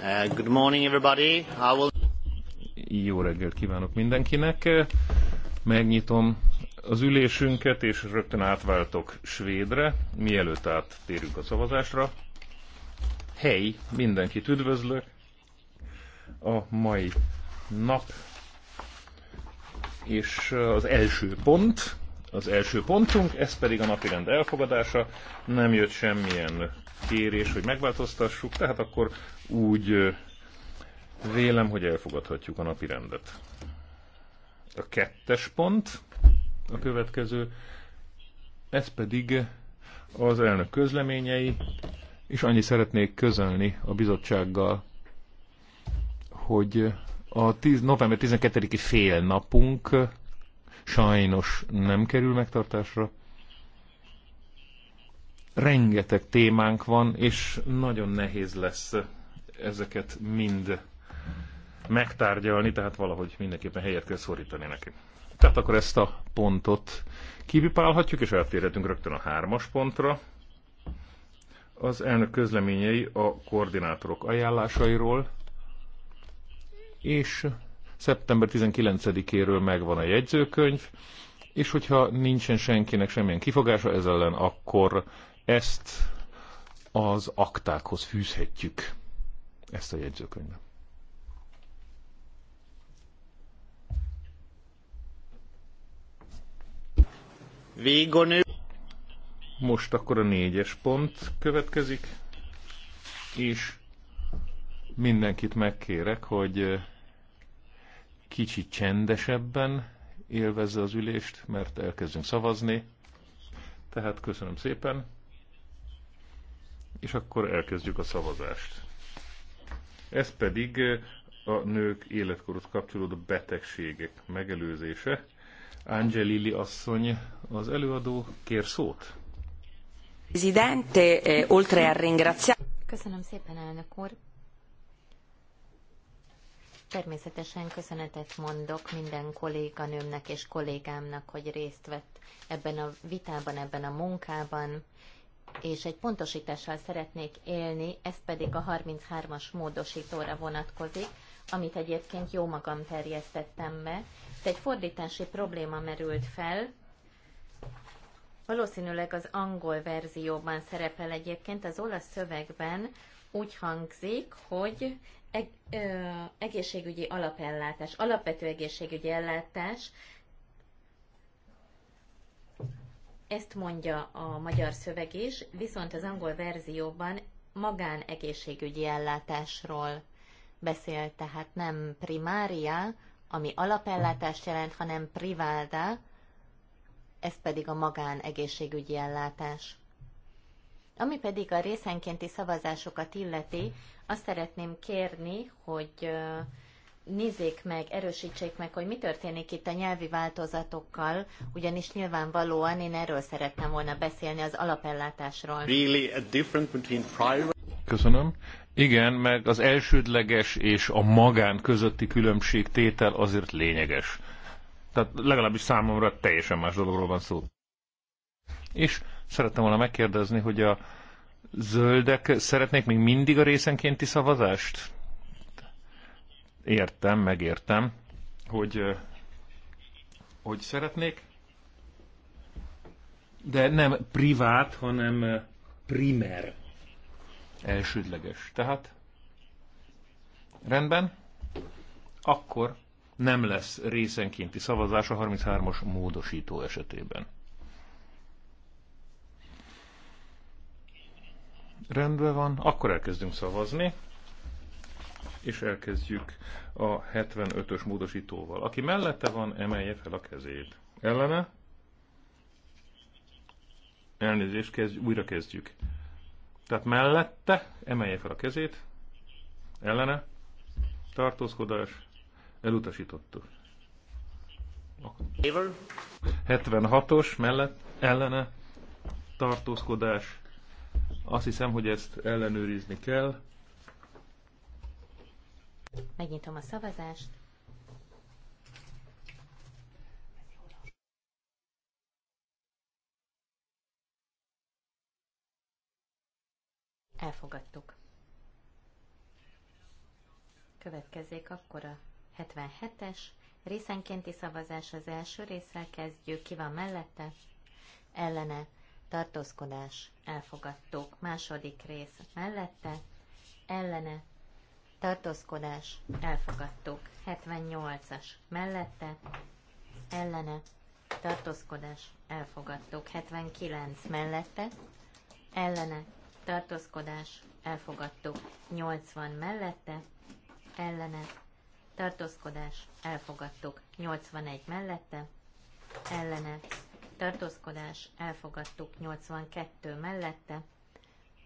Eh, good morning everybody. I will... Jó reggelt kívánok mindenkinek. Eh, megnyitom az ülésünket, és rögtön átváltok svédre, mielőtt áttérünk a szavazásra. Hely, mindenkit üdvözlök. A mai nap és eh, az első pont, az első pontunk, ez pedig a napirend elfogadása. Nem jött semmilyen kérés, hogy megváltoztassuk, tehát akkor úgy vélem, hogy elfogadhatjuk a napirendet. A kettes pont a következő, ez pedig az elnök közleményei, és annyi szeretnék közölni a bizottsággal, hogy a 10, november 12-i fél napunk sajnos nem kerül megtartásra. Rengeteg témánk van, és nagyon nehéz lesz ezeket mind megtárgyalni, tehát valahogy mindenképpen helyet kell szorítani neki. Tehát akkor ezt a pontot kipipálhatjuk, és eltérhetünk rögtön a hármas pontra. Az elnök közleményei a koordinátorok ajánlásairól, és Szeptember 19-éről megvan a jegyzőkönyv, és hogyha nincsen senkinek semmilyen kifogása ez ellen, akkor ezt az aktákhoz fűzhetjük, ezt a jegyzőkönyvet. Végonő. Most akkor a négyes pont következik, és mindenkit megkérek, hogy kicsit csendesebben élvezze az ülést, mert elkezdünk szavazni. Tehát köszönöm szépen, és akkor elkezdjük a szavazást. Ez pedig a nők életkorhoz kapcsolódó betegségek megelőzése. Angelili asszony az előadó, kér szót. Presidente, eh, oltre Köszönöm szépen, elnök úr. Természetesen köszönetet mondok minden kolléganőmnek és kollégámnak, hogy részt vett ebben a vitában, ebben a munkában, és egy pontosítással szeretnék élni, ez pedig a 33-as módosítóra vonatkozik, amit egyébként jó magam terjesztettem be. Itt egy fordítási probléma merült fel, Valószínűleg az angol verzióban szerepel egyébként, az olasz szövegben úgy hangzik, hogy eg, ö, egészségügyi alapellátás, alapvető egészségügyi ellátás, ezt mondja a magyar szöveg is, viszont az angol verzióban magánegészségügyi ellátásról beszél, tehát nem primária, ami alapellátást jelent, hanem priváda. ez pedig a magánegészségügyi ellátás. Ami pedig a részenkénti szavazásokat illeti, azt szeretném kérni, hogy nézzék meg, erősítsék meg, hogy mi történik itt a nyelvi változatokkal, ugyanis nyilvánvalóan én erről szerettem volna beszélni, az alapellátásról. Really a between private... Köszönöm. Igen, meg az elsődleges és a magán közötti különbség tétel azért lényeges. Tehát legalábbis számomra teljesen más dologról van szó. És szerettem volna megkérdezni, hogy a zöldek szeretnék még mindig a részenkénti szavazást? Értem, megértem, hogy, hogy szeretnék, de nem privát, hanem primer. Elsődleges. Tehát rendben, akkor nem lesz részenkénti szavazás a 33-as módosító esetében. Rendben van, akkor elkezdünk szavazni, és elkezdjük a 75-ös módosítóval. Aki mellette van, emelje fel a kezét. Ellene? Elnézést, kezd, újra kezdjük. Tehát mellette, emelje fel a kezét. Ellene? Tartózkodás? Elutasítottuk. 76-os mellett ellene tartózkodás azt hiszem, hogy ezt ellenőrizni kell. Megnyitom a szavazást. Elfogadtuk. Következzék akkor a 77-es részenkénti szavazás az első résszel kezdjük. Ki van mellette? Ellene tartózkodás, elfogadtuk. Második rész mellette, ellene, tartózkodás, elfogadtuk. 78-as mellette, ellene, tartózkodás, elfogadtuk. 79 mellette, ellene, tartózkodás, elfogadtuk. 80 mellette, ellene, tartózkodás, elfogadtuk. 81 mellette, ellene, tartózkodás, elfogadtuk 82 mellette,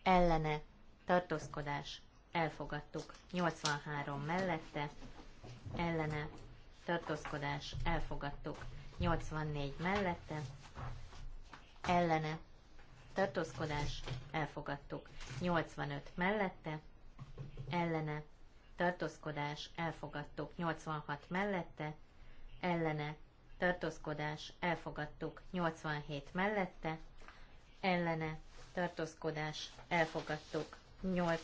ellene, tartózkodás, elfogadtuk 83 mellette, ellene, tartózkodás, elfogadtuk 84 mellette, ellene, tartózkodás, elfogadtuk 85 mellette, ellene, tartózkodás, elfogadtuk 86 mellette, ellene, tartózkodás, elfogadtuk. 87 mellette, ellene, tartózkodás, elfogadtuk. 8,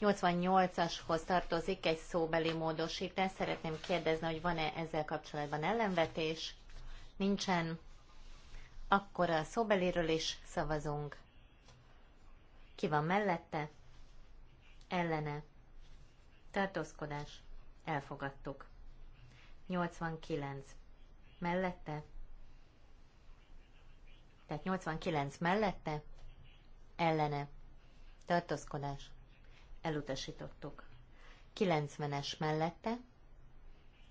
88-ashoz tartozik egy szóbeli módosítás. Szeretném kérdezni, hogy van-e ezzel kapcsolatban ellenvetés? Nincsen. Akkor a szóbeliről is szavazunk. Ki van mellette? Ellene. Tartózkodás. Elfogadtuk. 89 mellette, tehát 89 mellette, ellene, tartózkodás, elutasítottuk. 90-es mellette,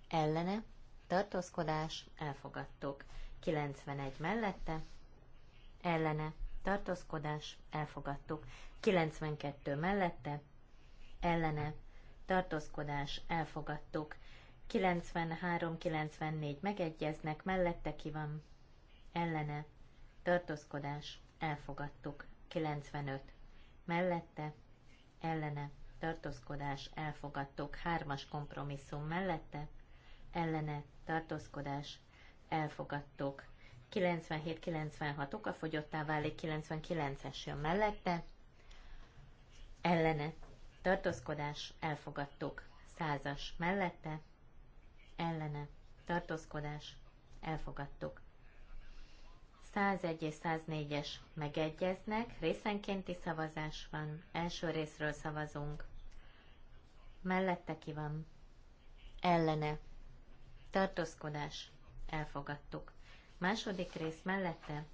ellene, tartózkodás, elfogadtuk. 91 mellette, ellene, tartózkodás, elfogadtuk. 92 mellette, ellene, tartózkodás, elfogadtuk. 93-94 megegyeznek, mellette ki van, ellene, tartózkodás, elfogadtuk. 95. Mellette, ellene, tartózkodás, elfogadtuk. Hármas kompromisszum mellette, ellene, tartózkodás, elfogadtuk. 97-96 okafogyottá válik, 99-es jön mellette, ellene, tartózkodás, elfogadtuk. Százas mellette, ellene, tartózkodás, elfogadtuk. 101 és 104-es megegyeznek, részenkénti szavazás van, első részről szavazunk. Mellette ki van? Ellene. Tartózkodás. Elfogadtuk. Második rész mellette?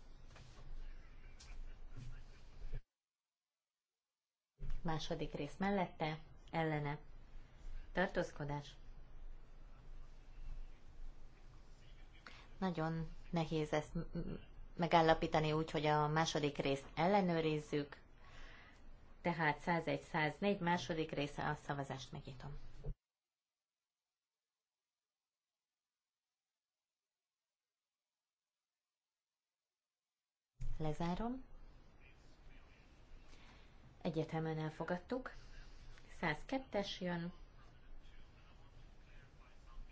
Második rész mellette? Ellene. Tartózkodás. Nagyon nehéz ezt megállapítani úgy, hogy a második részt ellenőrizzük. Tehát 101-104 második része a szavazást megnyitom. Lezárom. Egyetemen elfogadtuk. 102-es jön.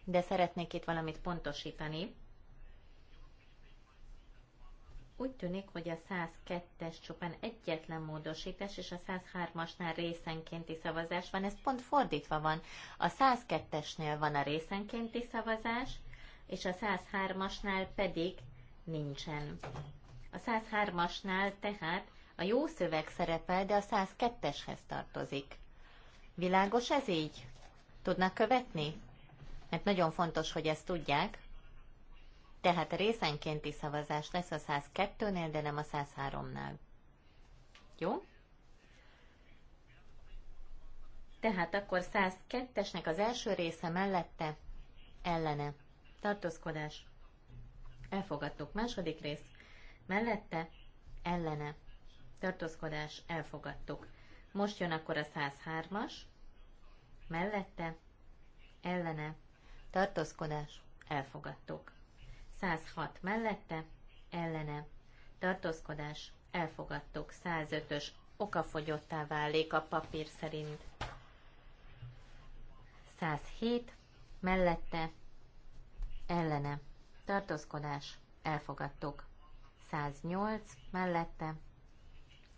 De szeretnék itt valamit pontosítani. Úgy tűnik, hogy a 102-es csupán egyetlen módosítás, és a 103-asnál részenkénti szavazás van. Ez pont fordítva van. A 102-esnél van a részenkénti szavazás, és a 103-asnál pedig nincsen. A 103-asnál tehát a jó szöveg szerepel, de a 102-eshez tartozik. Világos ez így? Tudnak követni? Mert nagyon fontos, hogy ezt tudják. Tehát részenkénti szavazás lesz a 102-nél, de nem a 103-nál. Jó? Tehát akkor 102-esnek az első része mellette ellene. Tartózkodás. Elfogadtuk. Második rész. Mellette ellene. Tartózkodás. Elfogadtuk. Most jön akkor a 103-as. Mellette ellene. Tartózkodás. Elfogadtuk. 106 mellette, ellene, tartózkodás, elfogadtuk. 105-ös okafogyottá válik a papír szerint. 107 mellette, ellene, tartózkodás, elfogadtuk. 108 mellette,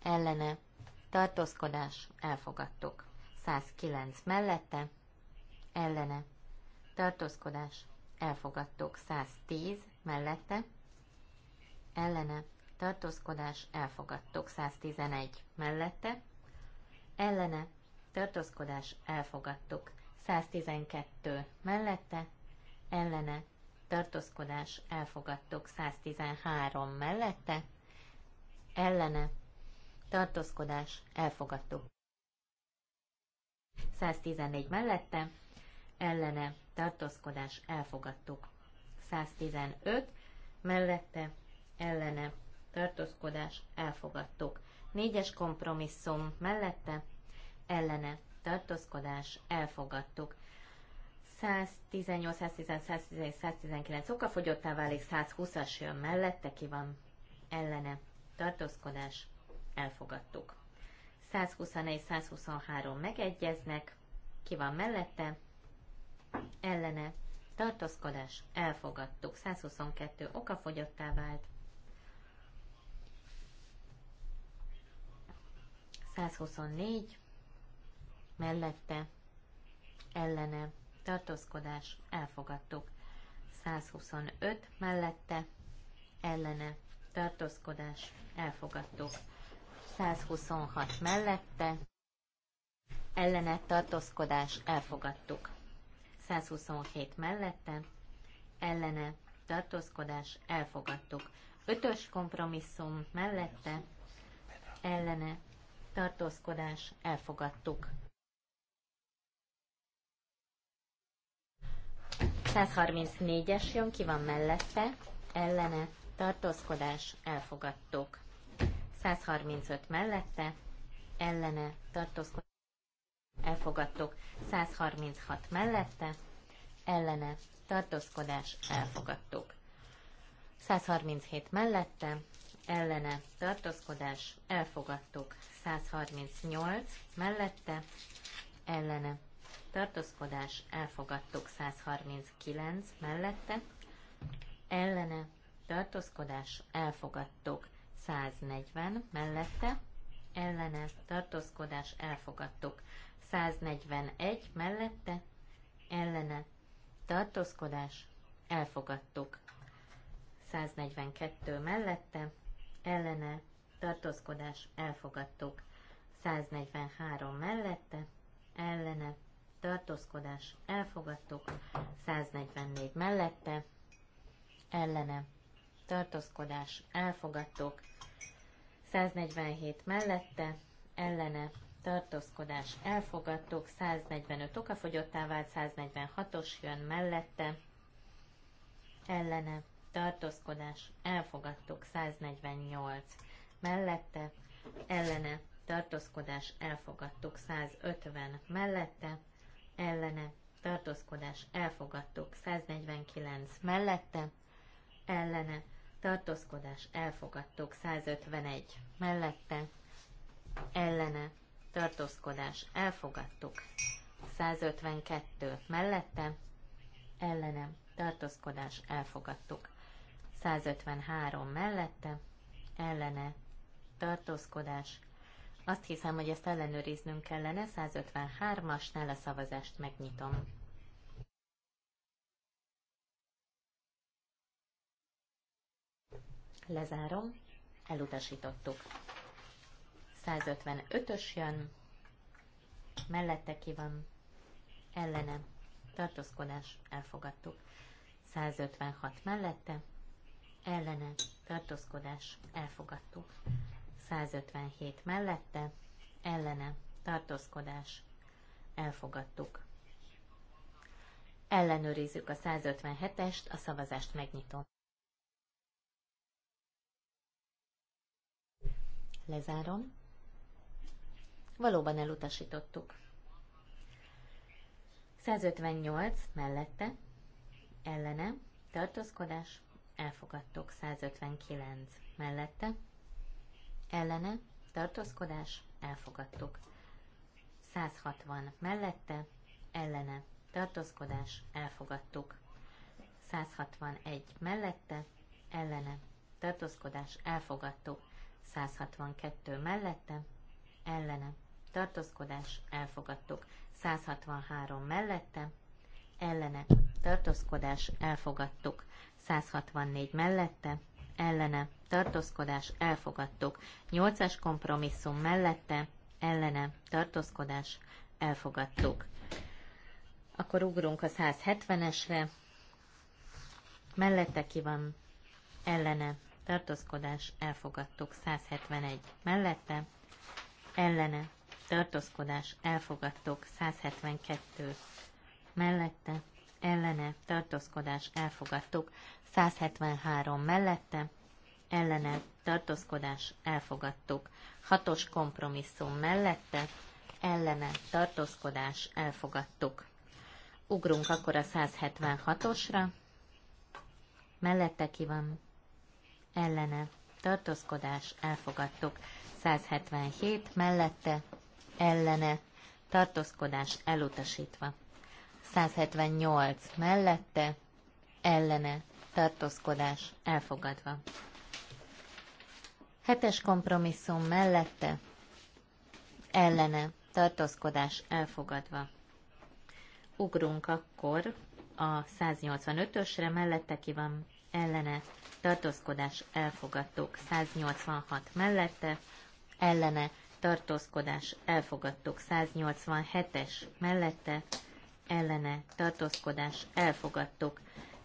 ellene, tartózkodás, elfogadtuk. 109 mellette, ellene, tartózkodás, elfogadtuk. 110 mellette, ellene, tartózkodás, elfogadtuk. 111 mellette, ellene, tartózkodás, elfogadtuk. 112 mellette, ellene, tartózkodás, elfogadtuk. 113 mellette, ellene, tartózkodás, elfogadtuk. 114 mellette, ellene, tartózkodás, elfogadtuk. 115 mellette ellene tartózkodás elfogadtuk. Négyes kompromisszum mellette ellene tartózkodás elfogadtuk. 118, 110, 111, 119 okafogyottá válik, 120-as jön mellette, ki van ellene tartózkodás elfogadtuk. 121, 123 megegyeznek, ki van mellette, ellene tartózkodás, elfogadtuk. 122 okafogyottá vált. 124 mellette, ellene, tartózkodás, elfogadtuk. 125 mellette, ellene, tartózkodás, elfogadtuk. 126 mellette, ellene tartózkodás, elfogadtuk. 127 mellette, ellene tartózkodás elfogadtuk. Ötös kompromisszum mellette, ellene tartózkodás elfogadtuk. 134-es jön, ki van mellette, ellene tartózkodás elfogadtuk. 135 mellette, ellene tartózkodás elfogadtok 136 mellette, ellene, tartózkodás, elfogadtok 137 mellette, ellene, tartózkodás, elfogadtok 138 mellette, ellene, tartózkodás, elfogadtok 139 mellette, ellene, tartózkodás, elfogadtok 140 mellette, ellene, tartózkodás, elfogadtuk. 141 mellette ellene tartózkodás elfogadtuk. 142 mellette ellene tartózkodás elfogadtuk. 143 mellette ellene tartózkodás elfogadtuk. 144 mellette ellene tartózkodás elfogadtuk. 147 mellette ellene tartózkodás elfogadtuk, 145 okafogyottá vált, 146-os jön mellette, ellene tartózkodás elfogadtuk, 148 mellette, ellene tartózkodás elfogadtuk, 150 mellette, ellene tartózkodás elfogadtuk, 149 mellette, ellene tartózkodás elfogadtuk, 151 mellette, ellene tartózkodás, elfogadtuk. 152 mellette, ellenem, tartózkodás, elfogadtuk. 153 mellette, ellene, tartózkodás. Azt hiszem, hogy ezt ellenőriznünk kellene, 153-asnál a szavazást megnyitom. Lezárom, elutasítottuk. 155-ös jön, mellette ki van, ellene, tartózkodás, elfogadtuk. 156 mellette, ellene, tartózkodás, elfogadtuk. 157 mellette, ellene, tartózkodás, elfogadtuk. Ellenőrizzük a 157-est, a szavazást megnyitom. Lezárom valóban elutasítottuk. 158 mellette, ellene, tartózkodás, elfogadtuk. 159 mellette, ellene, tartózkodás, elfogadtuk. 160 mellette, ellene, tartózkodás, elfogadtuk. 161 mellette, ellene, tartózkodás, elfogadtuk. 162 mellette, ellene, tartózkodás, elfogadtuk. 163 mellette, ellene, tartózkodás, elfogadtuk. 164 mellette, ellene, tartózkodás, elfogadtuk. 8-as kompromisszum mellette, ellene, tartózkodás, elfogadtuk. Akkor ugrunk a 170-esre. Mellette ki van ellene, tartózkodás, elfogadtuk. 171 mellette, ellene, tartózkodás elfogadtok 172 mellette, ellene tartózkodás elfogadtok 173 mellette, ellene tartózkodás 6 Hatos kompromisszum mellette ellene tartózkodás elfogadtok. Ugrunk akkor a 176-osra. Mellette ki van ellene tartózkodás elfogadtok, 177 mellette ellene tartózkodás elutasítva. 178 mellette ellene tartózkodás elfogadva. Hetes kompromisszum mellette ellene tartózkodás elfogadva. Ugrunk akkor a 185-ösre, mellette ki van ellene tartózkodás elfogadtuk 186 mellette, ellene tartózkodás elfogadtuk. 187-es mellette ellene tartózkodás elfogadtuk.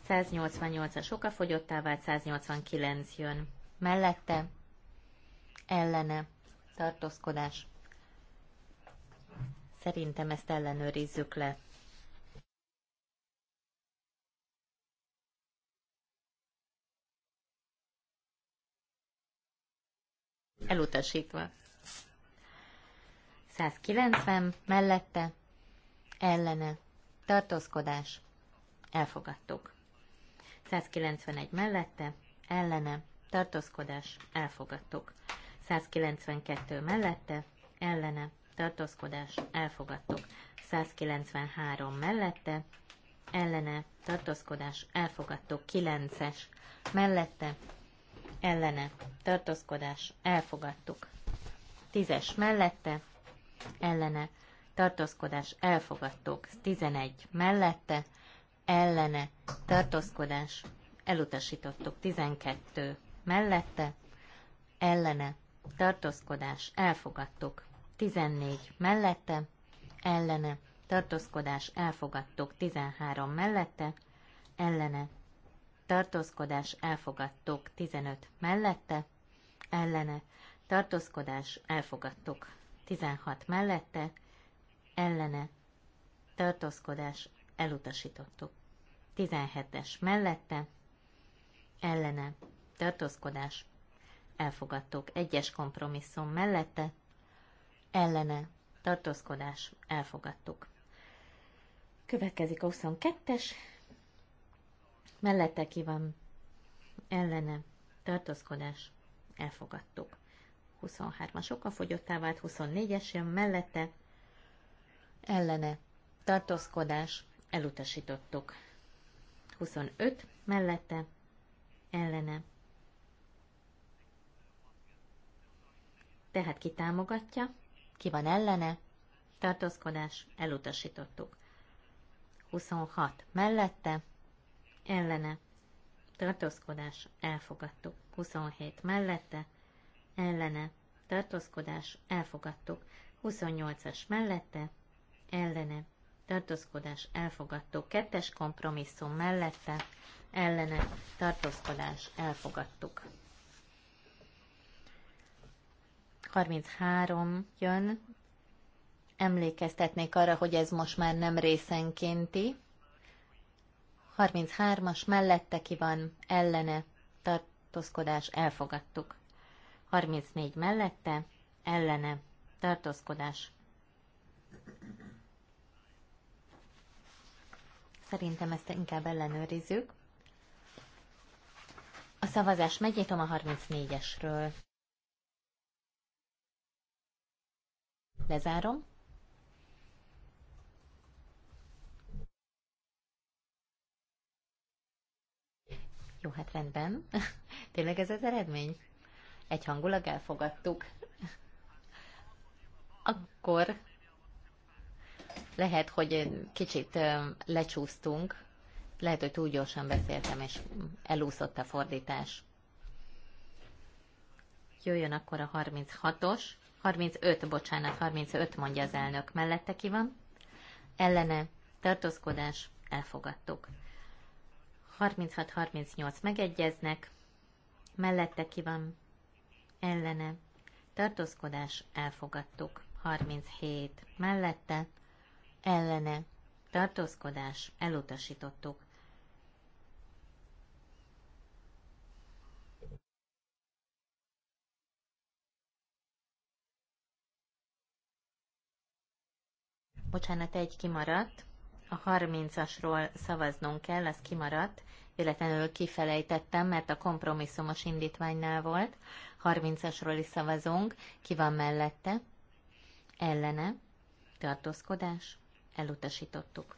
188-as okafogyottá vált, 189 jön. Mellette ellene tartózkodás. Szerintem ezt ellenőrizzük le. Elutasítva. 190 mellette, ellene, tartózkodás, elfogadtuk. 191 mellette, ellene, tartózkodás, elfogadtuk. 192 mellette, ellene, tartózkodás, elfogadtuk. 193 mellette, ellene, tartózkodás, elfogadtuk. 9-es mellette, ellene, tartózkodás, elfogadtuk. 10-es mellette, ellene tartózkodás elfogadtuk, 11 mellette ellene tartózkodás elutasítottuk, 12 mellette ellene tartózkodás elfogadtuk, 14 mellette ellene tartózkodás elfogadtuk, 13 mellette ellene tartózkodás elfogadtuk, 15 mellette ellene tartózkodás elfogadtuk, 16 mellette, ellene, tartózkodás, elutasítottuk. 17-es mellette, ellene, tartózkodás, elfogadtuk. Egyes kompromisszum mellette, ellene, tartózkodás, elfogadtuk. Következik a 22-es, mellette ki van, ellene, tartózkodás, elfogadtuk. 23-as fogyottá vált, 24-es jön mellette, ellene, tartózkodás, elutasítottuk. 25 mellette, ellene. Tehát ki támogatja, ki van ellene, tartózkodás, elutasítottuk. 26 mellette, ellene, tartózkodás, elfogadtuk. 27 mellette, ellene, tartózkodás, elfogadtuk. 28-as mellette, ellene, tartózkodás, elfogadtuk. Kettes kompromisszum mellette, ellene, tartózkodás, elfogadtuk. 33 jön. Emlékeztetnék arra, hogy ez most már nem részenkénti. 33-as mellette ki van, ellene, tartózkodás, elfogadtuk. 34 mellette, ellene, tartózkodás. Szerintem ezt inkább ellenőrizzük. A szavazás megnyitom a 34-esről. Lezárom. Jó, hát rendben. Tényleg ez az eredmény? egyhangulag elfogadtuk. Akkor lehet, hogy kicsit lecsúsztunk, lehet, hogy túl gyorsan beszéltem, és elúszott a fordítás. Jöjjön akkor a 36-os, 35, bocsánat, 35 mondja az elnök, mellette ki van. Ellene, tartózkodás, elfogadtuk. 36-38 megegyeznek, mellette ki van, ellene, tartózkodás elfogadtuk. 37 mellette, ellene, tartózkodás elutasítottuk. Bocsánat, egy kimaradt. A 30-asról szavaznunk kell, az kimaradt. Véletlenül kifelejtettem, mert a kompromisszumos indítványnál volt. 30-asról is szavazunk. Ki van mellette? Ellene. Tartózkodás. Elutasítottuk.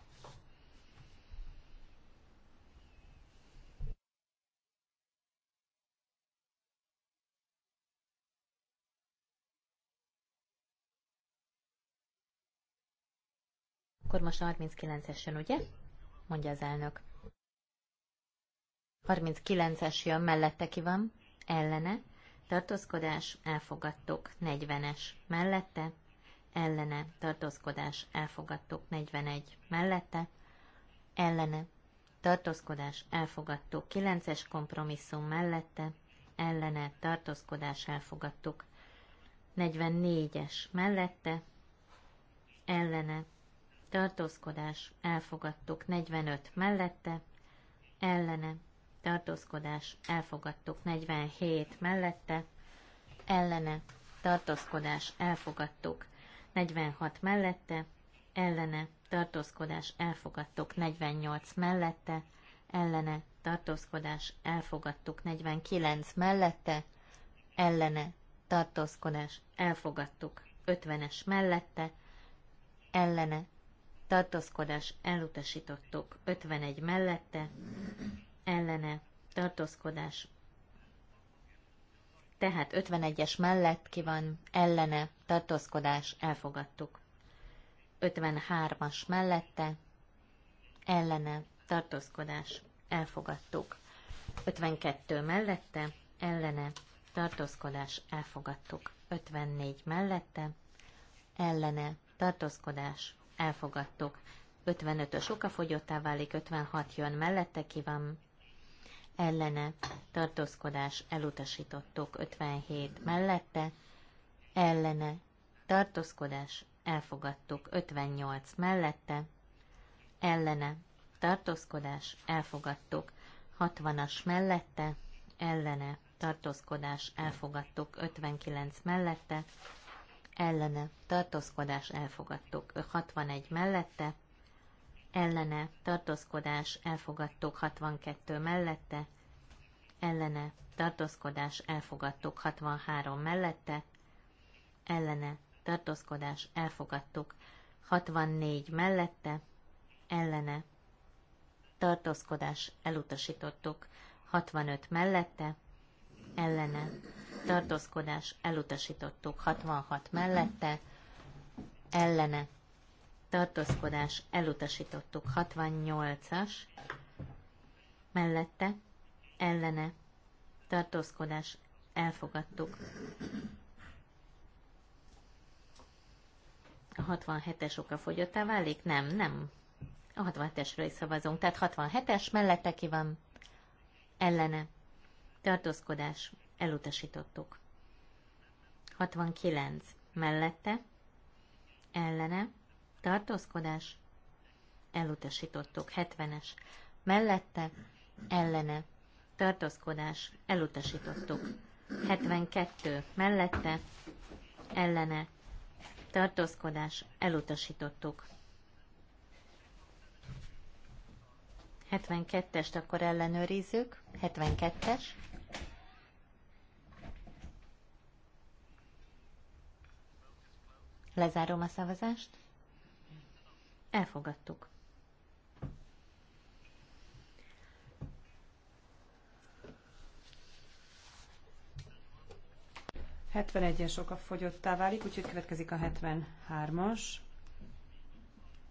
Akkor most 39 esen ugye? Mondja az elnök. 39-es jön, mellette ki van? Ellene tartózkodás, elfogadtok 40-es mellette, ellene tartózkodás, elfogadtok 41 mellette, ellene tartózkodás, elfogadtok 9-es kompromisszum mellette, ellene tartózkodás, elfogadtok 44-es mellette, ellene tartózkodás, elfogadtok 45 mellette, ellene tartózkodás, elfogadtuk 47 mellette, ellene, tartózkodás, elfogadtuk 46 mellette, ellene, tartózkodás, elfogadtuk 48 mellette, ellene, tartózkodás, elfogadtuk 49 mellette, ellene, tartózkodás, elfogadtuk 50-es mellette, ellene, tartózkodás, elutasítottuk 51 mellette, ellene tartózkodás. Tehát 51-es mellett ki van ellene tartózkodás, elfogadtuk. 53-as mellette ellene tartózkodás, elfogadtuk. 52 mellette ellene tartózkodás, elfogadtuk. 54 mellette ellene tartózkodás, elfogadtuk. 55-ös okafogyottá válik, 56 jön mellette ki van ellene tartózkodás elutasítottuk 57 mellette, ellene tartózkodás elfogadtuk 58 mellette, ellene tartózkodás elfogadtuk 60-as mellette, ellene tartózkodás elfogadtuk 59 mellette, ellene tartózkodás elfogadtuk 61 mellette, ellene tartózkodás elfogadtok 62 mellette, ellene tartózkodás elfogadtok 63 mellette, ellene tartózkodás elfogadtok 64 mellette, ellene tartózkodás elutasítottuk 65 mellette, ellene tartózkodás elutasítottuk 66 mellette, ellene tartózkodás elutasítottuk 68-as, mellette ellene tartózkodás elfogadtuk. A 67-es oka fogyottá válik? Nem, nem. A 67-esről is szavazunk. Tehát 67-es mellette ki van? Ellene. Tartózkodás. Elutasítottuk. 69. Mellette. Ellene tartózkodás, elutasítottuk. 70-es mellette, ellene, tartózkodás, elutasítottuk. 72 mellette, ellene, tartózkodás, elutasítottuk. 72-est akkor ellenőrizzük. 72-es. Lezárom a szavazást. Elfogadtuk. es oka fogyottá válik, úgyhogy következik a 73-as.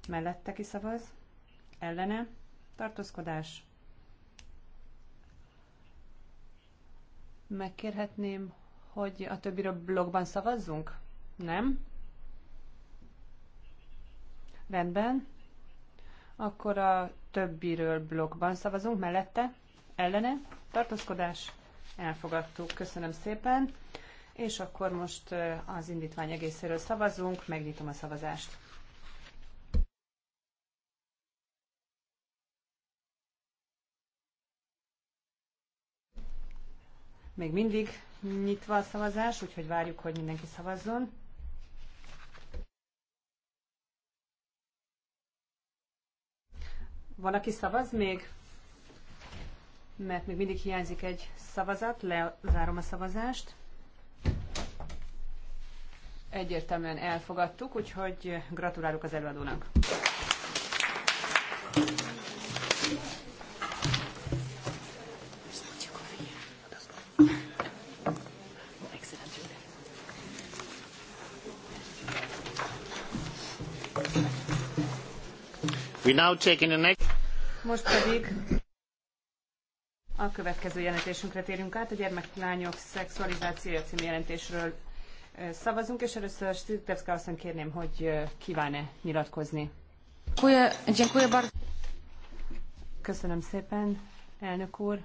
Mellette kiszavaz. Ellene. Tartózkodás. Megkérhetném, hogy a többi blogban szavazzunk? Nem? Rendben. Akkor a többiről blokkban szavazunk, mellette, ellene, tartózkodás, elfogadtuk. Köszönöm szépen. És akkor most eh, az indítvány egészéről szavazunk, megnyitom a szavazást. Még mindig nyitva a szavazás, úgyhogy várjuk, hogy mindenki szavazzon. Van, aki szavaz még? Mert még mindig hiányzik egy szavazat. Lezárom a szavazást. Egyértelműen elfogadtuk, úgyhogy gratulálok az előadónak. We now take in the next most pedig a következő jelentésünkre térünk át, a gyermeklányok szexualizációja című jelentésről szavazunk, és először Stitevska azt kérném, hogy kíván-e nyilatkozni. Köszönöm szépen, elnök úr.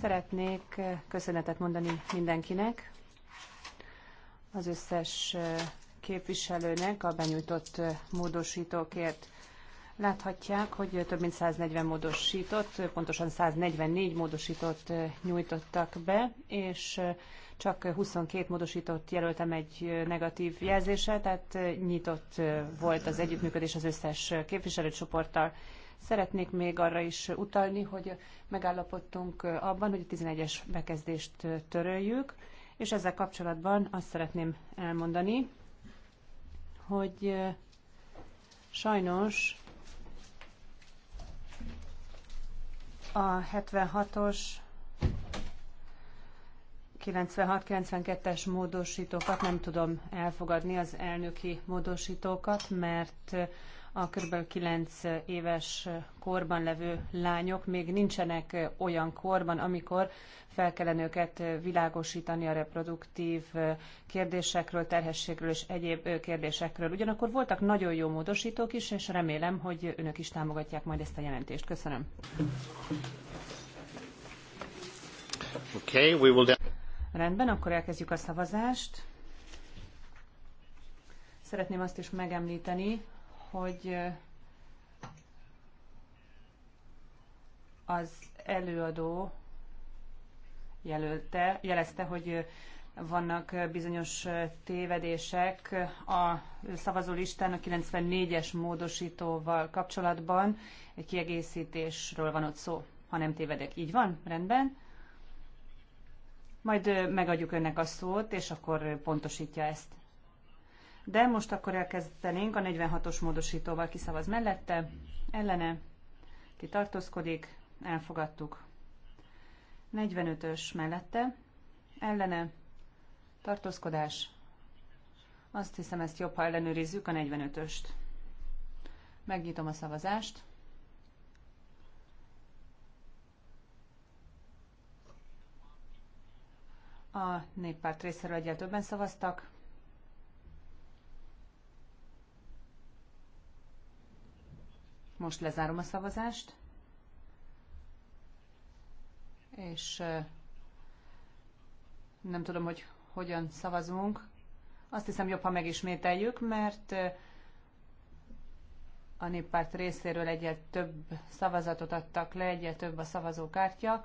Szeretnék köszönetet mondani mindenkinek, az összes képviselőnek a benyújtott módosítókért. Láthatják, hogy több mint 140 módosított, pontosan 144 módosított eh, nyújtottak be, és eh, csak 22 módosított jelöltem egy eh, negatív jelzéssel, tehát nyitott volt az együttműködés az összes képviselőcsoporttal. Szeretnék még arra is utalni, hogy megállapodtunk abban, hogy a 11-es bekezdést töröljük, és ezzel kapcsolatban azt szeretném elmondani, hogy sajnos A 76-os 96-92-es módosítókat nem tudom elfogadni, az elnöki módosítókat, mert a kb. 9 éves korban levő lányok még nincsenek olyan korban, amikor fel kellene őket világosítani a reproduktív kérdésekről, terhességről és egyéb kérdésekről. Ugyanakkor voltak nagyon jó módosítók is, és remélem, hogy önök is támogatják majd ezt a jelentést. Köszönöm. Okay, we will... Rendben, akkor elkezdjük a szavazást. Szeretném azt is megemlíteni, hogy az előadó jelölte, jelezte, hogy vannak bizonyos tévedések a szavazólistán a 94-es módosítóval kapcsolatban. Egy kiegészítésről van ott szó, ha nem tévedek. Így van? Rendben. Majd megadjuk önnek a szót, és akkor pontosítja ezt de most akkor elkezdenénk a 46-os módosítóval kiszavaz mellette, ellene, ki tartózkodik, elfogadtuk. 45-ös mellette, ellene, tartózkodás, azt hiszem ezt jobb, ha ellenőrizzük a 45-öst. Megnyitom a szavazást. A néppárt részéről egyel többen szavaztak. Most lezárom a szavazást. És nem tudom, hogy hogyan szavazunk. Azt hiszem jobb, ha megismételjük, mert a néppárt részéről egyet több szavazatot adtak le, egyet több a szavazókártya.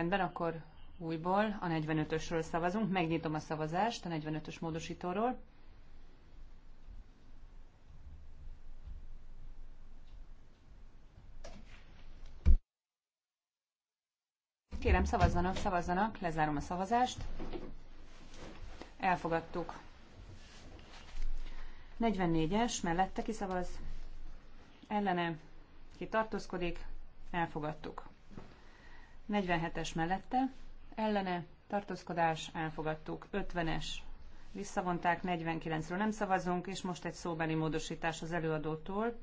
Rendben, akkor újból a 45-ösről szavazunk. Megnyitom a szavazást a 45-ös módosítóról. Kérem, szavazzanak, szavazzanak, lezárom a szavazást. Elfogadtuk. 44-es, mellette kiszavaz, ellene, ki tartózkodik, elfogadtuk. 47-es mellette, ellene, tartózkodás, elfogadtuk. 50-es visszavonták, 49-ről nem szavazunk, és most egy szóbeli módosítás az előadótól.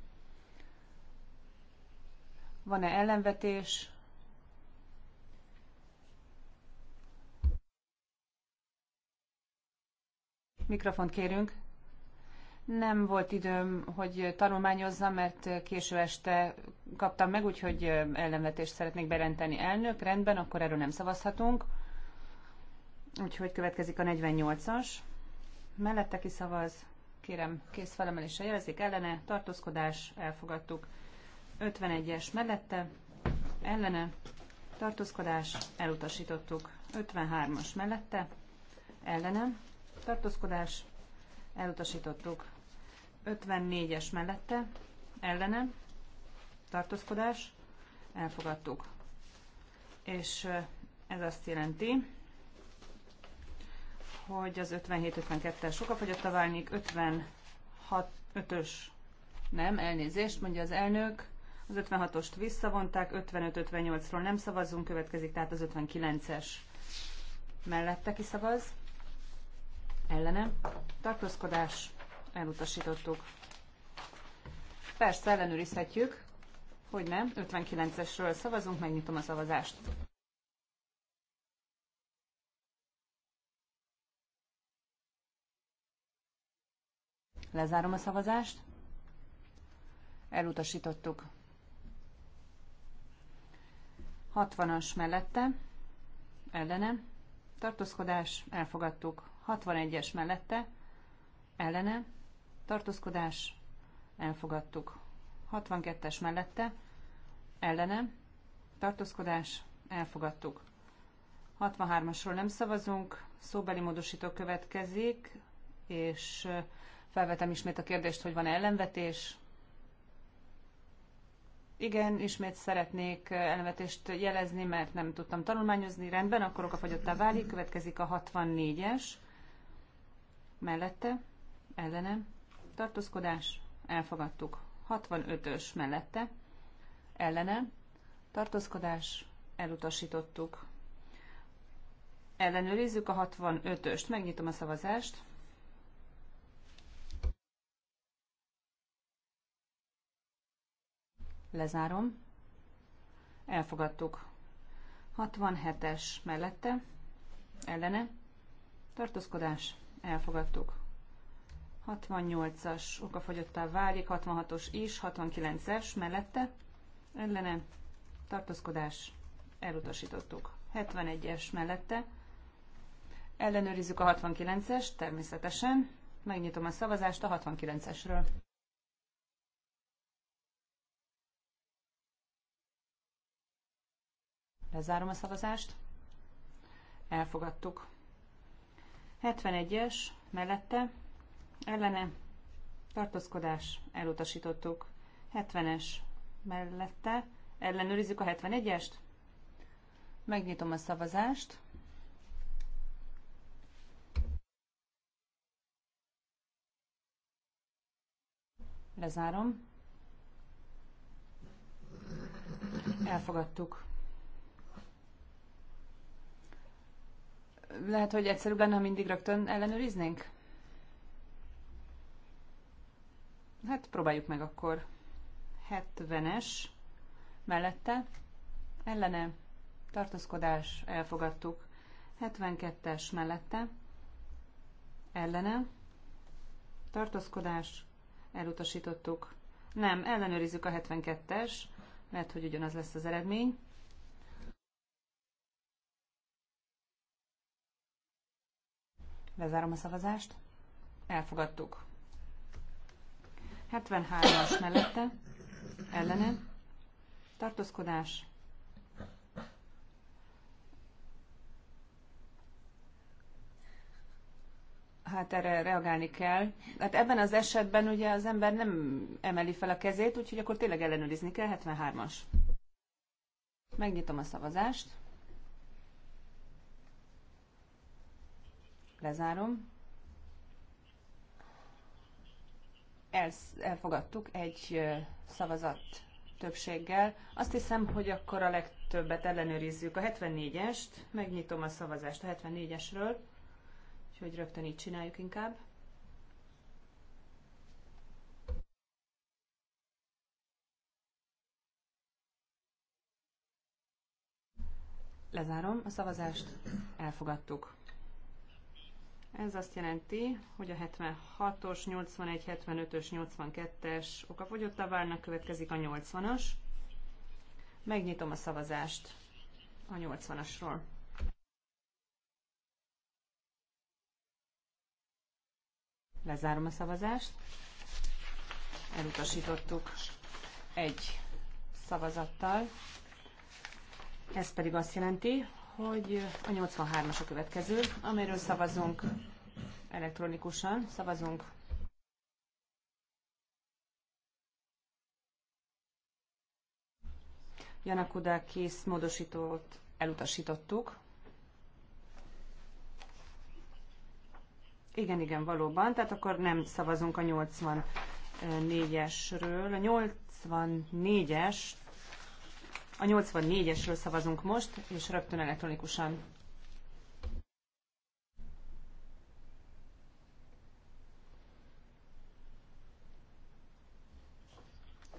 Van-e ellenvetés? Mikrofont kérünk. Nem volt időm, hogy tanulmányozza, mert késő este kaptam meg, úgyhogy ellenvetést szeretnék berenteni elnök. Rendben, akkor erről nem szavazhatunk. Úgyhogy következik a 48-as. Mellette ki szavaz? Kérem, kész felemelése jelezik. Ellene, tartózkodás, elfogadtuk. 51-es mellette, ellene, tartózkodás, elutasítottuk. 53-as mellette, ellene, tartózkodás, elutasítottuk. 54-es mellette, ellene, tartózkodás, elfogadtuk. És ez azt jelenti, hogy az 57-52-tel a válnék, 56 ös nem, elnézést, mondja az elnök, az 56-ost visszavonták, 55-58-ról nem szavazzunk, következik tehát az 59-es mellette kiszavaz, ellene, tartózkodás, elutasítottuk. Persze ellenőrizhetjük, hogy nem, 59-esről szavazunk, megnyitom a szavazást. Lezárom a szavazást. Elutasítottuk. 60-as mellette, ellene, tartózkodás, elfogadtuk. 61-es mellette, ellene, tartózkodás, elfogadtuk. 62-es mellette, ellene, tartózkodás, elfogadtuk. 63-asról nem szavazunk, szóbeli módosító következik, és felvetem ismét a kérdést, hogy van -e ellenvetés. Igen, ismét szeretnék ellenvetést jelezni, mert nem tudtam tanulmányozni. Rendben, akkor fagyottá válik, következik a 64-es mellette, ellenem tartózkodás, elfogadtuk. 65-ös mellette, ellene, tartózkodás, elutasítottuk. Ellenőrizzük a 65-öst, megnyitom a szavazást. Lezárom. Elfogadtuk. 67-es mellette, ellene, tartózkodás, elfogadtuk. 68-as okafogyottá válik, 66-os is, 69-es mellette ellene tartózkodás elutasítottuk. 71-es mellette ellenőrizzük a 69-es, természetesen. Megnyitom a szavazást a 69-esről. Lezárom a szavazást. Elfogadtuk. 71-es mellette ellene tartózkodás elutasítottuk. 70-es mellette ellenőrizzük a 71-est. Megnyitom a szavazást. Lezárom. Elfogadtuk. Lehet, hogy egyszerűbb lenne, ha mindig rögtön ellenőriznénk? Hát próbáljuk meg akkor. 70-es mellette ellene tartózkodás elfogadtuk. 72-es mellette ellene tartózkodás elutasítottuk. Nem, ellenőrizzük a 72-es, mert hogy ugyanaz lesz az eredmény. Lezárom a szavazást. Elfogadtuk. 73-as mellette, ellene, tartózkodás. Hát erre reagálni kell. Hát ebben az esetben ugye az ember nem emeli fel a kezét, úgyhogy akkor tényleg ellenőrizni kell, 73-as. Megnyitom a szavazást. Lezárom. elfogadtuk egy szavazat többséggel. Azt hiszem, hogy akkor a legtöbbet ellenőrizzük. A 74-est, megnyitom a szavazást a 74-esről, úgyhogy rögtön így csináljuk inkább. Lezárom a szavazást, elfogadtuk. Ez azt jelenti, hogy a 76-os, 81, 75-ös, 82-es okafogyott tavárnak következik a 80-as. Megnyitom a szavazást a 80-asról. Lezárom a szavazást. Elutasítottuk egy szavazattal. Ez pedig azt jelenti, hogy a 83-as a következő, amiről szavazunk elektronikusan. Szavazunk kész módosítót elutasítottuk. Igen, igen, valóban. Tehát akkor nem szavazunk a 84-esről. A 84-est a 84-esről szavazunk most, és rögtön elektronikusan.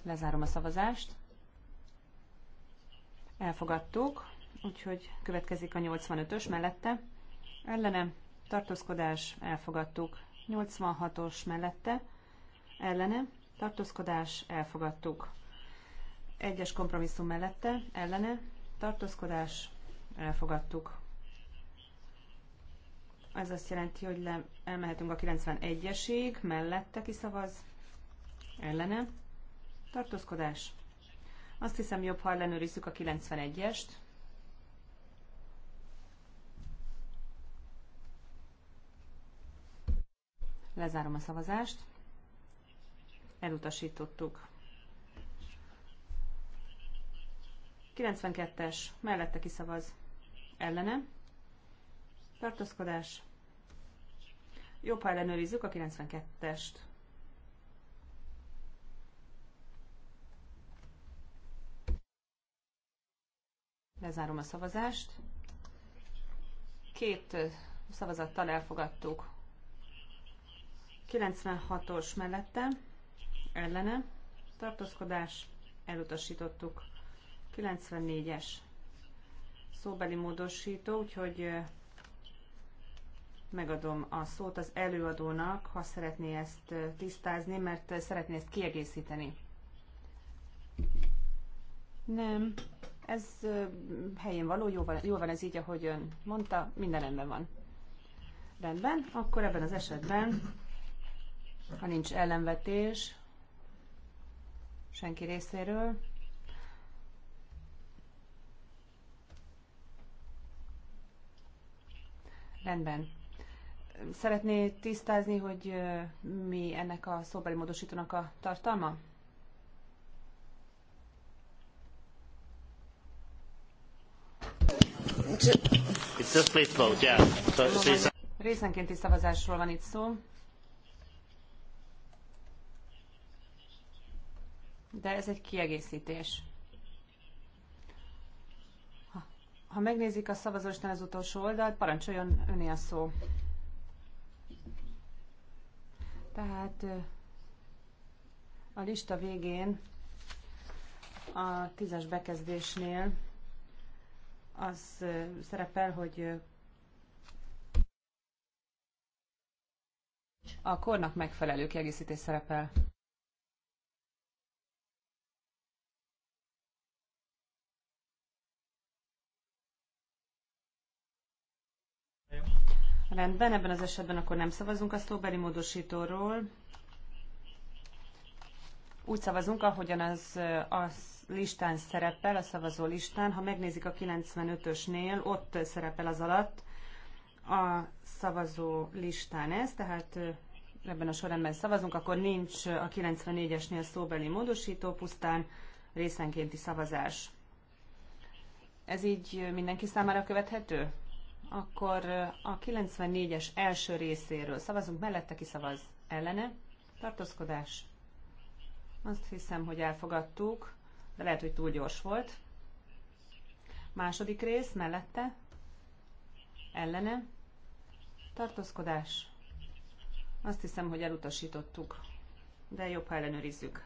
Lezárom a szavazást. Elfogadtuk, úgyhogy következik a 85-ös mellette. Ellene, tartózkodás, elfogadtuk. 86-os mellette, ellene, tartózkodás, elfogadtuk. Egyes kompromisszum mellette, ellene, tartózkodás, elfogadtuk. Ez azt jelenti, hogy le, elmehetünk a 91-esig, mellette kiszavaz, ellene, tartózkodás. Azt hiszem jobb, ha ellenőrizzük a 91-est. Lezárom a szavazást. Elutasítottuk. 92-es, mellette kiszavaz, ellene, tartózkodás, jobb, ha ellenőrizzük a 92-est. Lezárom a szavazást. Két szavazattal elfogadtuk. 96-os mellette, ellene, tartózkodás, elutasítottuk. 94-es szóbeli módosító, úgyhogy megadom a szót az előadónak, ha szeretné ezt tisztázni, mert szeretné ezt kiegészíteni. Nem, ez helyén való, jó van, jó van ez így, ahogy ön mondta, minden rendben van. Rendben, akkor ebben az esetben, ha nincs ellenvetés senki részéről, Rendben. Szeretné tisztázni, hogy mi ennek a szóbeli módosítónak a tartalma? It's a split vote, yeah. So, it's... Részenkénti szavazásról van itt szó. De ez egy kiegészítés. Ha megnézik a szavazósnál az utolsó oldalt, parancsoljon öné a szó. Tehát a lista végén a tízes bekezdésnél az szerepel, hogy a kornak megfelelő kiegészítés szerepel. Rendben, ebben az esetben akkor nem szavazunk a szóbeli módosítóról. Úgy szavazunk, ahogyan az, az listán szerepel, a szavazó listán. Ha megnézik a 95-ösnél, ott szerepel az alatt a szavazó listán ez, tehát ebben a sorrendben szavazunk, akkor nincs a 94-esnél szóbeli módosító, pusztán részenkénti szavazás. Ez így mindenki számára követhető? Akkor a 94-es első részéről szavazunk mellette, ki szavaz ellene. Tartózkodás. Azt hiszem, hogy elfogadtuk, de lehet, hogy túl gyors volt. Második rész mellette, ellene, tartózkodás. Azt hiszem, hogy elutasítottuk, de jobb, ha ellenőrizzük.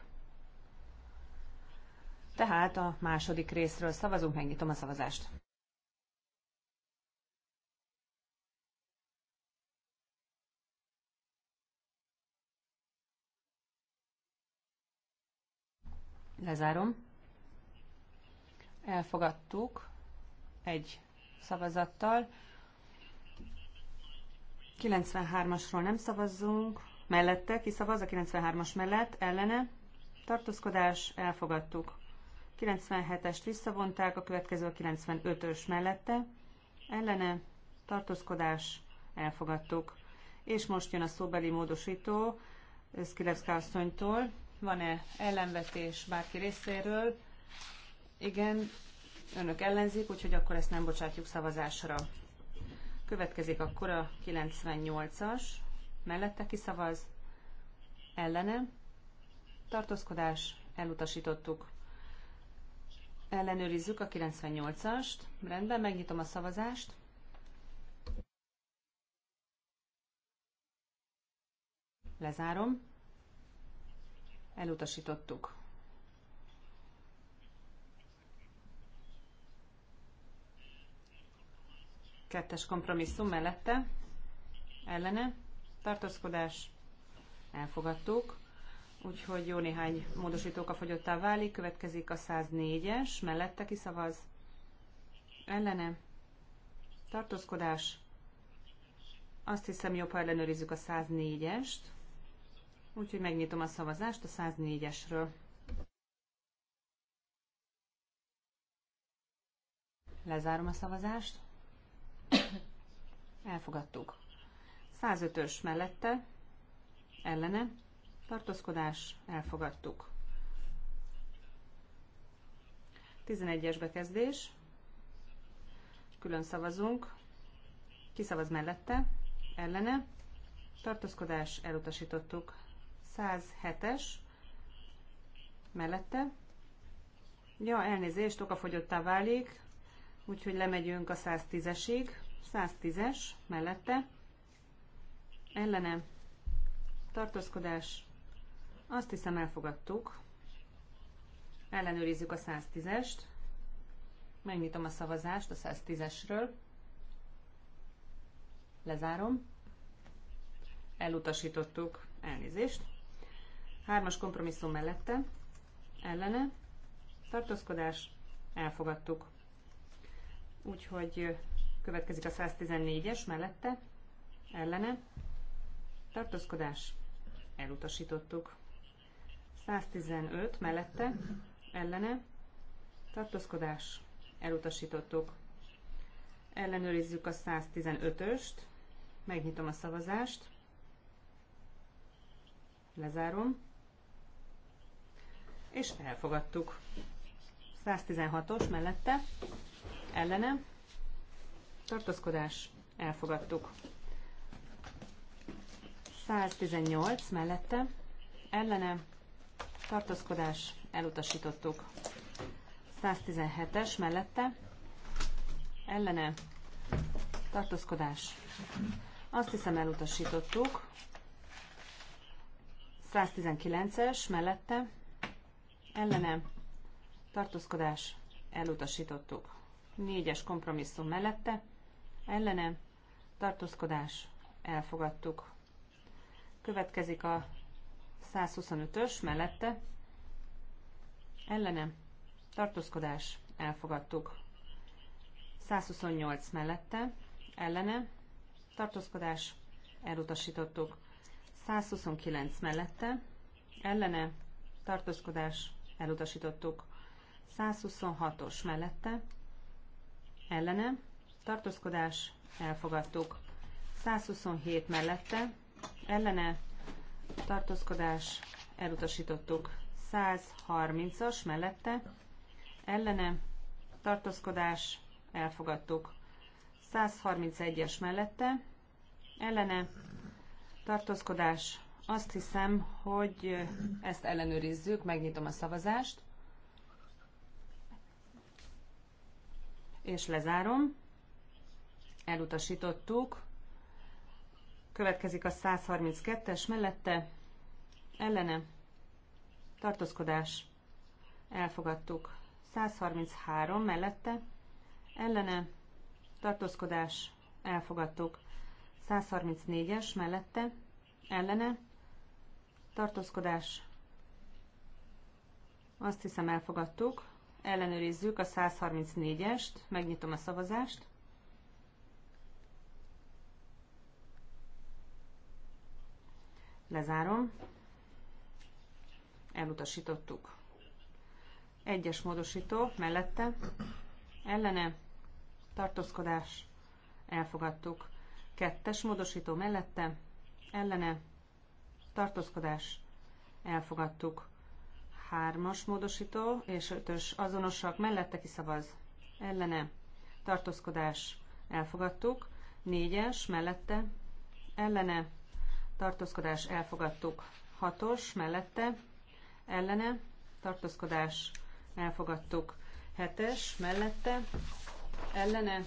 Tehát a második részről szavazunk, megnyitom a szavazást. Lezárom. Elfogadtuk egy szavazattal. 93-asról nem szavazzunk. Mellette ki szavaz a 93-as mellett, ellene. Tartózkodás, elfogadtuk. 97-est visszavonták, a következő a 95-ös mellette. Ellene, tartózkodás, elfogadtuk. És most jön a szóbeli módosító Szkilevszka asszonytól. Van-e ellenvetés bárki részéről? Igen, önök ellenzik, úgyhogy akkor ezt nem bocsátjuk szavazásra. Következik akkor a 98-as. Mellette kiszavaz. Ellene. Tartózkodás. Elutasítottuk. Ellenőrizzük a 98-ast. Rendben, megnyitom a szavazást. Lezárom elutasítottuk. Kettes kompromisszum mellette, ellene, tartózkodás, elfogadtuk. Úgyhogy jó néhány módosítóka fogyottá válik, következik a 104-es, mellette kiszavaz, ellene, tartózkodás, azt hiszem jobb, ha ellenőrizzük a 104-est. Úgyhogy megnyitom a szavazást a 104-esről. Lezárom a szavazást. Elfogadtuk. 105-ös mellette, ellene, tartózkodás, elfogadtuk. 11-es bekezdés, külön szavazunk, kiszavaz mellette, ellene, tartózkodás, elutasítottuk. 107-es mellette. Ja, elnézést, okafogyottá válik, úgyhogy lemegyünk a 110-esig. 110-es mellette. Ellene tartózkodás. Azt hiszem elfogadtuk. Ellenőrizzük a 110-est. Megnyitom a szavazást a 110-esről. Lezárom. Elutasítottuk. Elnézést. Hármas kompromisszum mellette, ellene, tartózkodás, elfogadtuk. Úgyhogy következik a 114-es mellette, ellene, tartózkodás, elutasítottuk. 115 mellette, ellene, tartózkodás, elutasítottuk. Ellenőrizzük a 115-öst, megnyitom a szavazást, lezárom és elfogadtuk. 116-os mellette, ellene, tartózkodás, elfogadtuk. 118 mellette, ellene, tartózkodás, elutasítottuk. 117-es mellette, ellene, tartózkodás. Azt hiszem elutasítottuk. 119-es mellette, ellene tartózkodás elutasítottuk. Négyes kompromisszum mellette ellene tartózkodás elfogadtuk. Következik a 125-ös mellette ellene tartózkodás elfogadtuk. 128 mellette ellene tartózkodás elutasítottuk. 129 mellette ellene tartózkodás elutasítottuk. 126-os mellette, ellene, tartózkodás, elfogadtuk. 127 mellette, ellene, tartózkodás, elutasítottuk. 130-as mellette, ellene, tartózkodás, elfogadtuk. 131-es mellette, ellene, tartózkodás, azt hiszem, hogy ezt ellenőrizzük, megnyitom a szavazást, és lezárom. Elutasítottuk. Következik a 132-es mellette, ellene, tartózkodás, elfogadtuk. 133 mellette, ellene, tartózkodás, elfogadtuk. 134-es mellette, ellene, tartózkodás. Azt hiszem elfogadtuk. Ellenőrizzük a 134-est, megnyitom a szavazást. Lezárom. Elutasítottuk. Egyes módosító mellette. Ellene. Tartózkodás. Elfogadtuk. Kettes módosító mellette. Ellene tartózkodás, elfogadtuk. Hármas módosító és ötös azonosak mellette kiszavaz, ellene, tartózkodás, elfogadtuk. Négyes mellette, ellene, tartózkodás, elfogadtuk. Hatos mellette, ellene, tartózkodás, elfogadtuk. Hetes mellette, ellene,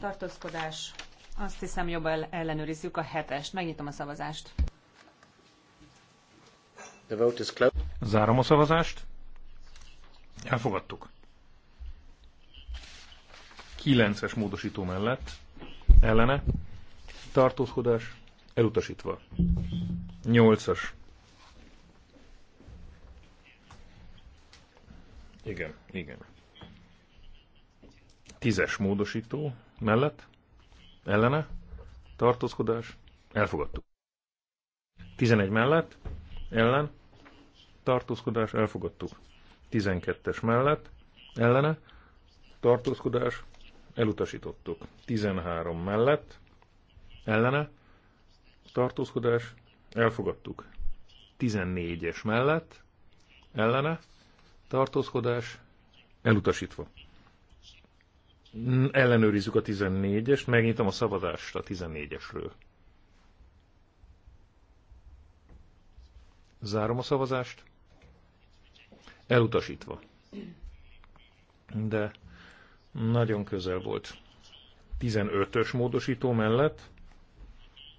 tartózkodás, azt hiszem jobban ellenőrizzük a hetest. Megnyitom a szavazást. The vote is closed. Zárom a szavazást. Elfogadtuk. 9-es módosító mellett ellene tartózkodás elutasítva. 8-as. Igen, igen. 10-es módosító mellett ellene tartózkodás elfogadtuk. 11 mellett ellen tartózkodás, elfogadtuk. 12-es mellett, ellene, tartózkodás, elutasítottuk. 13 mellett, ellene, tartózkodás, elfogadtuk. 14-es mellett, ellene, tartózkodás, elutasítva. Ellenőrizzük a 14-est, megnyitom a szavazást a 14-esről. Zárom a szavazást. Elutasítva. De nagyon közel volt. 15-ös módosító mellett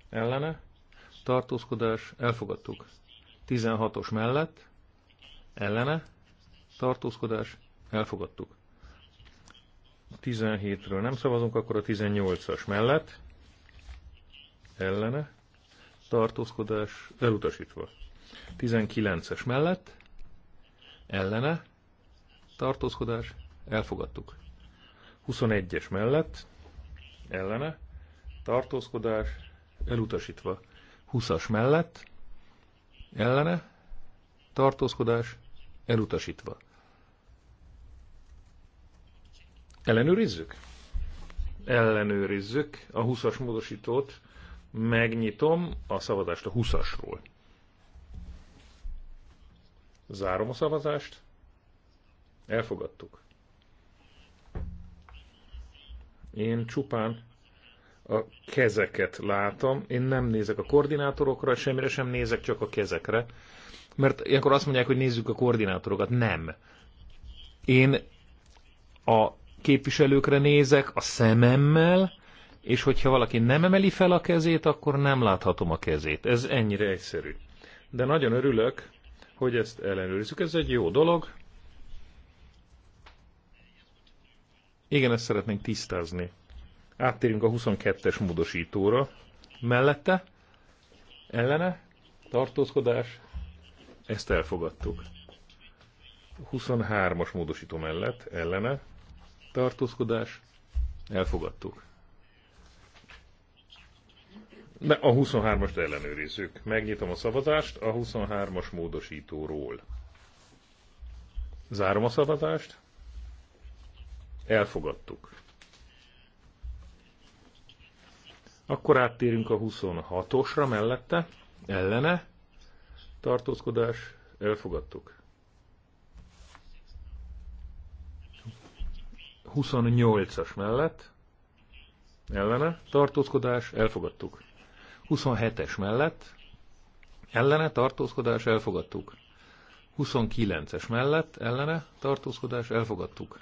ellene tartózkodás elfogadtuk. 16-os mellett ellene tartózkodás elfogadtuk. 17-ről nem szavazunk, akkor a 18-as mellett ellene tartózkodás elutasítva. 19-es mellett ellene, tartózkodás, elfogadtuk. 21-es mellett, ellene, tartózkodás, elutasítva. 20-as mellett, ellene, tartózkodás, elutasítva. Ellenőrizzük? Ellenőrizzük a 20-as módosítót, megnyitom a szavazást a 20-asról. Zárom a szavazást. Elfogadtuk. Én csupán a kezeket látom. Én nem nézek a koordinátorokra, semmire sem nézek, csak a kezekre. Mert ilyenkor azt mondják, hogy nézzük a koordinátorokat. Nem. Én a képviselőkre nézek a szememmel, és hogyha valaki nem emeli fel a kezét, akkor nem láthatom a kezét. Ez ennyire egyszerű. De nagyon örülök, hogy ezt ellenőrizzük. Ez egy jó dolog. Igen, ezt szeretnénk tisztázni. Áttérünk a 22-es módosítóra. Mellette, ellene, tartózkodás, ezt elfogadtuk. 23-as módosító mellett, ellene, tartózkodás, elfogadtuk. A 23-ast ellenőrizzük. Megnyitom a szavazást a 23-as módosítóról. Zárom a szavazást. Elfogadtuk. Akkor áttérünk a 26-osra mellette. Ellene. Tartózkodás. Elfogadtuk. 28-as mellett. Ellene. Tartózkodás. Elfogadtuk. 27-es mellett ellene tartózkodás elfogadtuk. 29-es mellett ellene tartózkodás elfogadtuk.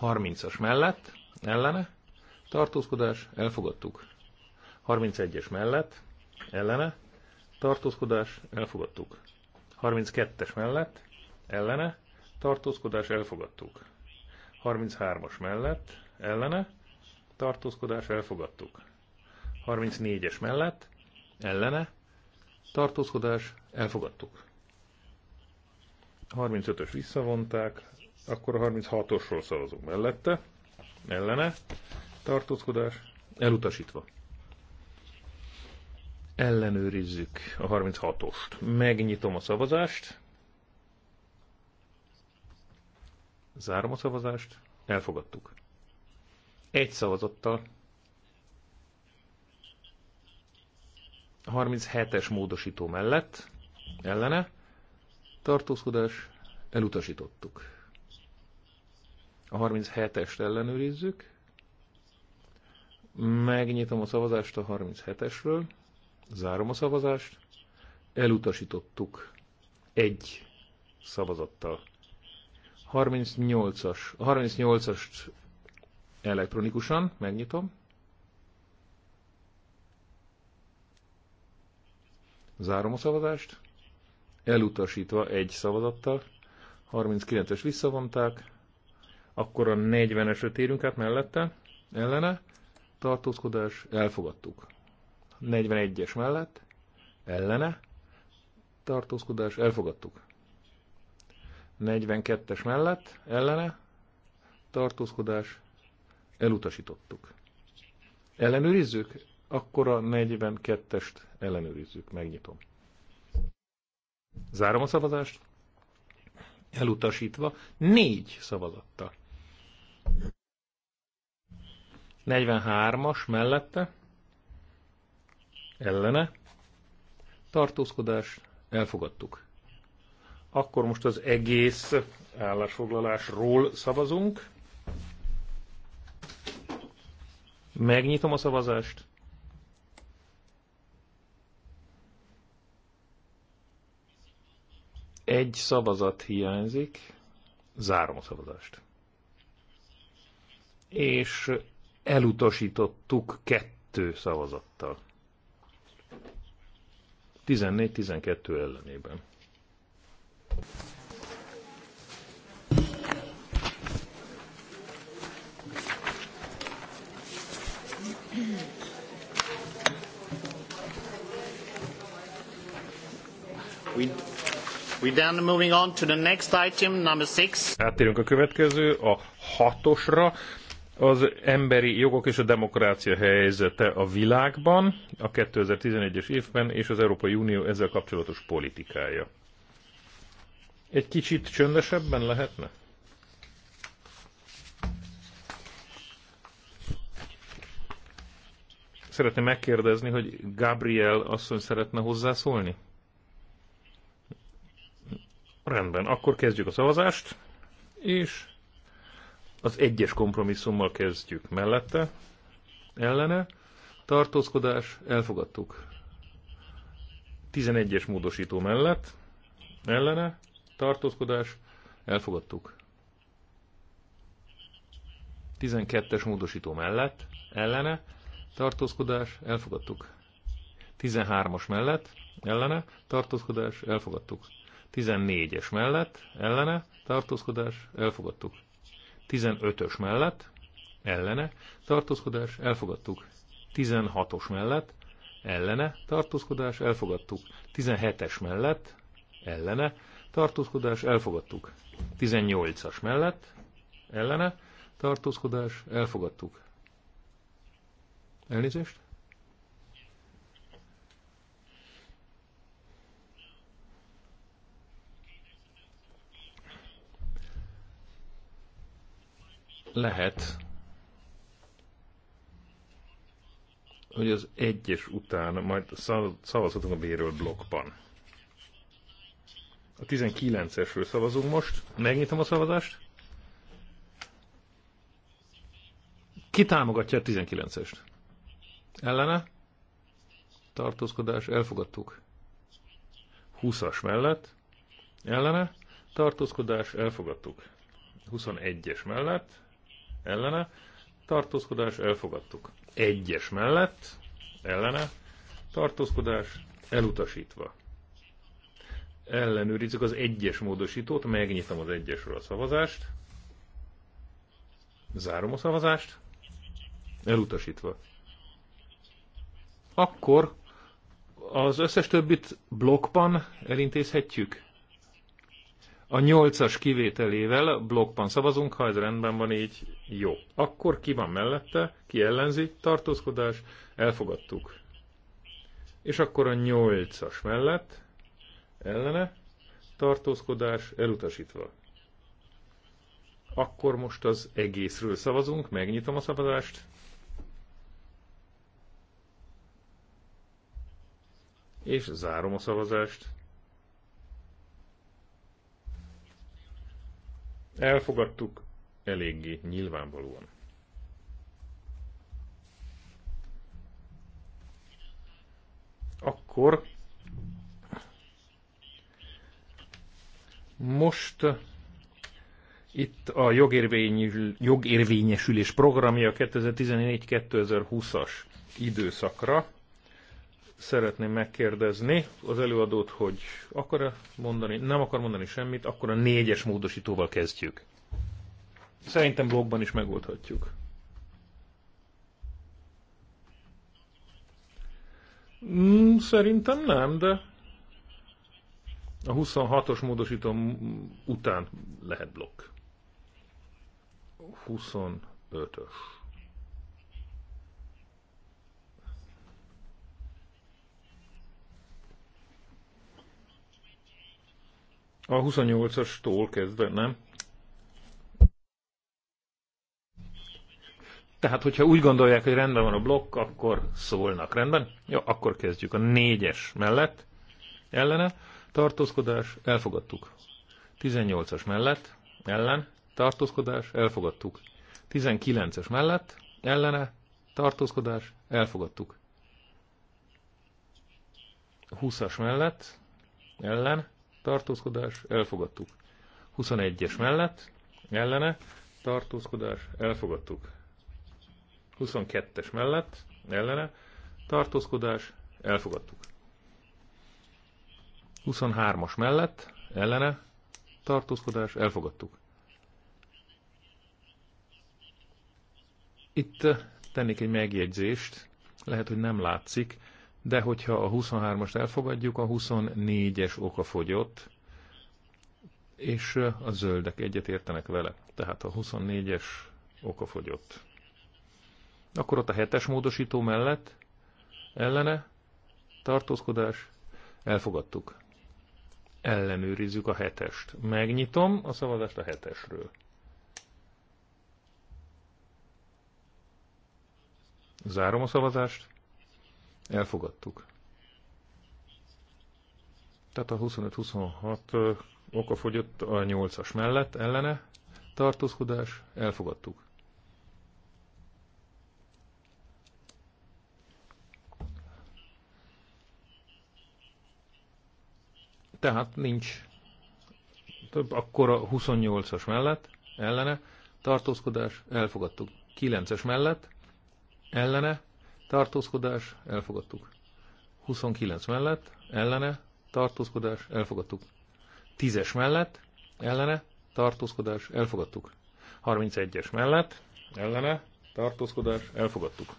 30-as mellett ellene tartózkodás elfogadtuk. 31-es mellett ellene tartózkodás elfogadtuk. 32-es mellett ellene tartózkodás elfogadtuk. 33-as mellett ellene tartózkodás elfogadtuk. 34-es mellett ellene, tartózkodás, elfogadtuk. 35-ös visszavonták, akkor a 36-osról szavazunk mellette, ellene, tartózkodás, elutasítva. Ellenőrizzük a 36-ost. Megnyitom a szavazást. Zárom a szavazást. Elfogadtuk. Egy szavazattal 37-es módosító mellett ellene tartózkodás elutasítottuk. A 37-est ellenőrizzük. Megnyitom a szavazást a 37-esről. Zárom a szavazást. Elutasítottuk egy szavazattal. 38-as, a 38-ast elektronikusan megnyitom. Zárom a szavazást. Elutasítva egy szavazattal. 39-es visszavonták. Akkor a 40-esre térünk át mellette. Ellene. Tartózkodás. Elfogadtuk. 41-es mellett. Ellene. Tartózkodás. Elfogadtuk. 42-es mellett. Ellene. Tartózkodás. Elutasítottuk. Ellenőrizzük? akkor a 42-est ellenőrizzük, megnyitom. Zárom a szavazást. Elutasítva négy szavazattal. 43-as mellette ellene tartózkodás elfogadtuk. Akkor most az egész állásfoglalásról szavazunk. Megnyitom a szavazást. Egy szavazat hiányzik, zárom a szavazást. És elutasítottuk kettő szavazattal. 14-12 ellenében. We, We then moving on to the next item, number six. Áttérünk a következő, a hatosra. Az emberi jogok és a demokrácia helyzete a világban a 2011-es évben és az Európai Unió ezzel kapcsolatos politikája. Egy kicsit csöndesebben lehetne? Szeretném megkérdezni, hogy Gabriel asszony szeretne hozzászólni? Rendben, akkor kezdjük a szavazást, és az egyes kompromisszummal kezdjük mellette, ellene, tartózkodás, elfogadtuk. 11-es módosító mellett, ellene, tartózkodás, elfogadtuk. 12-es módosító mellett, ellene, tartózkodás, elfogadtuk. 13-as mellett, ellene, tartózkodás, elfogadtuk. 14-es mellett ellene tartózkodás elfogadtuk. 15-ös mellett ellene tartózkodás elfogadtuk. 16-os mellett ellene tartózkodás elfogadtuk. 17-es mellett ellene tartózkodás elfogadtuk. 18-as mellett ellene tartózkodás elfogadtuk. Elnézést? lehet, hogy az egyes után majd szavazhatunk a B-ről blokkban. A 19-esről szavazunk most. Megnyitom a szavazást. Ki támogatja a 19-est? Ellene? Tartózkodás, elfogadtuk. 20-as mellett. Ellene? Tartózkodás, elfogadtuk. 21-es mellett ellene, tartózkodás elfogadtuk. Egyes mellett, ellene, tartózkodás elutasítva. Ellenőrizzük az egyes módosítót, megnyitom az egyesről a szavazást, zárom a szavazást, elutasítva. Akkor az összes többit blokkban elintézhetjük? A nyolcas kivételével blokkban szavazunk, ha ez rendben van így, jó. Akkor ki van mellette, ki ellenzi, tartózkodás, elfogadtuk. És akkor a nyolcas mellett ellene tartózkodás elutasítva. Akkor most az egészről szavazunk, megnyitom a szavazást. És zárom a szavazást. Elfogadtuk eléggé nyilvánvalóan. Akkor most itt a jogérvényesülés programja 2014-2020-as időszakra. Szeretném megkérdezni az előadót, hogy akar -e mondani, nem akar mondani semmit, akkor a négyes módosítóval kezdjük. Szerintem blogban is megoldhatjuk. Mm, szerintem nem, de a 26-os módosító után lehet blokk. 25-ös. A 28-astól kezdve, nem? Tehát, hogyha úgy gondolják, hogy rendben van a blokk, akkor szólnak. Rendben? Jó, akkor kezdjük. A négyes mellett ellene tartózkodás, elfogadtuk. 18-as mellett ellen tartózkodás, elfogadtuk. 19-es mellett ellene tartózkodás, elfogadtuk. 20-as mellett ellen tartózkodás, elfogadtuk. 21-es mellett ellene tartózkodás, elfogadtuk. 22-es mellett ellene tartózkodás elfogadtuk. 23-as mellett ellene tartózkodás elfogadtuk. Itt tennék egy megjegyzést, lehet, hogy nem látszik, de hogyha a 23-ast elfogadjuk, a 24-es oka fogyott, és a zöldek egyet értenek vele. Tehát a 24-es oka fogyott. Akkor ott a hetes módosító mellett ellene tartózkodás elfogadtuk. Ellenőrizzük a hetest. Megnyitom a szavazást a hetesről. Zárom a szavazást. Elfogadtuk. Tehát a 25-26 okafogyott a 8-as mellett ellene tartózkodás. Elfogadtuk. Tehát nincs több, akkor a 28-as mellett ellene tartózkodás elfogadtuk. 9-es mellett ellene tartózkodás elfogadtuk. 29 mellett ellene tartózkodás elfogadtuk. 10-es mellett ellene tartózkodás elfogadtuk. 31-es mellett ellene tartózkodás elfogadtuk.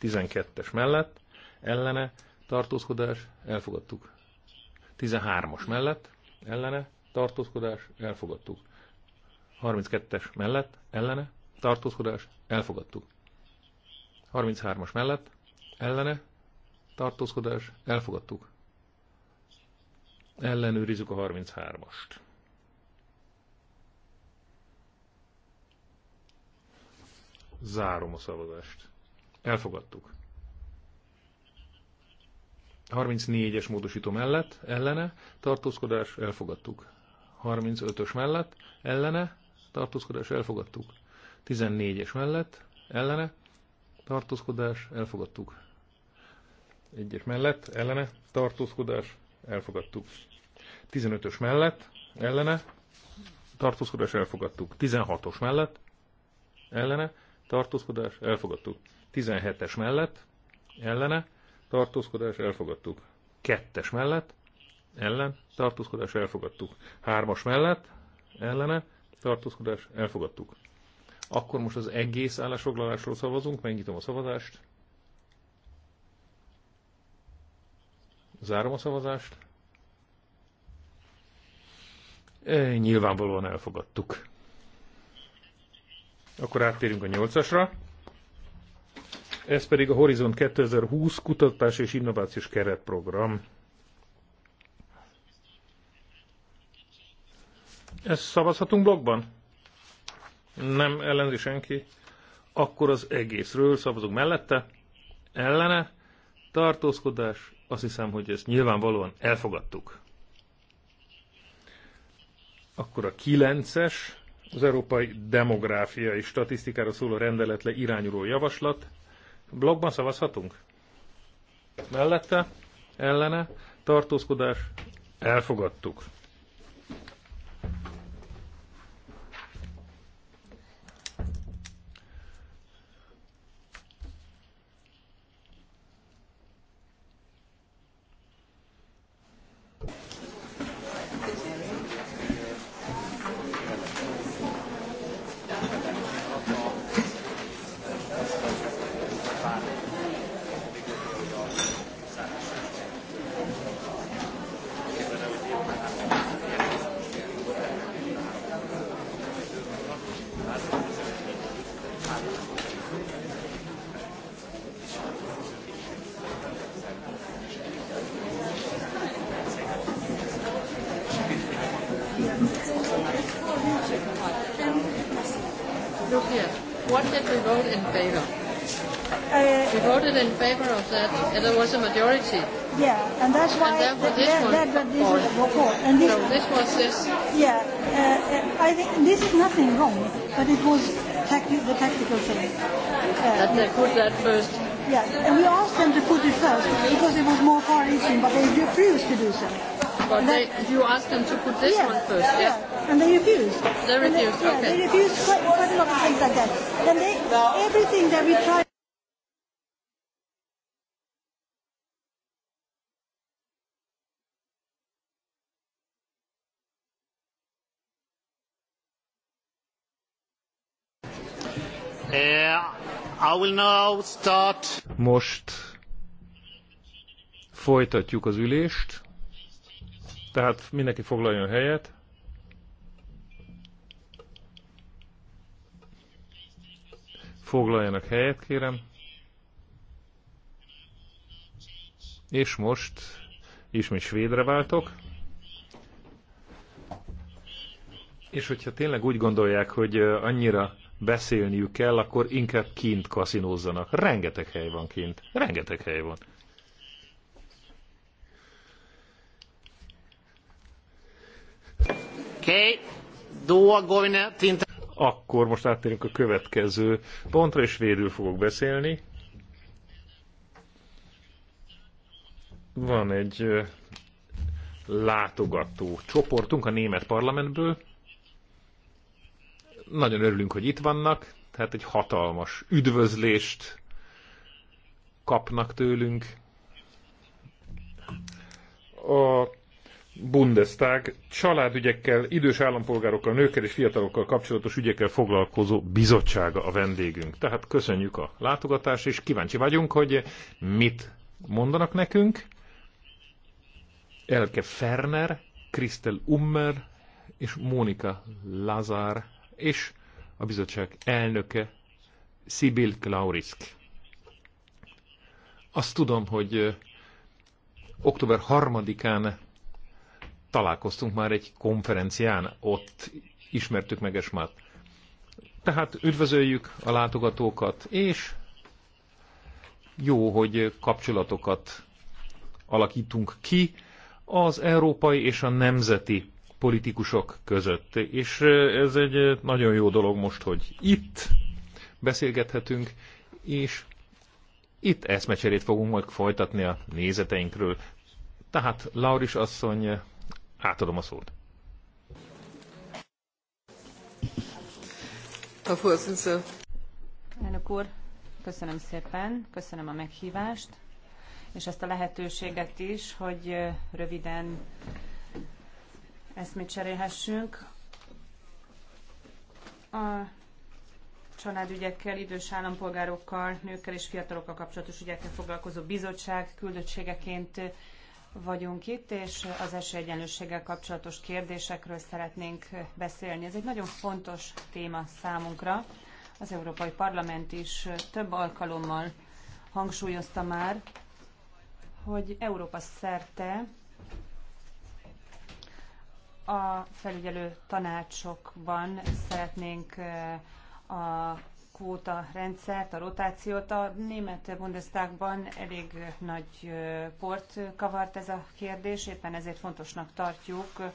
12-es mellett ellene tartózkodás elfogadtuk. 13-as mellett ellene tartózkodás elfogadtuk. 32-es mellett ellene tartózkodás elfogadtuk. 33-as mellett ellene tartózkodás elfogadtuk. Ellenőrizzük a 33-ast. Zárom a szavazást. Elfogadtuk. 34-es módosító mellett, ellene, tartózkodás, elfogadtuk. 35-ös mellett, ellene, tartózkodás, elfogadtuk. 14-es mellett, ellene, tartózkodás, elfogadtuk. 1-es mellett, ellene, tartózkodás, elfogadtuk. 15-ös mellett, ellene, tartózkodás, elfogadtuk. 16-os mellett, ellene, tartózkodás, elfogadtuk. 17-es mellett, ellene, tartózkodás elfogadtuk. Kettes mellett, ellen, tartózkodás elfogadtuk. Hármas mellett, ellene, tartózkodás elfogadtuk. Akkor most az egész állásfoglalásról szavazunk, megnyitom a szavazást. Zárom a szavazást. E, nyilvánvalóan elfogadtuk. Akkor áttérünk a nyolcasra ez pedig a Horizont 2020 kutatás és innovációs keretprogram. Ezt szavazhatunk blogban? Nem ellenzi senki? Akkor az egészről szavazunk mellette? Ellene? Tartózkodás? Azt hiszem, hogy ezt nyilvánvalóan elfogadtuk. Akkor a 9-es, az Európai Demográfiai Statisztikára szóló rendeletre irányuló javaslat. Blogban szavazhatunk? Mellette, ellene, tartózkodás, elfogadtuk. Most folytatjuk az ülést, tehát mindenki foglaljon helyet. Foglaljanak helyet, kérem. És most ismét svédre váltok. És hogyha tényleg úgy gondolják, hogy annyira beszélniük kell, akkor inkább kint kaszinózzanak. Rengeteg hely van kint. Rengeteg hely van. a okay. Akkor most áttérünk a következő pontra, és védül fogok beszélni. Van egy látogató csoportunk a német parlamentből, nagyon örülünk, hogy itt vannak, tehát egy hatalmas üdvözlést kapnak tőlünk. A Bundestag családügyekkel, idős állampolgárokkal, nőkkel és fiatalokkal kapcsolatos ügyekkel foglalkozó bizottsága a vendégünk. Tehát köszönjük a látogatást, és kíváncsi vagyunk, hogy mit mondanak nekünk. Elke Ferner, Kristel Ummer és Mónika Lazár és a bizottság elnöke Sibyl Klaurisk. Azt tudom, hogy október 3-án találkoztunk már egy konferencián, ott ismertük meg Esmát. Tehát üdvözöljük a látogatókat, és jó, hogy kapcsolatokat alakítunk ki az európai és a nemzeti politikusok között. És ez egy nagyon jó dolog most, hogy itt beszélgethetünk, és itt eszmecserét fogunk majd folytatni a nézeteinkről. Tehát Lauris asszony, átadom a szót. Elnök úr, köszönöm szépen, köszönöm a meghívást, és ezt a lehetőséget is, hogy röviden eszmét cserélhessünk. A családügyekkel, idős állampolgárokkal, nőkkel és fiatalokkal kapcsolatos ügyekkel foglalkozó bizottság küldöttségeként vagyunk itt, és az esélyegyenlőséggel kapcsolatos kérdésekről szeretnénk beszélni. Ez egy nagyon fontos téma számunkra. Az Európai Parlament is több alkalommal hangsúlyozta már, hogy Európa szerte a felügyelő tanácsokban szeretnénk eh, a kvóta rendszert, a rotációt. A német Bundestagban elég nagy eh, port kavart ez a kérdés, éppen ezért fontosnak tartjuk eh,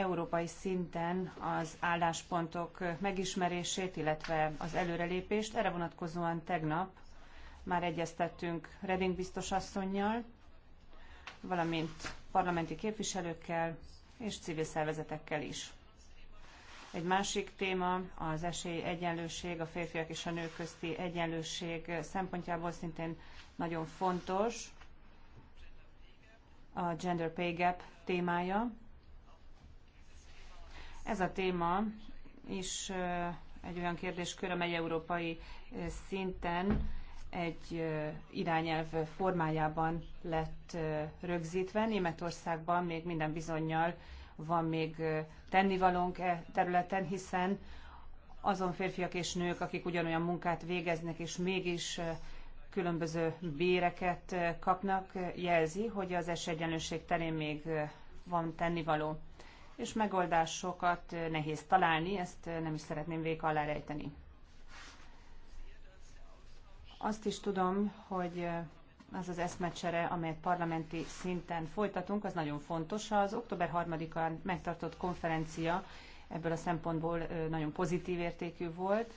európai szinten az álláspontok megismerését, illetve az előrelépést. Erre vonatkozóan tegnap már egyeztettünk Reding biztosasszonynal, valamint parlamenti képviselőkkel, és civil szervezetekkel is. Egy másik téma az esélyegyenlőség, a férfiak és a nők közti egyenlőség szempontjából szintén nagyon fontos a gender pay gap témája. Ez a téma is egy olyan kérdéskör, amely európai szinten egy irányelv formájában lett rögzítve. Németországban még minden bizonyal van még tennivalónk e területen, hiszen azon férfiak és nők, akik ugyanolyan munkát végeznek, és mégis különböző béreket kapnak, jelzi, hogy az esélyegyenlőség terén még van tennivaló. És megoldásokat nehéz találni, ezt nem is szeretném vék alá rejteni. Azt is tudom, hogy eh, az az eszmecsere, amelyet parlamenti szinten folytatunk, az nagyon fontos. Az október 3-án megtartott konferencia ebből a szempontból eh, nagyon pozitív értékű volt.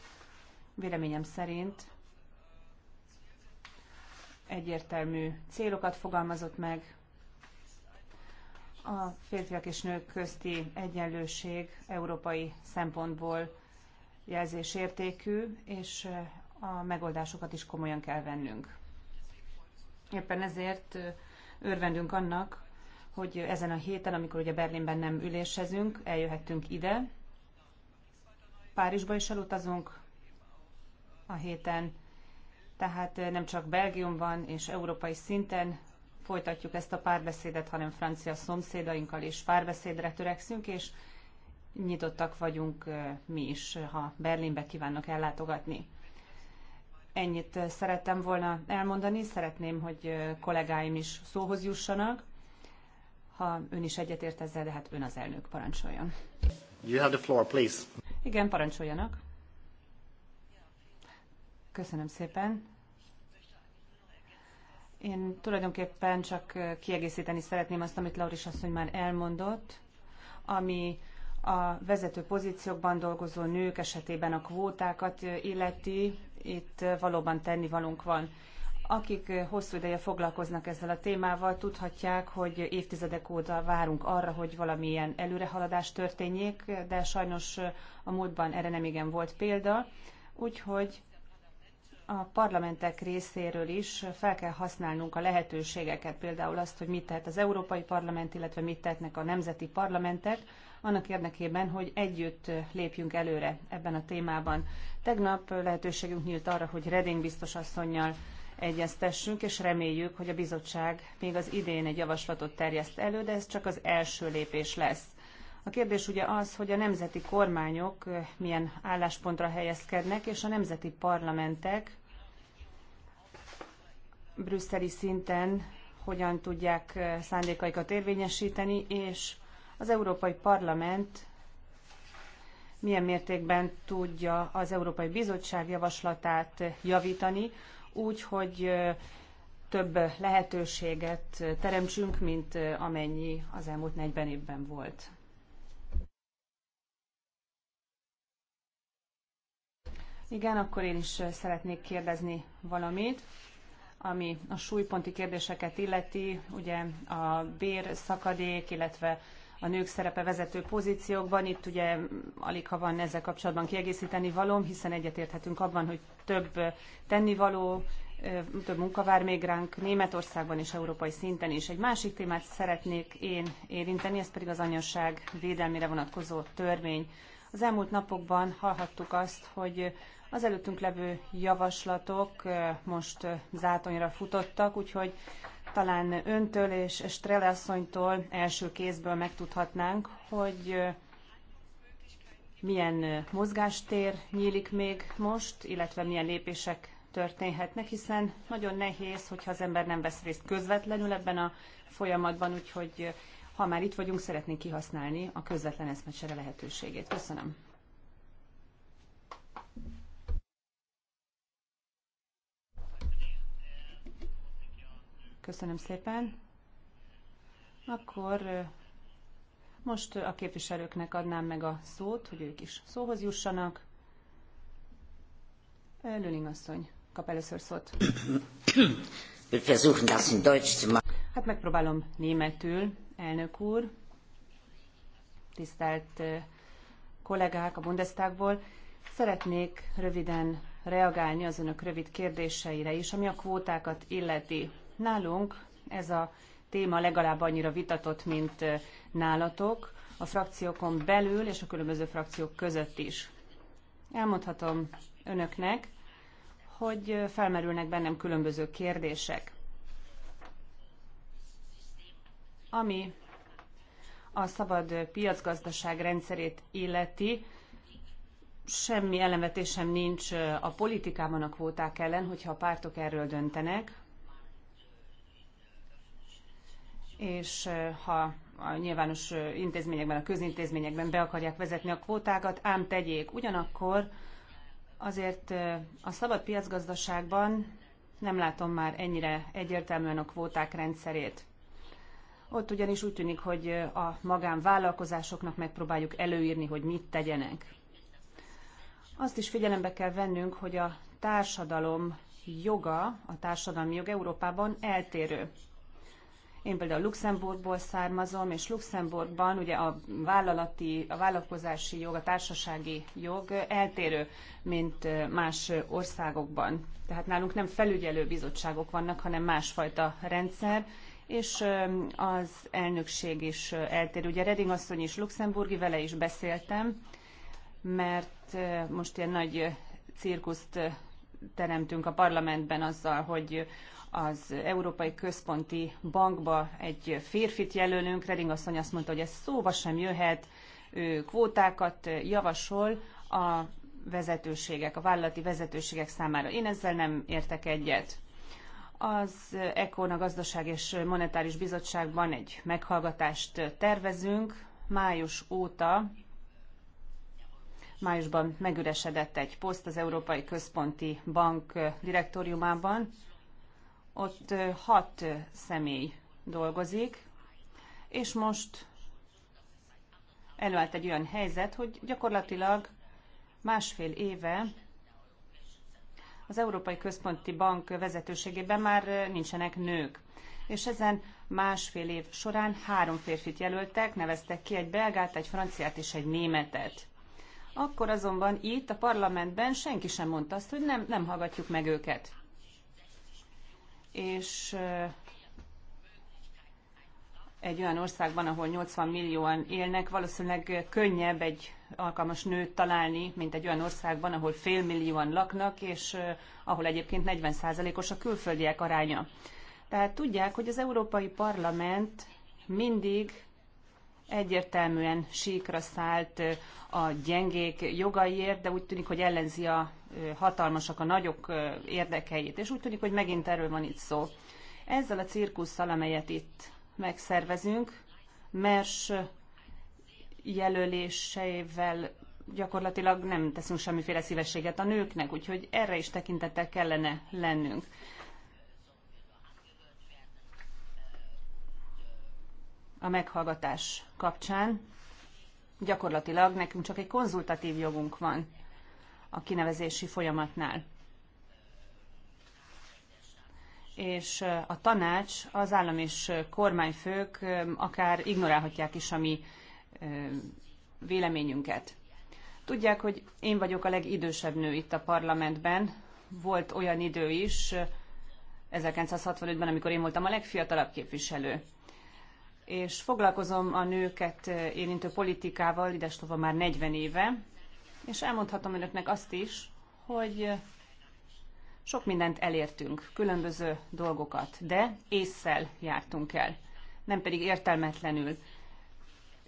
Véleményem szerint egyértelmű célokat fogalmazott meg, a férfiak és nők közti egyenlőség európai szempontból jelzésértékű, és eh, a megoldásokat is komolyan kell vennünk. Éppen ezért örvendünk annak, hogy ezen a héten, amikor ugye Berlinben nem ülésezünk, eljöhettünk ide. Párizsba is elutazunk a héten, tehát nem csak Belgiumban és európai szinten folytatjuk ezt a párbeszédet, hanem francia szomszédainkkal is párbeszédre törekszünk, és nyitottak vagyunk mi is, ha Berlinbe kívánnak ellátogatni. Ennyit eh, szerettem volna elmondani, szeretném, hogy eh, kollégáim is szóhoz jussanak. Ha ön is egyetért ezzel, de hát ön az elnök, parancsoljon. You have the floor, please. Igen, parancsoljanak. Köszönöm szépen. Én tulajdonképpen csak eh, kiegészíteni szeretném azt, amit Lauris asszony már elmondott, ami a vezető pozíciókban dolgozó nők esetében a kvótákat illeti, itt eh, valóban valunk van. Akik eh, hosszú ideje foglalkoznak ezzel a témával, tudhatják, hogy évtizedek óta várunk arra, hogy valamilyen előrehaladás történjék, de sajnos eh, a múltban erre nem igen volt példa, úgyhogy a parlamentek részéről is fel kell használnunk a lehetőségeket, például azt, hogy mit tehet az Európai Parlament, illetve mit tehetnek a nemzeti parlamentek, annak érdekében, hogy együtt lépjünk előre ebben a témában. Tegnap lehetőségünk nyílt arra, hogy Reding biztos asszonynal egyeztessünk, és reméljük, hogy a bizottság még az idén egy javaslatot terjeszt elő, de ez csak az első lépés lesz. A kérdés ugye az, hogy a nemzeti kormányok milyen álláspontra helyezkednek, és a nemzeti parlamentek brüsszeli szinten hogyan tudják szándékaikat érvényesíteni, és az Európai Parlament milyen mértékben tudja az Európai Bizottság javaslatát javítani, úgy, hogy több lehetőséget teremtsünk, mint amennyi az elmúlt 40 évben volt. Igen, akkor én is szeretnék kérdezni valamit, ami a súlyponti kérdéseket illeti, ugye a bér szakadék, illetve a nők szerepe vezető pozíciókban. Itt ugye alig ha van ezzel kapcsolatban kiegészíteni valóm, hiszen egyetérthetünk abban, hogy több tennivaló, több munka vár még ránk Németországban és európai szinten is. Egy másik témát szeretnék én érinteni, ez pedig az anyasság védelmére vonatkozó törvény. Az elmúlt napokban hallhattuk azt, hogy az előttünk levő javaslatok most zátonyra futottak, úgyhogy talán öntől és Strele asszonytól első kézből megtudhatnánk, hogy milyen mozgástér nyílik még most, illetve milyen lépések történhetnek, hiszen nagyon nehéz, hogyha az ember nem vesz részt közvetlenül ebben a folyamatban, úgyhogy ha már itt vagyunk, szeretnénk kihasználni a közvetlen eszmecsere lehetőségét. Köszönöm. Köszönöm szépen. Akkor most a képviselőknek adnám meg a szót, hogy ők is szóhoz jussanak. Lüling asszony kap először szót. Hát megpróbálom németül, elnök úr, tisztelt kollégák a Bundestagból. Szeretnék röviden reagálni az önök rövid kérdéseire is, ami a kvótákat illeti. Nálunk ez a téma legalább annyira vitatott, mint nálatok, a frakciókon belül és a különböző frakciók között is. Elmondhatom önöknek, hogy felmerülnek bennem különböző kérdések. Ami a szabad piacgazdaság rendszerét illeti, semmi ellenvetésem nincs a politikában a kvóták ellen, hogyha a pártok erről döntenek, és ha a nyilvános intézményekben, a közintézményekben be akarják vezetni a kvótákat, ám tegyék. Ugyanakkor azért a szabad piacgazdaságban nem látom már ennyire egyértelműen a kvóták rendszerét. Ott ugyanis úgy tűnik, hogy a magánvállalkozásoknak megpróbáljuk előírni, hogy mit tegyenek. Azt is figyelembe kell vennünk, hogy a társadalom joga, a társadalmi jog Európában eltérő. Én például Luxemburgból származom, és Luxemburgban ugye a vállalati, a vállalkozási jog, a társasági jog eltérő, mint más országokban. Tehát nálunk nem felügyelő bizottságok vannak, hanem másfajta rendszer, és az elnökség is eltérő. Ugye Reding asszony is luxemburgi, vele is beszéltem, mert most ilyen nagy cirkuszt teremtünk a parlamentben azzal, hogy az Európai Központi Bankba egy férfit jelölünk. Reding asszony azt mondta, hogy ez szóba sem jöhet, ő kvótákat javasol a vezetőségek, a vállalati vezetőségek számára. Én ezzel nem értek egyet. Az ECON, a Gazdaság és Monetáris Bizottságban egy meghallgatást tervezünk. Május óta, májusban megüresedett egy poszt az Európai Központi Bank direktoriumában ott hat személy dolgozik, és most előállt egy olyan helyzet, hogy gyakorlatilag másfél éve az Európai Központi Bank vezetőségében már nincsenek nők. És ezen másfél év során három férfit jelöltek, neveztek ki egy belgát, egy franciát és egy németet. Akkor azonban itt a parlamentben senki sem mondta azt, hogy nem, nem hallgatjuk meg őket és egy olyan országban, ahol 80 millióan élnek, valószínűleg könnyebb egy alkalmas nőt találni, mint egy olyan országban, ahol félmillióan laknak, és ahol egyébként 40%-os a külföldiek aránya. Tehát tudják, hogy az Európai Parlament mindig egyértelműen síkra szállt a gyengék jogaiért, de úgy tűnik, hogy ellenzi a hatalmasak, a nagyok érdekeit, és úgy tűnik, hogy megint erről van itt szó. Ezzel a cirkusszal, amelyet itt megszervezünk, MERS jelöléseivel gyakorlatilag nem teszünk semmiféle szívességet a nőknek, úgyhogy erre is tekintettel kellene lennünk. a meghallgatás kapcsán. Gyakorlatilag nekünk csak egy konzultatív jogunk van a kinevezési folyamatnál. És a tanács, az állam és kormányfők akár ignorálhatják is a mi véleményünket. Tudják, hogy én vagyok a legidősebb nő itt a parlamentben. Volt olyan idő is, 1965-ben, amikor én voltam a legfiatalabb képviselő és foglalkozom a nőket eh, érintő politikával idestova már 40 éve, és elmondhatom önöknek azt is, hogy eh, sok mindent elértünk, különböző dolgokat, de ésszel jártunk el, nem pedig értelmetlenül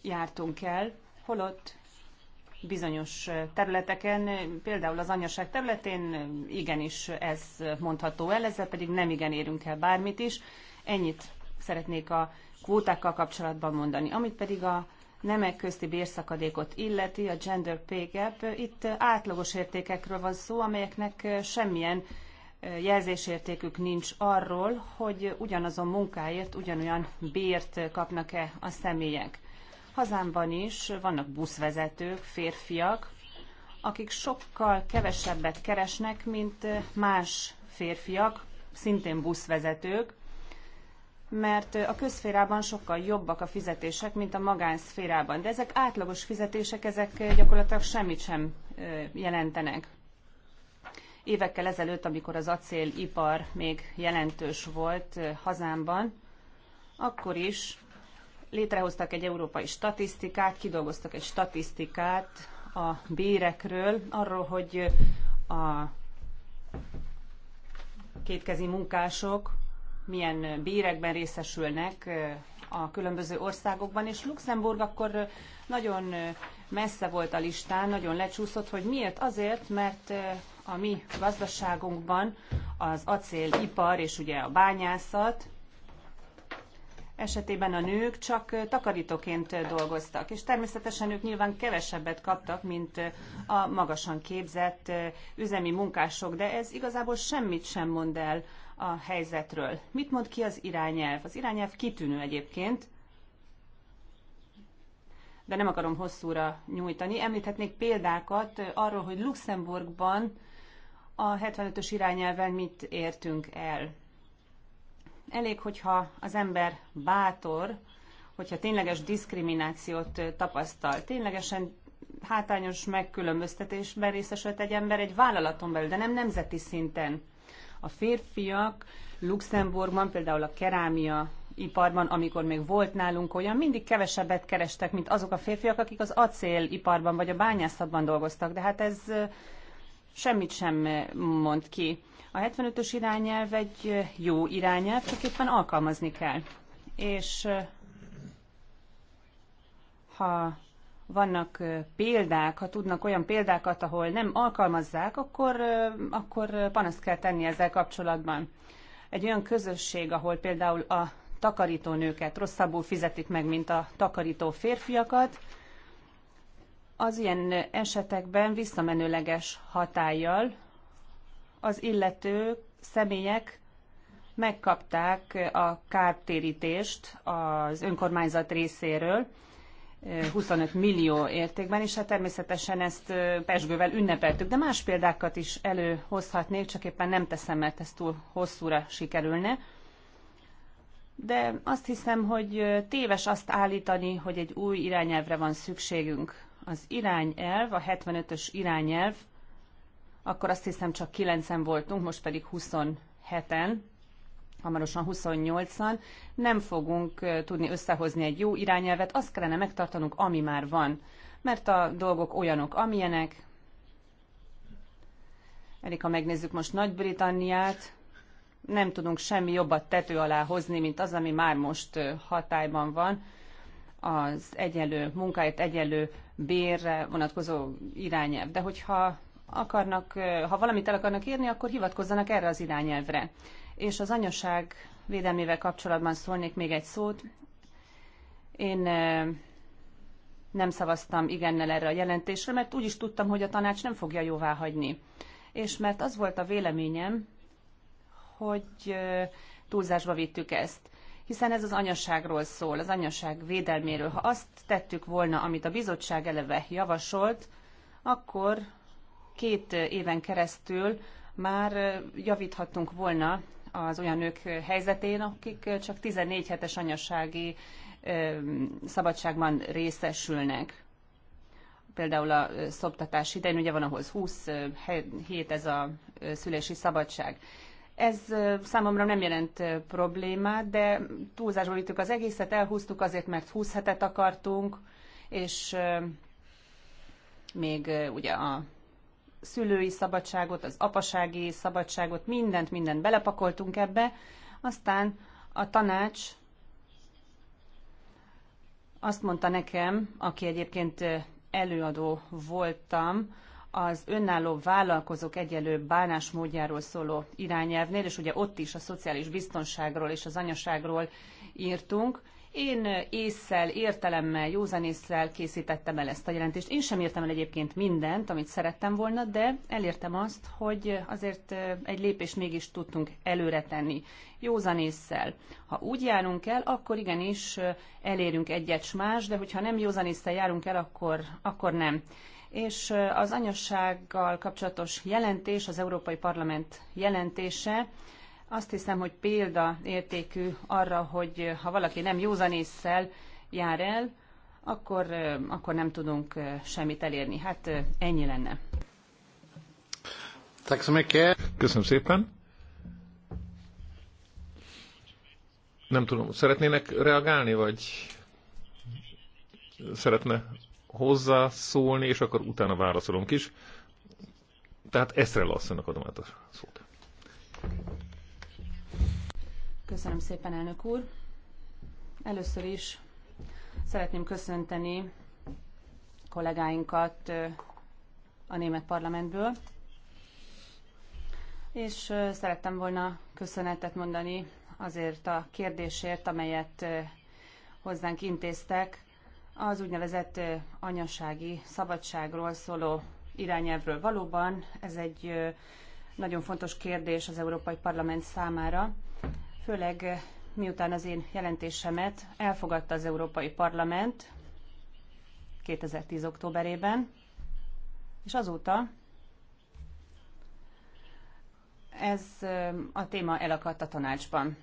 jártunk el, holott bizonyos eh, területeken, például az anyaság területén igenis ez mondható el, ezzel pedig nem igen érünk el bármit is. Ennyit szeretnék a kvótákkal kapcsolatban mondani. Amit pedig a nemek közti bérszakadékot illeti, a gender pay gap, itt átlagos értékekről van szó, amelyeknek semmilyen jelzésértékük nincs arról, hogy ugyanazon munkáért ugyanolyan bért kapnak-e a személyek. Hazámban is vannak buszvezetők, férfiak, akik sokkal kevesebbet keresnek, mint más férfiak, szintén buszvezetők, mert a közférában sokkal jobbak a fizetések, mint a magánszférában. De ezek átlagos fizetések, ezek gyakorlatilag semmit sem jelentenek. Évekkel ezelőtt, amikor az acélipar még jelentős volt hazámban, akkor is létrehoztak egy európai statisztikát, kidolgoztak egy statisztikát a bérekről, arról, hogy a kétkezi munkások milyen bérekben részesülnek a különböző országokban, és Luxemburg akkor nagyon messze volt a listán, nagyon lecsúszott, hogy miért? Azért, mert a mi gazdaságunkban az acélipar és ugye a bányászat esetében a nők csak takarítóként dolgoztak, és természetesen ők nyilván kevesebbet kaptak, mint a magasan képzett üzemi munkások, de ez igazából semmit sem mond el a helyzetről. Mit mond ki az irányelv? Az irányelv kitűnő egyébként, de nem akarom hosszúra nyújtani. Említhetnék példákat arról, hogy Luxemburgban a 75-ös irányelven mit értünk el. Elég, hogyha az ember bátor, hogyha tényleges diszkriminációt tapasztal, ténylegesen hátányos megkülönböztetésben részesült egy ember egy vállalaton belül, de nem nemzeti szinten. A férfiak Luxemburgban, például a kerámia iparban, amikor még volt nálunk olyan, mindig kevesebbet kerestek, mint azok a férfiak, akik az acéliparban vagy a bányászatban dolgoztak. De hát ez semmit sem mond ki. A 75-ös irányelv egy jó irányelv, csak éppen alkalmazni kell. És ha vannak példák, ha tudnak olyan példákat, ahol nem alkalmazzák, akkor, akkor panaszt kell tenni ezzel kapcsolatban. Egy olyan közösség, ahol például a takarítónőket rosszabbul fizetik meg, mint a takarító férfiakat, az ilyen esetekben visszamenőleges hatállyal az illető személyek megkapták a kártérítést az önkormányzat részéről, 25 millió értékben, és hát természetesen ezt pesgővel ünnepeltük, de más példákat is előhozhatnék, csak éppen nem teszem, mert ez túl hosszúra sikerülne. De azt hiszem, hogy téves azt állítani, hogy egy új irányelvre van szükségünk. Az irányelv, a 75-ös irányelv, akkor azt hiszem csak 9-en voltunk, most pedig 27-en hamarosan 28-an, nem fogunk tudni összehozni egy jó irányelvet, azt kellene megtartanunk, ami már van. Mert a dolgok olyanok, amilyenek. Elég, ha megnézzük most Nagy-Britanniát, nem tudunk semmi jobbat tető alá hozni, mint az, ami már most hatályban van. Az egyenlő munkáért egyenlő bérre vonatkozó irányelv. De hogyha akarnak, ha valamit el akarnak érni, akkor hivatkozzanak erre az irányelvre. És az anyaság védelmével kapcsolatban szólnék még egy szót. Én nem szavaztam igennel erre a jelentésre, mert úgy is tudtam, hogy a tanács nem fogja jóvá hagyni. És mert az volt a véleményem, hogy túlzásba vittük ezt. Hiszen ez az anyaságról szól, az anyaság védelméről. Ha azt tettük volna, amit a bizottság eleve javasolt, akkor két éven keresztül már javíthattunk volna az olyan nők helyzetén, akik csak 14 hetes anyasági szabadságban részesülnek. Például a szoptatás idején ugye van ahhoz 20 hét ez a szülési szabadság. Ez számomra nem jelent problémát, de túlzásból vittük az egészet, elhúztuk azért, mert 20 hetet akartunk, és még ugye a szülői szabadságot, az apasági szabadságot, mindent, mindent belepakoltunk ebbe, aztán a tanács azt mondta nekem, aki egyébként előadó voltam, az önálló vállalkozók egyelő bánásmódjáról szóló irányelvnél, és ugye ott is a szociális biztonságról és az anyaságról írtunk. Én észszel, értelemmel, józan készítettem el ezt a jelentést. Én sem értem el egyébként mindent, amit szerettem volna, de elértem azt, hogy azért egy lépést mégis tudtunk előre tenni. Józan Ha úgy járunk el, akkor igenis elérünk egyet más, de hogyha nem józan járunk el, akkor, akkor nem és az anyassággal kapcsolatos jelentés, az Európai Parlament jelentése azt hiszem, hogy példa értékű arra, hogy eh, ha valaki nem józan észszel jár el, akkor, eh, akkor nem tudunk eh, semmit elérni. Hát ennyi lenne. Köszönöm szépen. Nem tudom, szeretnének reagálni, vagy szeretne hozzászólni, és akkor utána válaszolunk is. Tehát Eszrel asszonynak adom át a szót. Köszönöm szépen, elnök úr. Először is szeretném köszönteni kollégáinkat a német parlamentből, és szerettem volna köszönetet mondani azért a kérdésért, amelyet hozzánk intéztek az úgynevezett anyasági szabadságról szóló irányelvről. Valóban ez egy nagyon fontos kérdés az Európai Parlament számára, főleg eh, miután az én jelentésemet elfogadta az Európai Parlament 2010. októberében, és azóta ez eh, a téma elakadt a tanácsban.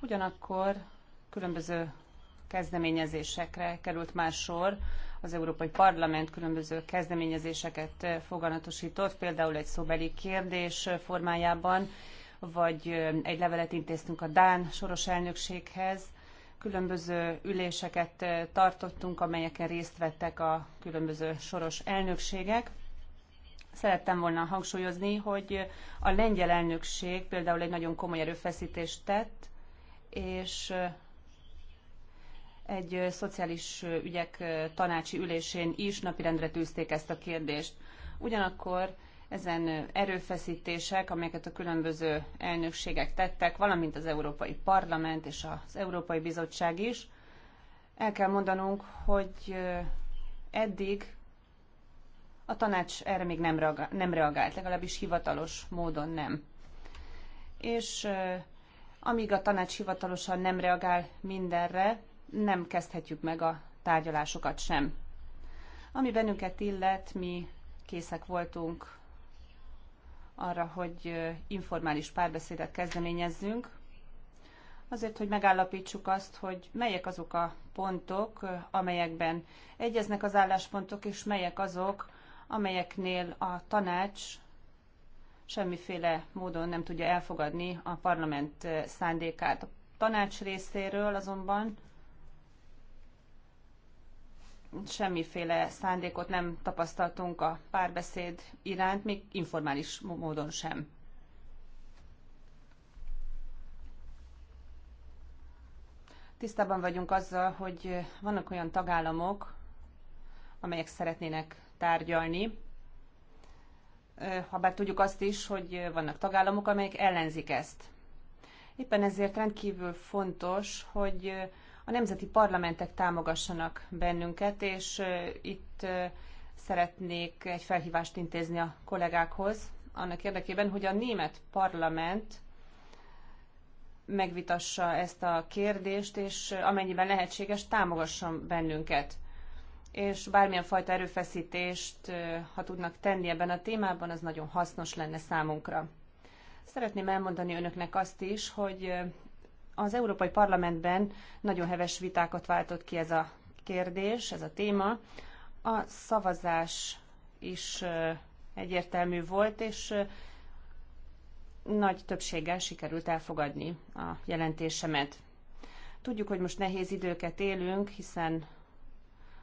Ugyanakkor különböző kezdeményezésekre került már sor. Az Európai Parlament különböző kezdeményezéseket eh, foganatosított, például egy szóbeli kérdés formájában, vagy egy levelet intéztünk a Dán soros elnökséghez. Különböző üléseket tartottunk, amelyeken részt vettek a különböző soros elnökségek. Szerettem volna hangsúlyozni, hogy a lengyel elnökség például egy nagyon komoly erőfeszítést tett, és egy szociális ügyek tanácsi ülésén is napirendre tűzték ezt a kérdést. Ugyanakkor ezen erőfeszítések, amelyeket a különböző elnökségek tettek, valamint az Európai Parlament és az Európai Bizottság is, el kell mondanunk, hogy eddig a tanács erre még nem, reagált, nem reagált, legalábbis hivatalos módon nem. És amíg a tanács hivatalosan nem reagál mindenre, nem kezdhetjük meg a tárgyalásokat sem. Ami bennünket illet, mi készek voltunk arra, hogy informális párbeszédet kezdeményezzünk, azért, hogy megállapítsuk azt, hogy melyek azok a pontok, amelyekben egyeznek az álláspontok, és melyek azok, amelyeknél a tanács semmiféle módon nem tudja elfogadni a parlament szándékát. A tanács részéről azonban semmiféle szándékot nem tapasztaltunk a párbeszéd iránt, még informális módon sem. Tisztában vagyunk azzal, hogy vannak olyan tagállamok, amelyek szeretnének tárgyalni, habár tudjuk azt is, hogy vannak tagállamok, amelyek ellenzik ezt. Éppen ezért rendkívül fontos, hogy a nemzeti parlamentek támogassanak bennünket, és itt szeretnék egy felhívást intézni a kollégákhoz, annak érdekében, hogy a német parlament megvitassa ezt a kérdést, és amennyiben lehetséges, támogasson bennünket. És bármilyen fajta erőfeszítést, ha tudnak tenni ebben a témában, az nagyon hasznos lenne számunkra. Szeretném elmondani önöknek azt is, hogy az Európai Parlamentben nagyon heves vitákat váltott ki ez a kérdés, ez a téma. A szavazás is egyértelmű volt, és nagy többséggel sikerült elfogadni a jelentésemet. Tudjuk, hogy most nehéz időket élünk, hiszen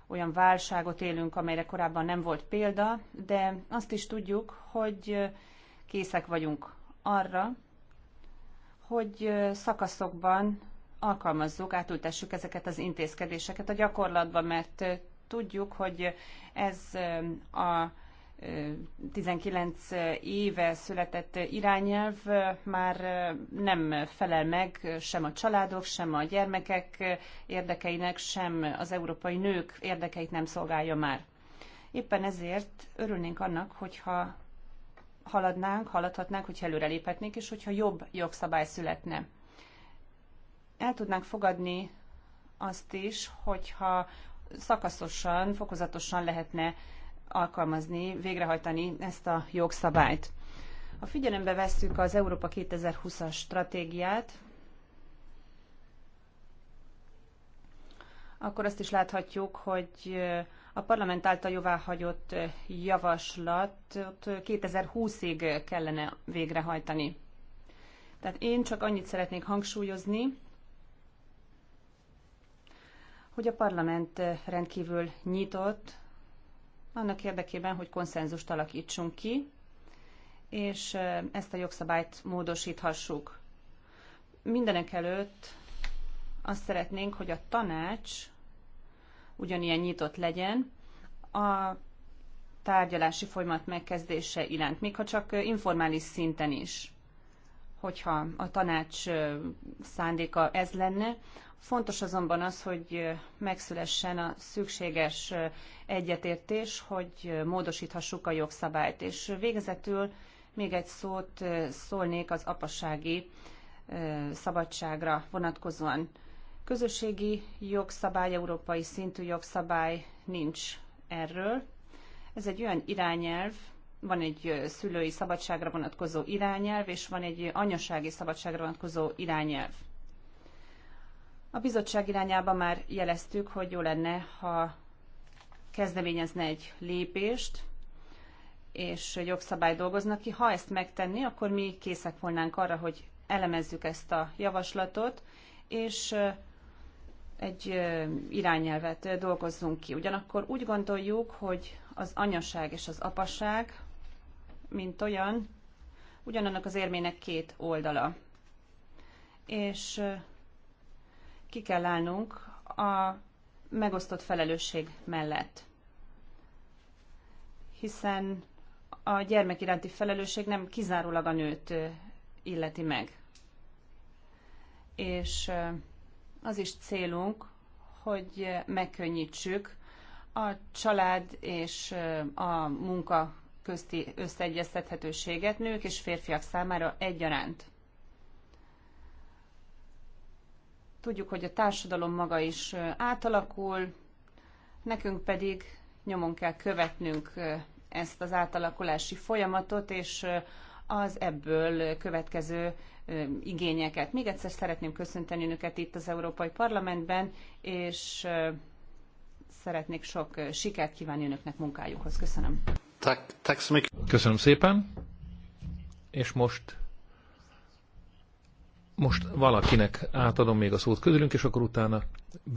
olyan válságot élünk, amelyre korábban nem volt példa, de azt is tudjuk, hogy készek vagyunk arra, hogy szakaszokban alkalmazzuk, átültessük ezeket az intézkedéseket a gyakorlatban, mert tudjuk, hogy ez a 19 éve született irányelv már nem felel meg sem a családok, sem a gyermekek érdekeinek, sem az európai nők érdekeit nem szolgálja már. Éppen ezért örülnénk annak, hogyha haladnánk, haladhatnánk, hogyha előreléphetnénk, és hogyha jobb jogszabály születne. El tudnánk fogadni azt is, hogyha szakaszosan, fokozatosan lehetne alkalmazni, végrehajtani ezt a jogszabályt. Ha figyelembe vesszük az Európa 2020-as stratégiát, akkor azt is láthatjuk, hogy a parlament által jóváhagyott javaslatot 2020-ig kellene végrehajtani. Tehát én csak annyit szeretnék hangsúlyozni, hogy a parlament rendkívül nyitott annak érdekében, hogy konszenzust alakítsunk ki, és ezt a jogszabályt módosíthassuk. Mindenek előtt azt szeretnénk, hogy a tanács ugyanilyen nyitott legyen a tárgyalási folyamat megkezdése iránt, még ha csak informális szinten is, hogyha a tanács szándéka ez lenne. Fontos azonban az, hogy megszülessen a szükséges egyetértés, hogy módosíthassuk a jogszabályt. És végezetül még egy szót szólnék az apasági szabadságra vonatkozóan. Közösségi jogszabály, európai szintű jogszabály nincs erről. Ez egy olyan irányelv, van egy szülői szabadságra vonatkozó irányelv, és van egy anyasági szabadságra vonatkozó irányelv. A bizottság irányába már jeleztük, hogy jó lenne, ha kezdeményezne egy lépést, és jogszabály dolgoznak ki. Ha ezt megtenni, akkor mi készek volnánk arra, hogy elemezzük ezt a javaslatot, és egy irányelvet dolgozzunk ki. Ugyanakkor úgy gondoljuk, hogy az anyaság és az apaság, mint olyan, ugyanannak az érmének két oldala. És ki kell állnunk a megosztott felelősség mellett. Hiszen a gyermek iránti felelősség nem kizárólag a nőt illeti meg. És az is célunk, hogy megkönnyítsük a család és a munka közti összeegyeztethetőséget nők és férfiak számára egyaránt. Tudjuk, hogy a társadalom maga is átalakul, nekünk pedig nyomon kell követnünk ezt az átalakulási folyamatot, és az ebből következő igényeket. Még egyszer szeretném köszönteni önöket itt az Európai Parlamentben, és szeretnék sok sikert kívánni önöknek munkájukhoz. Köszönöm. Köszönöm szépen. És most most valakinek átadom még a szót közülünk, és akkor utána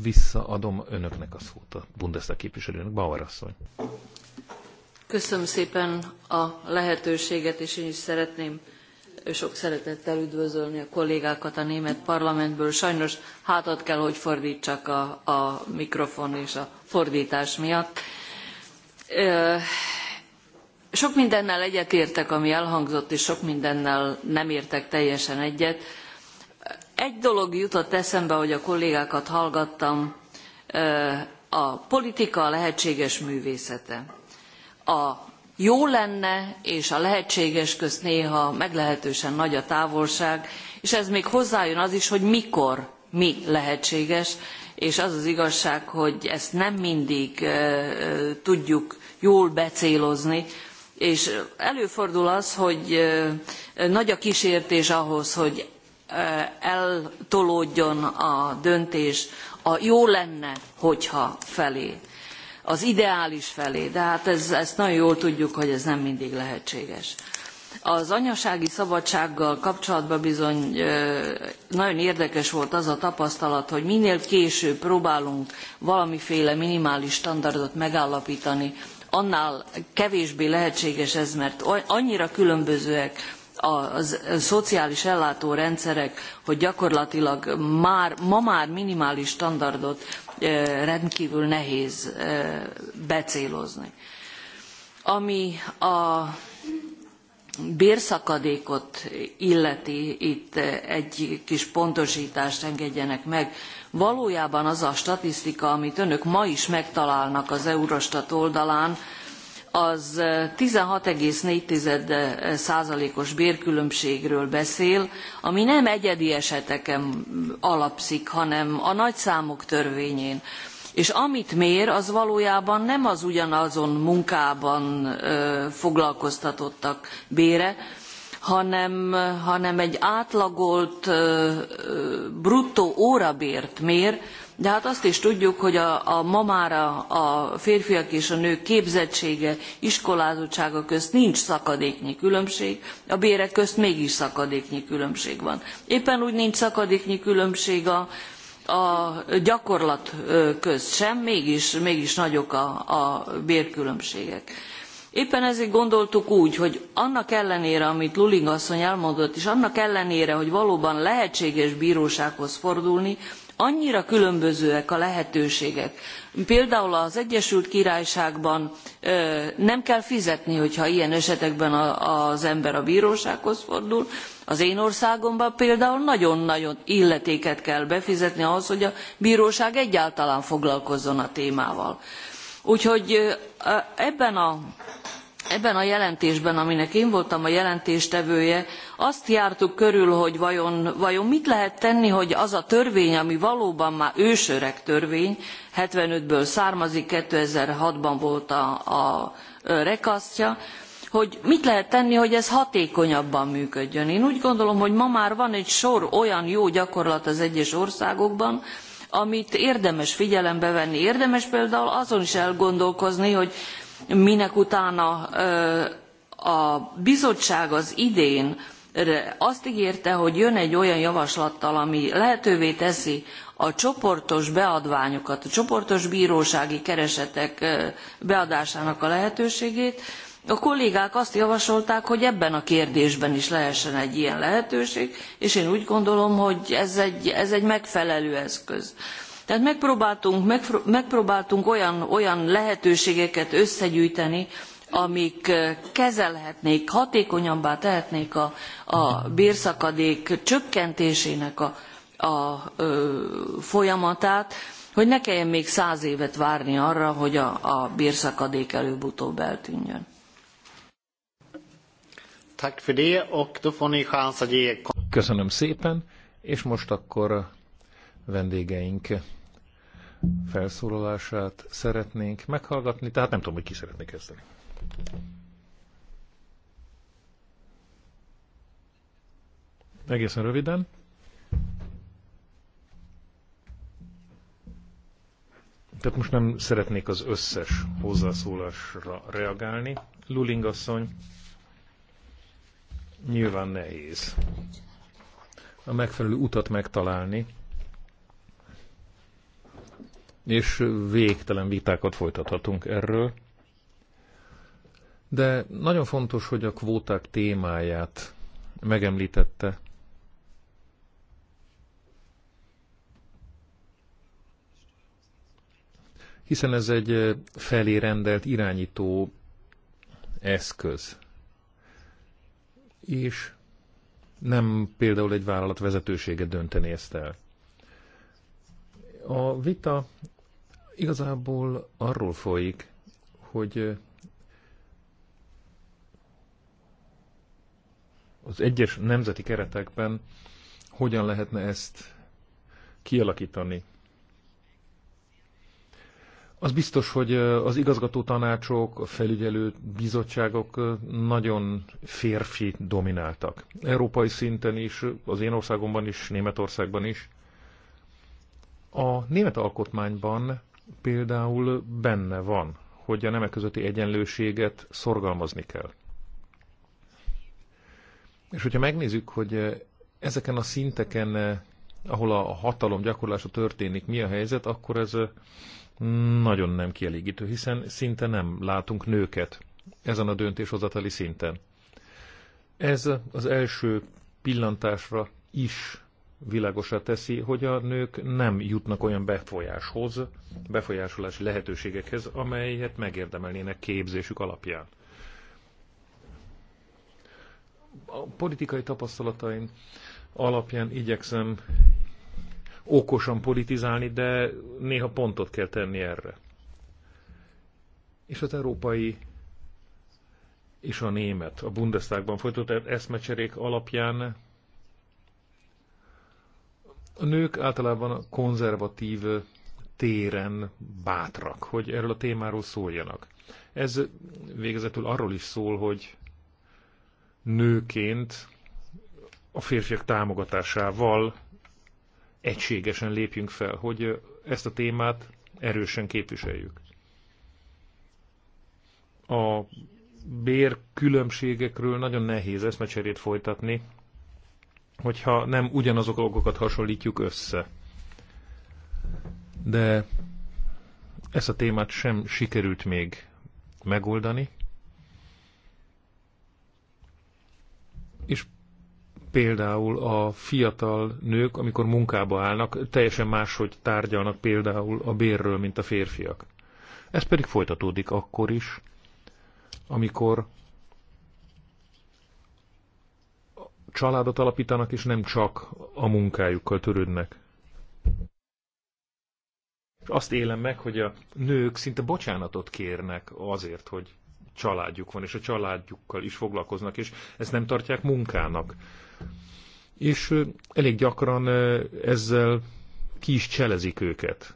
visszaadom önöknek a szót, a Bundestag képviselőnek, Bauer asszony. Köszönöm szépen a lehetőséget, és én is szeretném sok szeretettel üdvözölni a kollégákat a német parlamentből. Sajnos hátat kell, hogy fordítsak a, a mikrofon és a fordítás miatt. Sok mindennel egyetértek, ami elhangzott, és sok mindennel nem értek teljesen egyet. Egy dolog jutott eszembe, hogy a kollégákat hallgattam, a politika lehetséges művészete. A jó lenne, és a lehetséges közt néha meglehetősen nagy a távolság, és ez még hozzájön az is, hogy mikor mi lehetséges, és az az igazság, hogy ezt nem mindig tudjuk jól becélozni, és előfordul az, hogy nagy a kísértés ahhoz, hogy eltolódjon a döntés a jó lenne, hogyha felé az ideális felé, de hát ez, ezt nagyon jól tudjuk, hogy ez nem mindig lehetséges. Az anyasági szabadsággal kapcsolatban bizony nagyon érdekes volt az a tapasztalat, hogy minél később próbálunk valamiféle minimális standardot megállapítani, annál kevésbé lehetséges ez, mert annyira különbözőek a, szociális ellátórendszerek, hogy gyakorlatilag már, ma már minimális standardot e, rendkívül nehéz e, becélozni. Ami a bérszakadékot illeti, itt egy kis pontosítást engedjenek meg. Valójában az a statisztika, amit önök ma is megtalálnak az Eurostat oldalán, az 16,4 százalékos bérkülönbségről beszél, ami nem egyedi eseteken alapszik, hanem a nagyszámok törvényén. És amit mér, az valójában nem az ugyanazon munkában foglalkoztatottak bére, hanem, hanem egy átlagolt bruttó órabért mér, de hát azt is tudjuk, hogy a, a ma már a, a férfiak és a nők képzettsége, iskolázottsága közt nincs szakadéknyi különbség, a bérek közt mégis szakadéknyi különbség van. Éppen úgy nincs szakadéknyi különbség a, a gyakorlat közt sem, mégis, mégis nagyok a, a bérkülönbségek. Éppen ezért gondoltuk úgy, hogy annak ellenére, amit Luling asszony elmondott, és annak ellenére, hogy valóban lehetséges bírósághoz fordulni, annyira különbözőek a lehetőségek például az egyesült királyságban nem kell fizetni hogyha ilyen esetekben az ember a brósághoz fordul az én országomban például nagyon nagy illetéket kell befizetni ahhoz hogy a bróság egyáltalán foglalkozzon a témával. úgyhogy ebben a ebben a jelentésben, aminek én voltam a jelentéstevője, azt jártuk körül, hogy vajon, vajon mit lehet tenni, hogy az a törvény, ami valóban már ősöreg törvény, 75-ből származik, 2006-ban volt a, a rekasztja, hogy mit lehet tenni, hogy ez hatékonyabban működjön. Én úgy gondolom, hogy ma már van egy sor olyan jó gyakorlat az egyes országokban, amit érdemes figyelembe venni. Érdemes például azon is elgondolkozni, hogy minek a bizottság az idén azt ígérte, hogy jön egy olyan javaslattal, ami lehetővé teszi a csoportos beadványokat, a csoportos bírósági keresetek beadásának a lehetőségét, a kollégák azt javasolták, hogy ebben a kérdésben is lehessen egy ilyen lehetőség, és én úgy gondolom, hogy ez egy, ez egy megfelelő eszköz. Tehát megpróbáltunk, megpróbáltunk olyan, olyan lehetőségeket összegyűjteni, amik eh, kezelhetnék, hatékonyabbá tehetnék a, a bérszakadék csökkentésének a, a ö, folyamatát, hogy ne kelljen még száz évet várni arra, hogy a, a bérszakadék előbb-utóbb eltűnjön. Köszönöm szépen, és most akkor vendégeink felszólalását szeretnénk meghallgatni, tehát nem tudom, hogy ki szeretné kezdeni. Egészen röviden. Tehát most nem szeretnék az összes hozzászólásra reagálni. Luling asszony, nyilván nehéz a megfelelő utat megtalálni és végtelen vitákat folytathatunk erről. De nagyon fontos, hogy a kvóták témáját megemlítette. Hiszen ez egy felé rendelt irányító eszköz. És nem például egy vállalat vezetősége dönteni ezt el. A vita Igazából arról folyik, hogy az egyes nemzeti keretekben hogyan lehetne ezt kialakítani. Az biztos, hogy az igazgató tanácsok, a felügyelő bizottságok nagyon férfi domináltak. Európai szinten is, az én országomban is, Németországban is. A német alkotmányban például benne van, hogy a nemek közötti egyenlőséget szorgalmazni kell. És hogyha megnézzük, hogy ezeken a szinteken, ahol a hatalom gyakorlása történik, mi a helyzet, akkor ez nagyon nem kielégítő, hiszen szinte nem látunk nőket ezen a döntéshozatali szinten. Ez az első pillantásra is világosra teszi, hogy a nők nem jutnak olyan befolyáshoz, befolyásolási lehetőségekhez, amelyet megérdemelnének képzésük alapján. A politikai tapasztalataim alapján igyekszem okosan politizálni, de néha pontot kell tenni erre. És az európai és a német, a Bundestagban folytatott eszmecserék alapján a nők általában a konzervatív téren bátrak, hogy erről a témáról szóljanak. Ez végezetül arról is szól, hogy nőként a férfiak támogatásával egységesen lépjünk fel, hogy ezt a témát erősen képviseljük. A bérkülönbségekről nagyon nehéz eszmecserét folytatni hogyha nem ugyanazok a dolgokat hasonlítjuk össze. De ezt a témát sem sikerült még megoldani. És például a fiatal nők, amikor munkába állnak, teljesen máshogy tárgyalnak például a bérről, mint a férfiak. Ez pedig folytatódik akkor is, amikor családot alapítanak, és nem csak a munkájukkal törődnek. És azt élem meg, hogy a nők szinte bocsánatot kérnek azért, hogy családjuk van, és a családjukkal is foglalkoznak, és ezt nem tartják munkának. És elég gyakran ezzel ki is cselezik őket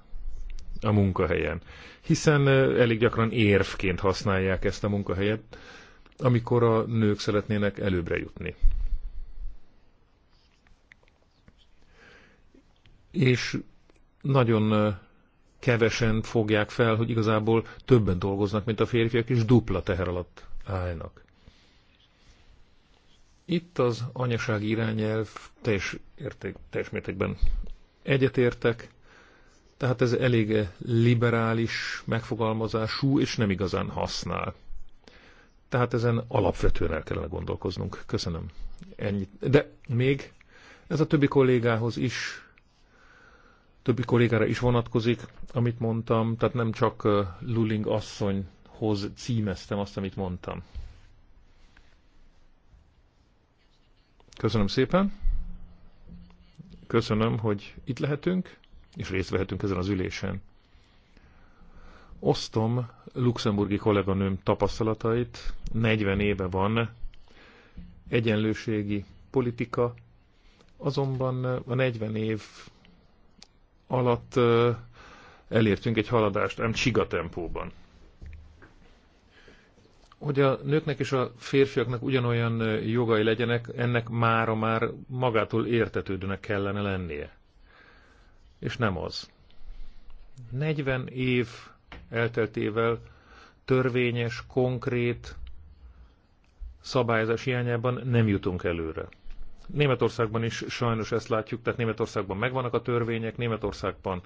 a munkahelyen. Hiszen elég gyakran érvként használják ezt a munkahelyet, amikor a nők szeretnének előbbre jutni. és nagyon kevesen fogják fel, hogy igazából többen dolgoznak, mint a férfiak, és dupla teher alatt állnak. Itt az anyaság irányelv teljes, érték, teljes mértékben egyetértek, tehát ez elég liberális megfogalmazású, és nem igazán használ. Tehát ezen alapvetően el kellene gondolkoznunk. Köszönöm. Ennyit. De még ez a többi kollégához is többi kollégára is vonatkozik, amit mondtam, tehát nem csak Luling asszonyhoz címeztem azt, amit mondtam. Köszönöm szépen. Köszönöm, hogy itt lehetünk, és részt vehetünk ezen az ülésen. Osztom luxemburgi kolléganőm tapasztalatait, 40 éve van egyenlőségi politika, azonban a 40 év alatt elértünk egy haladást, nem csiga tempóban. Hogy a nőknek és a férfiaknak ugyanolyan jogai legyenek, ennek mára már magától értetődőnek kellene lennie. És nem az. 40 év elteltével törvényes, konkrét szabályozás hiányában nem jutunk előre. Németországban is sajnos ezt látjuk, tehát Németországban megvannak a törvények, Németországban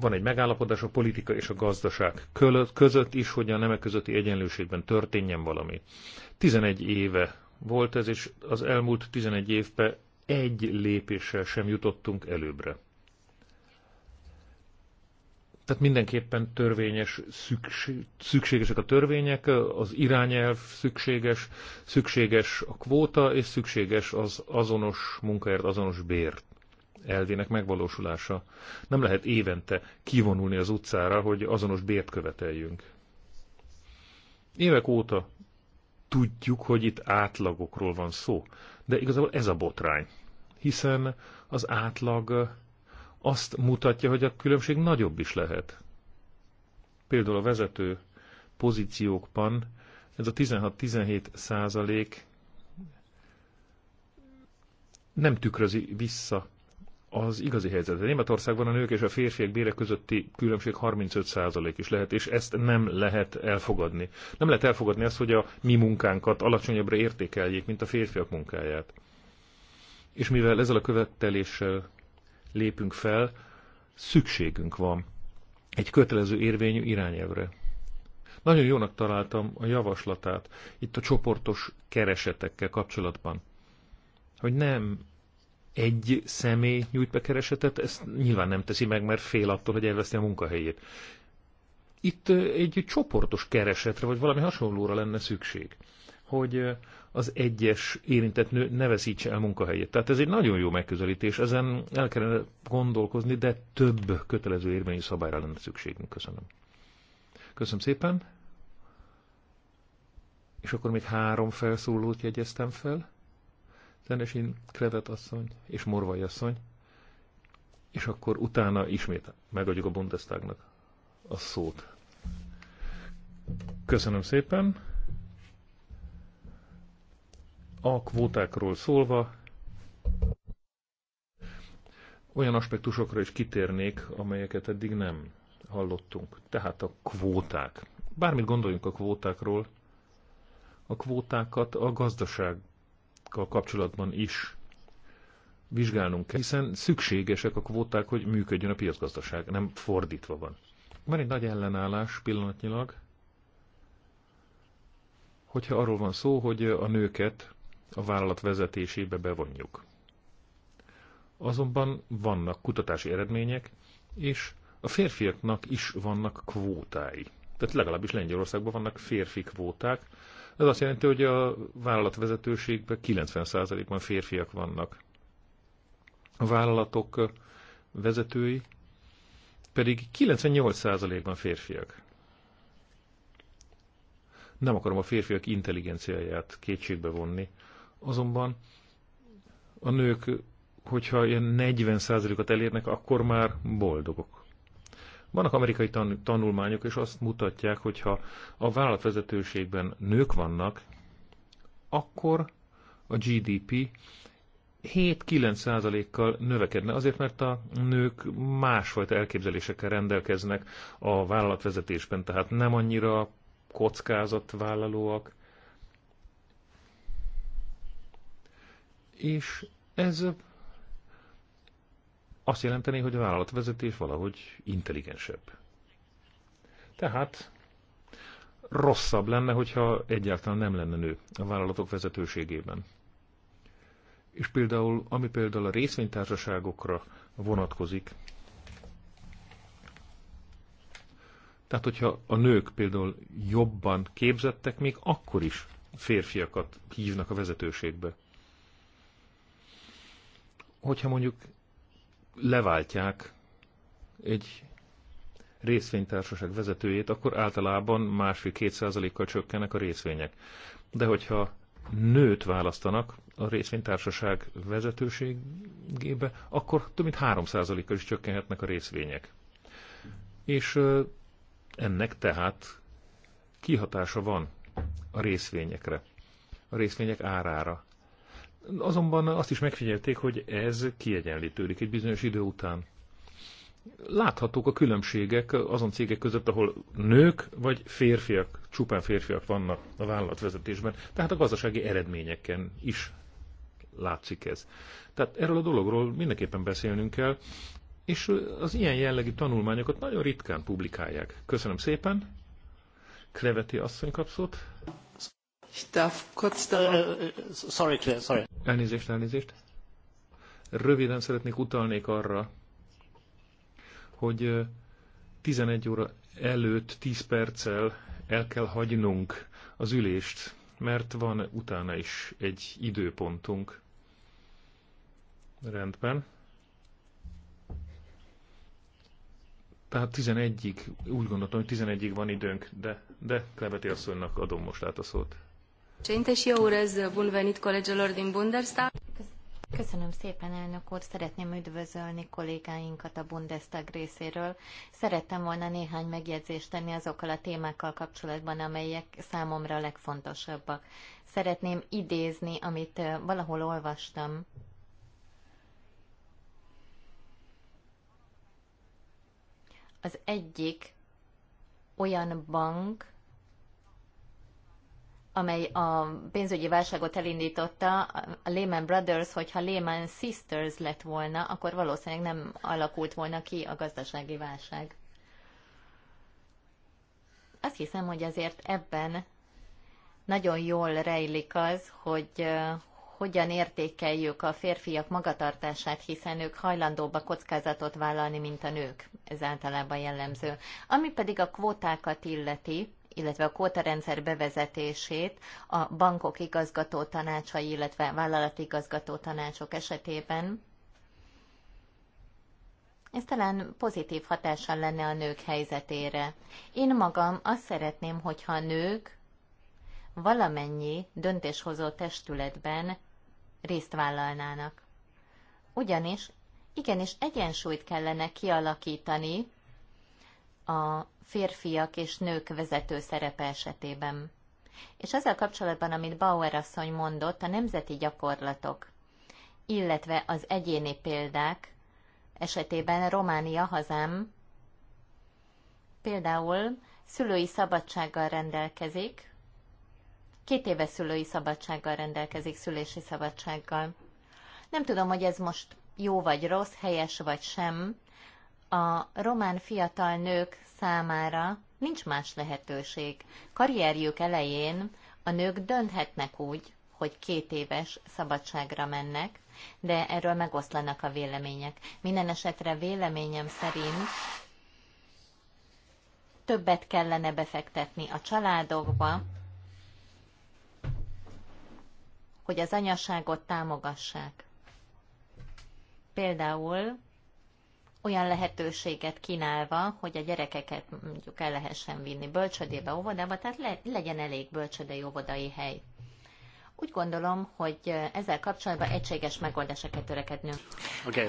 van egy megállapodás a politika és a gazdaság között is, hogy a nemek közötti egyenlőségben történjen valami. 11 éve volt ez, és az elmúlt 11 évben egy lépéssel sem jutottunk előbbre tehát mindenképpen törvényes, szükség, szükségesek a törvények, az irányelv szükséges, szükséges a kvóta, és szükséges az azonos munkaért, azonos bér elvének megvalósulása. Nem lehet évente kivonulni az utcára, hogy azonos bért követeljünk. Évek óta tudjuk, hogy itt átlagokról van szó, de igazából ez a botrány, hiszen az átlag azt mutatja, hogy a különbség nagyobb is lehet. Például a vezető pozíciókban ez a 16-17 százalék nem tükrözi vissza az igazi helyzetet. Németországban a nők és a férfiak bére közötti különbség 35% százalék is lehet, és ezt nem lehet elfogadni. Nem lehet elfogadni azt, hogy a mi munkánkat alacsonyabbra értékeljék, mint a férfiak munkáját. És mivel ezzel a követeléssel lépünk fel, szükségünk van egy kötelező érvényű irányelvre. Nagyon jónak találtam a javaslatát itt a csoportos keresetekkel kapcsolatban. Hogy nem egy személy nyújt be keresetet, ezt nyilván nem teszi meg, mert fél attól, hogy elveszti a munkahelyét. Itt egy csoportos keresetre, vagy valami hasonlóra lenne szükség, hogy az egyes érintett nő ne veszítse el munkahelyét. Tehát ez egy nagyon jó megközelítés, ezen el kellene gondolkozni, de több kötelező érvényű szabályra lenne szükségünk. Köszönöm. Köszönöm szépen. És akkor még három felszólót jegyeztem fel. Zenesin Kredet asszony és Morvai asszony. És akkor utána ismét megadjuk a Bundestagnak a szót. Köszönöm szépen. A kvótákról szólva olyan aspektusokra is kitérnék, amelyeket eddig nem hallottunk. Tehát a kvóták. Bármit gondoljunk a kvótákról, a kvótákat a gazdasággal kapcsolatban is vizsgálnunk kell, hiszen szükségesek a kvóták, hogy működjön a piacgazdaság, nem fordítva van. Van egy nagy ellenállás pillanatnyilag, hogyha arról van szó, hogy a nőket a vállalat vezetésébe bevonjuk. Azonban vannak kutatási eredmények, és a férfiaknak is vannak kvótái. Tehát legalábbis Lengyelországban vannak férfi kvóták. Ez azt jelenti, hogy a vállalatvezetőségben 90%-ban férfiak vannak. A vállalatok vezetői pedig 98%-ban férfiak. Nem akarom a férfiak intelligenciáját kétségbe vonni, Azonban a nők, hogyha ilyen 40%-at elérnek, akkor már boldogok. Vannak amerikai tan tanulmányok, és azt mutatják, hogyha a vállalatvezetőségben nők vannak, akkor a GDP 7-9%-kal növekedne, azért mert a nők másfajta elképzelésekkel rendelkeznek a vállalatvezetésben, tehát nem annyira kockázatvállalóak, És ez azt jelenteni, hogy a vállalatvezetés valahogy intelligensebb. Tehát rosszabb lenne, hogyha egyáltalán nem lenne nő a vállalatok vezetőségében. És például, ami például a részvénytársaságokra vonatkozik, tehát hogyha a nők például jobban képzettek, még akkor is férfiakat hívnak a vezetőségbe hogyha mondjuk leváltják egy részvénytársaság vezetőjét, akkor általában másfél-két csökkenek csökkennek a részvények. De hogyha nőt választanak a részvénytársaság vezetőségébe, akkor több mint 3%-kal is csökkenhetnek a részvények. És ennek tehát kihatása van a részvényekre, a részvények árára. Azonban azt is megfigyelték, hogy ez kiegyenlítődik egy bizonyos idő után. Láthatók a különbségek azon cégek között, ahol nők vagy férfiak, csupán férfiak vannak a vállalatvezetésben, tehát a gazdasági eredményeken is látszik ez. Tehát erről a dologról mindenképpen beszélnünk kell, és az ilyen jellegű tanulmányokat nagyon ritkán publikálják. Köszönöm szépen. Kreveti asszony kapszott. Ich darf kurz Sorry, Claire, sorry. Elnézést, elnézést. Röviden szeretnék utalnék arra, hogy 11 óra előtt 10 perccel el kell hagynunk az ülést, mert van utána is egy időpontunk. Rendben. Tehát 11-ig, úgy gondoltam, hogy 11-ig van időnk, de, de Kleveti asszonynak adom most át a szót. Cinte și eu urez bun venit colegilor din Bundestag. Köszönöm szépen, elnök úr. Szeretném üdvözölni kollégáinkat a Bundestag részéről. Szerettem volna néhány megjegyzést tenni azokkal a témákkal kapcsolatban, amelyek számomra a legfontosabbak. Szeretném idézni, amit valahol olvastam. Az egyik olyan bank, amely a pénzügyi válságot elindította, a Lehman Brothers, hogyha Lehman Sisters lett volna, akkor valószínűleg nem alakult volna ki a gazdasági válság. Azt hiszem, hogy azért ebben nagyon jól rejlik az, hogy hogyan értékeljük a férfiak magatartását, hiszen ők hajlandóbb kockázatot vállalni, mint a nők. Ez általában jellemző. Ami pedig a kvótákat illeti, illetve a kótarendszer bevezetését a bankok igazgató tanácsai, illetve vállalati igazgató tanácsok esetében. Ez talán pozitív hatással lenne a nők helyzetére. Én magam azt szeretném, hogyha a nők valamennyi döntéshozó testületben részt vállalnának. Ugyanis igenis egyensúlyt kellene kialakítani a férfiak és nők vezető szerepe esetében. És ezzel kapcsolatban, amit Bauer asszony mondott, a nemzeti gyakorlatok, illetve az egyéni példák esetében Románia hazám például szülői szabadsággal rendelkezik, két éve szülői szabadsággal rendelkezik, szülési szabadsággal. Nem tudom, hogy ez most jó vagy rossz, helyes vagy sem, a román fiatal nők számára nincs más lehetőség. Karrierjük elején a nők dönthetnek úgy, hogy két éves szabadságra mennek, de erről megoszlanak a vélemények. Minden esetre véleményem szerint többet kellene befektetni a családokba, hogy az anyaságot támogassák. Például olyan lehetőséget kínálva, hogy a gyerekeket mondjuk el lehessen vinni bölcsödébe, óvodába, tehát le, legyen elég bölcsödei óvodai hely. Úgy gondolom, hogy ezzel kapcsolatban egységes megoldásokat törekednünk. Okay.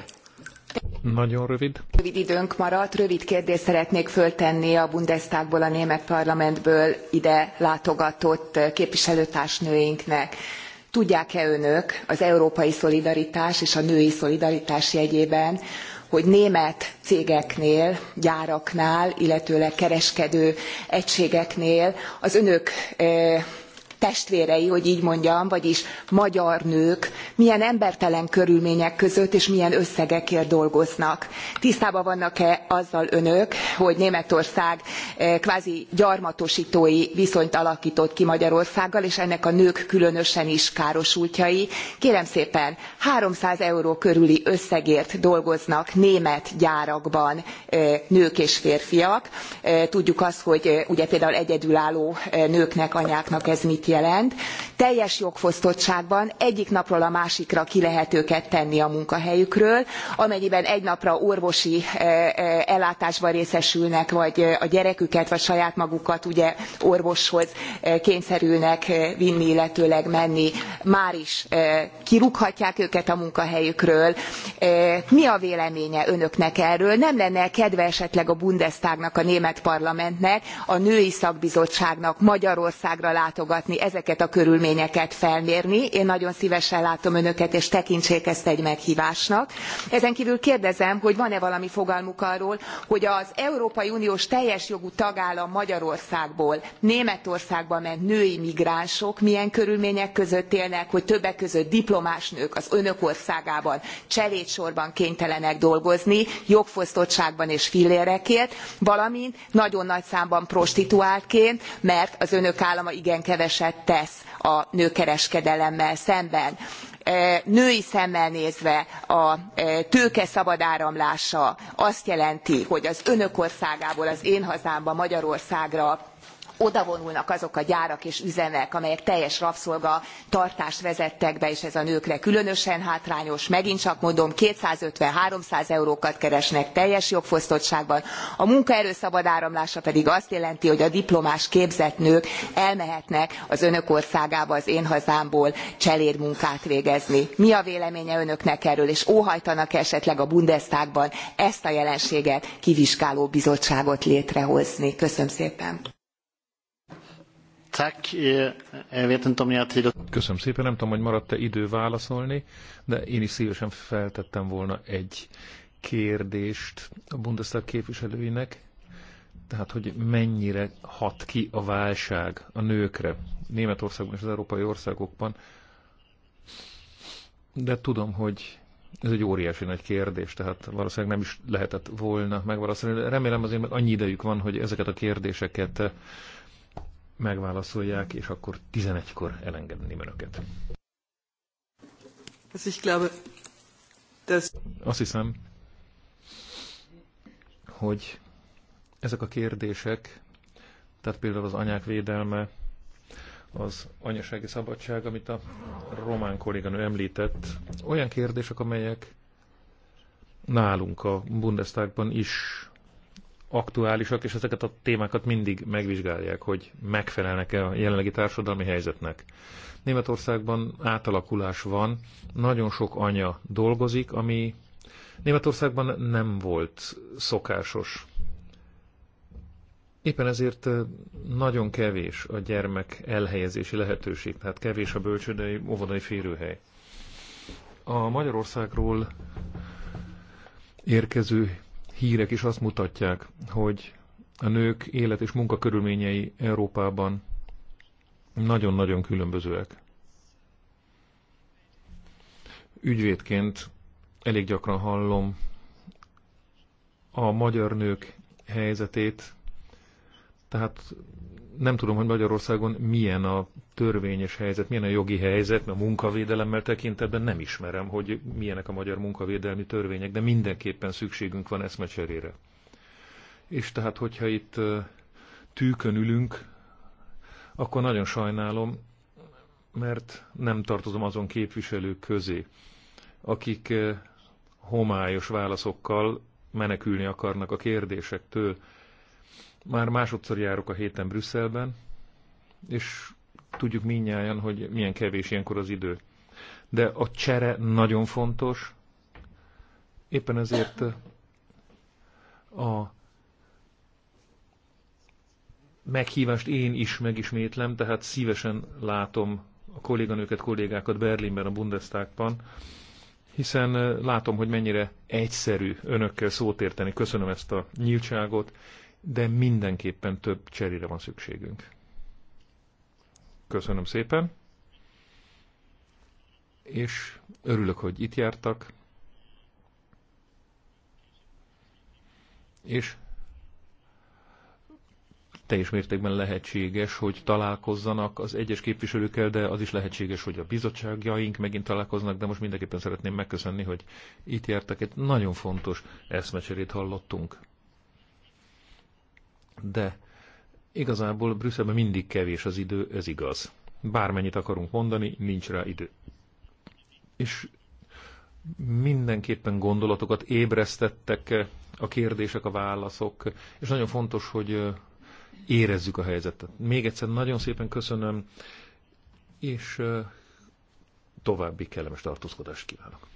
Nagyon rövid. Rövid időnk maradt. Rövid kérdést szeretnék föltenni a Bundestagból, a német parlamentből ide látogatott képviselőtársnőinknek. Tudják-e önök az európai szolidaritás és a női szolidaritás jegyében, hogy német cégeknél, gyáraknál, illetőleg kereskedő egységeknél az önök eh, testvérei hogy gy mondjam vagyis magyar nők milyen embertelen körülmények között és milyen összegekért dolgoznak. tisztában vannak e azzal önök hogy németország eh, kvázi gyarmatostói viszonyt alaktott ki magyarországgal és ennek a nők különösen is károsultjai? kérem szépen hundred euró körüli összegért dolgoznak német gyárakban eh, nők és férfiak eh, tudjuk azt hogy ugye például egyedülálló nőknek anyáknak ez mit jelent teljes jogfosztottságban egyik napról a másikra ki lehet őket tenni a munkahelyükről amennyiben egy napra orvosi eh, eh, ellátásban részesülnek vagy eh, a gyereküket vagy saját magukat ugye orvoshoz kényszerülnek vinni illetőleg menni máris kirúghatják őket a munkahelyükről. mi a véleménye önöknek erről nem lenne e kedve esetleg a bundestagnak a német parlamentnek a női szakbizottságnak magyarországra látogatni tudni ezeket a körülményeket felmérni én nagyon szvesen látom önöket és tekintsék ezt egy meghvásnak. ezenkvül kérdezem hogy van e valami fogalmuk arról hogy az európai uniós teljes jogú tagállam magyarországból németországba ment női migránsok milyen körülmények között élnek hogy többek között diplomás nők az önök országában cselédsorban kénytelenek dolgozni jogfosztottságban és fillérekért valamint nagyon nagy számban prostituáltként mert az önök állama igen kevesen lépéseket tesz a nőkereskedelemmel szemben e, női szemmel nézve a e, tőke szabad áramlása azt jelenti hogy az önök országából az én hazámba magyarországra odavonulnak azok a gyárak és üzemek amelyek teljes rabszolgatartást vezettek be és ez a nőkre különösen hátrányos megint csak mondom two hundred and fifty three hundred eurókat keresnek teljes jogfosztottságban a munkaerő szabad áramlása pedig azt jelenti hogy a diplomás képzett nők elmehetnek az önök országába az én hazámból cselédmunkát végezni. mi a véleménye önöknek erről és óhajtanak e esetleg a bundestagban ezt a jelenséget kivizsgáló bizottságot létrehozni? köszönöm szépen! Köszönöm szépen, nem tudom, hogy maradt-e idő válaszolni, de én is szívesen feltettem volna egy kérdést a Bundestag képviselőinek, tehát hogy mennyire hat ki a válság a nőkre Németországban és az európai országokban. De tudom, hogy ez egy óriási nagy kérdés, tehát valószínűleg nem is lehetett volna megválaszolni. Remélem azért, mert annyi idejük van, hogy ezeket a kérdéseket megválaszolják, és akkor 11-kor elengedni önöket. Ez is glaube, Azt hiszem, hogy ezek a kérdések, tehát például az anyák védelme, az anyasági szabadság, amit a román kolléganő említett, olyan kérdések, amelyek nálunk a Bundestagban is aktuálisak, és ezeket a témákat mindig megvizsgálják, hogy megfelelnek-e a jelenlegi társadalmi helyzetnek. Németországban átalakulás van, nagyon sok anya dolgozik, ami Németországban nem volt szokásos. Éppen ezért nagyon kevés a gyermek elhelyezési lehetőség, tehát kevés a bölcsödei, óvodai férőhely. A Magyarországról érkező hírek is azt mutatják, hogy a nők élet és munkakörülményei Európában nagyon-nagyon különbözőek. Ügyvédként elég gyakran hallom a magyar nők helyzetét, tehát nem tudom, hogy Magyarországon milyen a törvényes helyzet, milyen a jogi helyzet, mert a munkavédelemmel tekintetben nem ismerem, hogy milyenek a magyar munkavédelmi törvények, de mindenképpen szükségünk van eszmecserére. És tehát, hogyha itt tűkön ülünk, akkor nagyon sajnálom, mert nem tartozom azon képviselők közé, akik homályos válaszokkal menekülni akarnak a kérdésektől. Már másodszor járok a héten Brüsszelben, és Tudjuk minnyáján, hogy milyen kevés ilyenkor az idő. De a csere nagyon fontos. Éppen ezért a meghívást én is megismétlem, tehát szívesen látom a kolléganőket, kollégákat Berlinben, a Bundestagban, hiszen látom, hogy mennyire egyszerű önökkel szót érteni. Köszönöm ezt a nyíltságot, de mindenképpen több cserére van szükségünk. Köszönöm szépen. És örülök, hogy itt jártak. És teljes mértékben lehetséges, hogy találkozzanak az egyes képviselőkkel, de az is lehetséges, hogy a bizottságjaink megint találkoznak, de most mindenképpen szeretném megköszönni, hogy itt jártak. Egy nagyon fontos eszmecserét hallottunk. De Igazából Brüsszelben mindig kevés az idő, ez igaz. Bármennyit akarunk mondani, nincs rá idő. És mindenképpen gondolatokat ébresztettek eh, a kérdések, a válaszok, és nagyon fontos, hogy eh, érezzük a helyzetet. Még egyszer nagyon szépen köszönöm, és eh, további kellemes tartózkodást kívánok.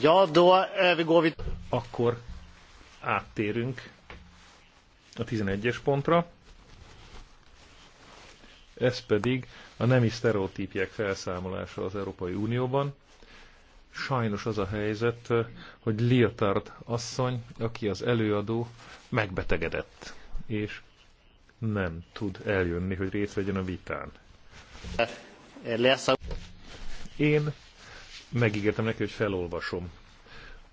Ja, do, eh, vi... Akkor áttérünk a 11-es pontra. Ez pedig a nemi sztereotípiek felszámolása az Európai Unióban. Sajnos az a helyzet, eh, hogy Liotard asszony, aki az előadó, megbetegedett, és nem tud eljönni, hogy részt vegyen a vitán. Eh, Én megígértem neki, hogy felolvasom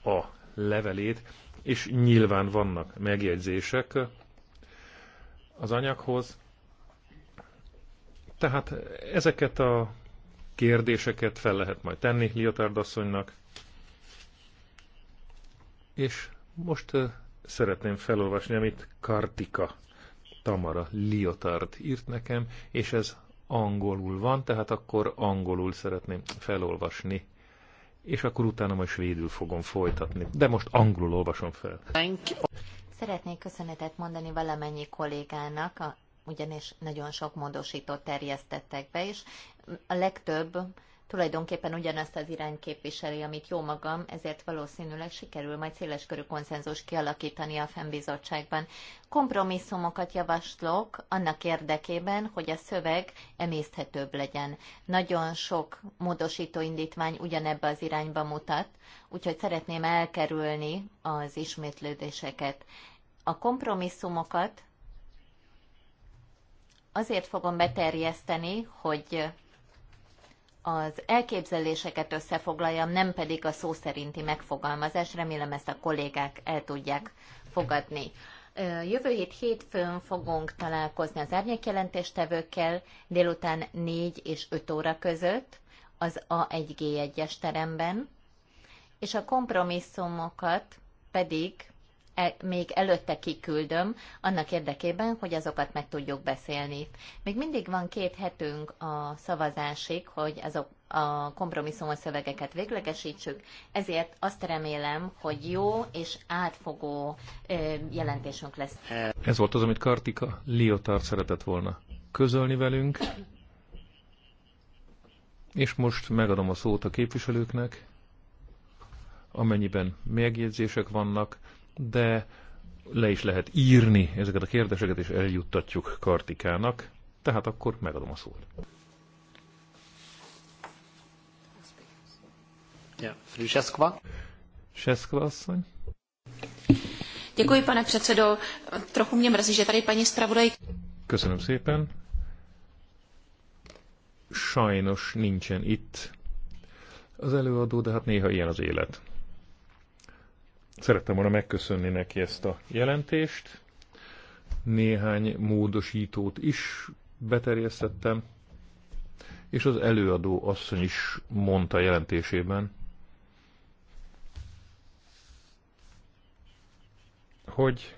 a levelét, és nyilván vannak megjegyzések az anyaghoz. Tehát ezeket a kérdéseket fel lehet majd tenni Liotard asszonynak. És most szeretném felolvasni, amit Kartika Tamara Liotard írt nekem, és ez angolul van, tehát akkor angolul szeretném felolvasni és akkor utána majd svédül fogom folytatni. De most angolul olvasom fel. Szeretnék köszönetet mondani valamennyi kollégának, a, ugyanis nagyon sok módosítót terjesztettek be, és a legtöbb tulajdonképpen ugyanazt az irányt képviseli, amit jó magam, ezért valószínűleg sikerül majd körű konszenzus kialakítani a fennbizottságban. Kompromisszumokat javaslok annak érdekében, hogy a szöveg emészthetőbb legyen. Nagyon sok módosító indítvány ugyanebbe az irányba mutat, úgyhogy szeretném elkerülni az ismétlődéseket. A kompromisszumokat azért fogom beterjeszteni, hogy az elképzeléseket összefoglaljam, nem pedig a szó szerinti megfogalmazás. Remélem ezt a kollégák el tudják fogadni. Jövő hét hétfőn fogunk találkozni az árnyékjelentéstevőkkel délután 4 és 5 óra között az A1G1-es teremben, és a kompromisszumokat pedig E, még előtte kiküldöm, annak érdekében, hogy azokat meg tudjuk beszélni. Még mindig van két hetünk a szavazásig, hogy azok a kompromisszumos szövegeket véglegesítsük, ezért azt remélem, hogy jó és átfogó jelentésünk lesz. Ez volt az, amit Kartika Liotard szeretett volna közölni velünk, és most megadom a szót a képviselőknek, amennyiben megjegyzések vannak, de le is lehet írni ezeket a kérdéseket, és eljuttatjuk Kartikának. Tehát akkor megadom a szót. Ja, Friszeszkva. Seskva asszony. Děkuji, pane předsedo. Trochu mě mrzí, že tady paní zpravodaj... Köszönöm szépen. Sajnos nincsen itt az előadó, de hát néha ilyen az élet. Szerettem volna megköszönni neki ezt a jelentést. Néhány módosítót is beterjesztettem, és az előadó asszony is mondta jelentésében, hogy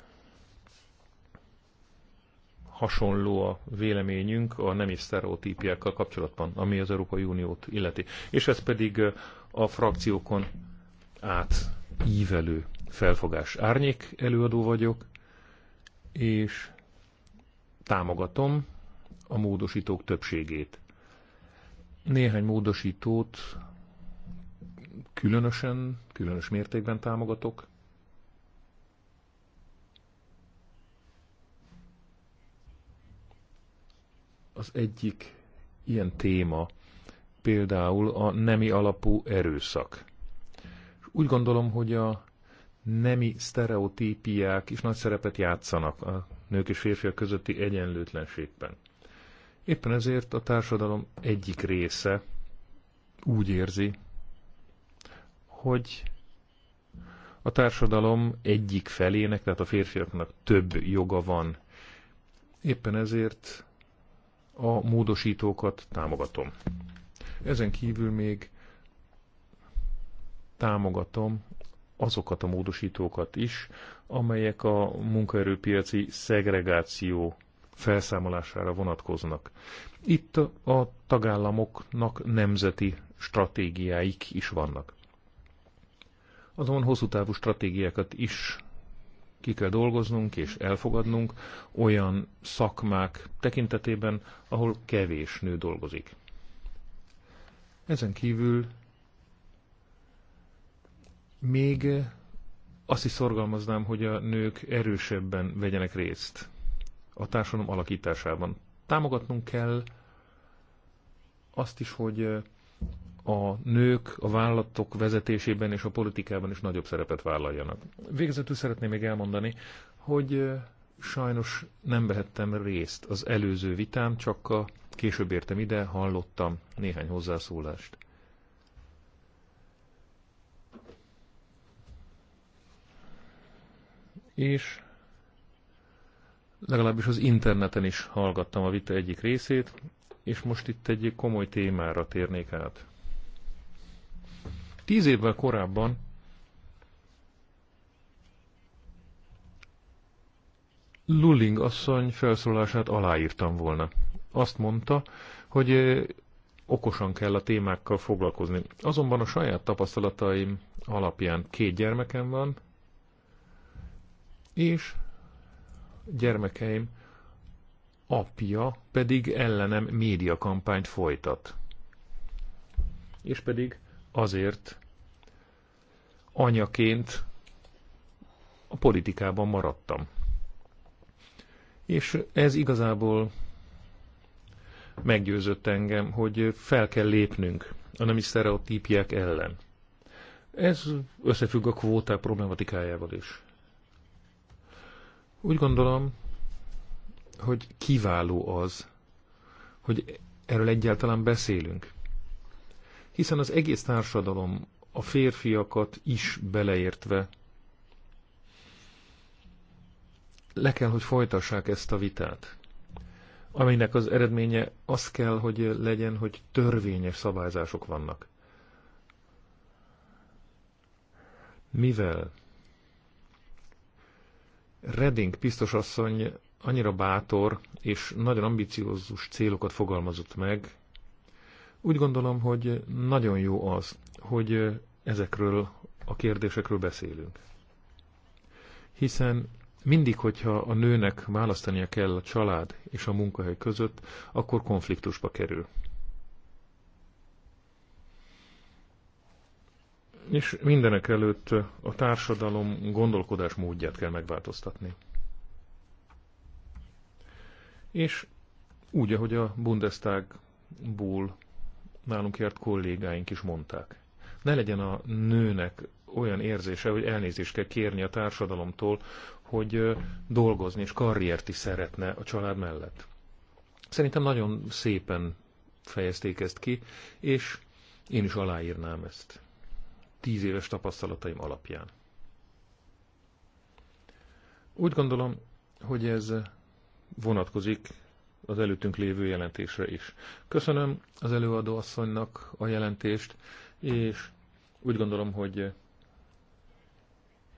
hasonló a véleményünk a nemi sztereotípiákkal kapcsolatban, ami az Európai Uniót illeti. És ez pedig a frakciókon át ívelő felfogás. Árnyék előadó vagyok, és támogatom a módosítók többségét. Néhány módosítót különösen, különös mértékben támogatok. Az egyik ilyen téma például a nemi alapú erőszak. Úgy gondolom, hogy a nemi sztereotípiák is nagy szerepet játszanak a nők és férfiak közötti egyenlőtlenségben. Éppen ezért a társadalom egyik része úgy érzi, hogy a társadalom egyik felének, tehát a férfiaknak több joga van. Éppen ezért a módosítókat támogatom. Ezen kívül még támogatom azokat a módosítókat is, amelyek a munkaerőpiaci szegregáció felszámolására vonatkoznak. Itt a tagállamoknak nemzeti stratégiáik is vannak. Azonban hosszú távú stratégiákat is ki kell dolgoznunk és elfogadnunk olyan szakmák tekintetében, ahol kevés nő dolgozik. Ezen kívül még azt is szorgalmaznám, hogy a nők erősebben vegyenek részt a társadalom alakításában. Támogatnunk kell azt is, hogy a nők a vállalatok vezetésében és a politikában is nagyobb szerepet vállaljanak. Végezetül szeretném még elmondani, hogy sajnos nem vehettem részt az előző vitám, csak a később értem ide, hallottam néhány hozzászólást. és legalábbis az interneten is hallgattam a vita egyik részét, és most itt egy komoly témára térnék át. Tíz évvel korábban Lulling asszony felszólását aláírtam volna. Azt mondta, hogy okosan kell a témákkal foglalkozni. Azonban a saját tapasztalataim alapján két gyermekem van, és gyermekeim apja pedig ellenem médiakampányt folytat. És pedig azért anyaként a politikában maradtam. És ez igazából meggyőzött engem, hogy fel kell lépnünk a nemi sztereotípiák ellen. Ez összefügg a kvóták problematikájával is. Úgy gondolom, hogy kiváló az, hogy erről egyáltalán beszélünk. Hiszen az egész társadalom, a férfiakat is beleértve, le kell, hogy folytassák ezt a vitát. Aminek az eredménye az kell, hogy legyen, hogy törvényes szabályzások vannak. Mivel Reding biztosasszony annyira bátor és nagyon ambiciózus célokat fogalmazott meg. Úgy gondolom, hogy nagyon jó az, hogy ezekről a kérdésekről beszélünk. Hiszen mindig, hogyha a nőnek választania kell a család és a munkahely között, akkor konfliktusba kerül. És mindenek előtt a társadalom gondolkodás módját kell megváltoztatni. És úgy, ahogy a Bundestagból nálunk járt kollégáink is mondták. Ne legyen a nőnek olyan érzése, hogy elnézést kell kérni a társadalomtól, hogy dolgozni és karriert is szeretne a család mellett. Szerintem nagyon szépen fejezték ezt ki, és én is aláírnám ezt tíz éves tapasztalataim alapján. Úgy gondolom, hogy ez vonatkozik az előttünk lévő jelentésre is. Köszönöm az előadó asszonynak a jelentést, és úgy gondolom, hogy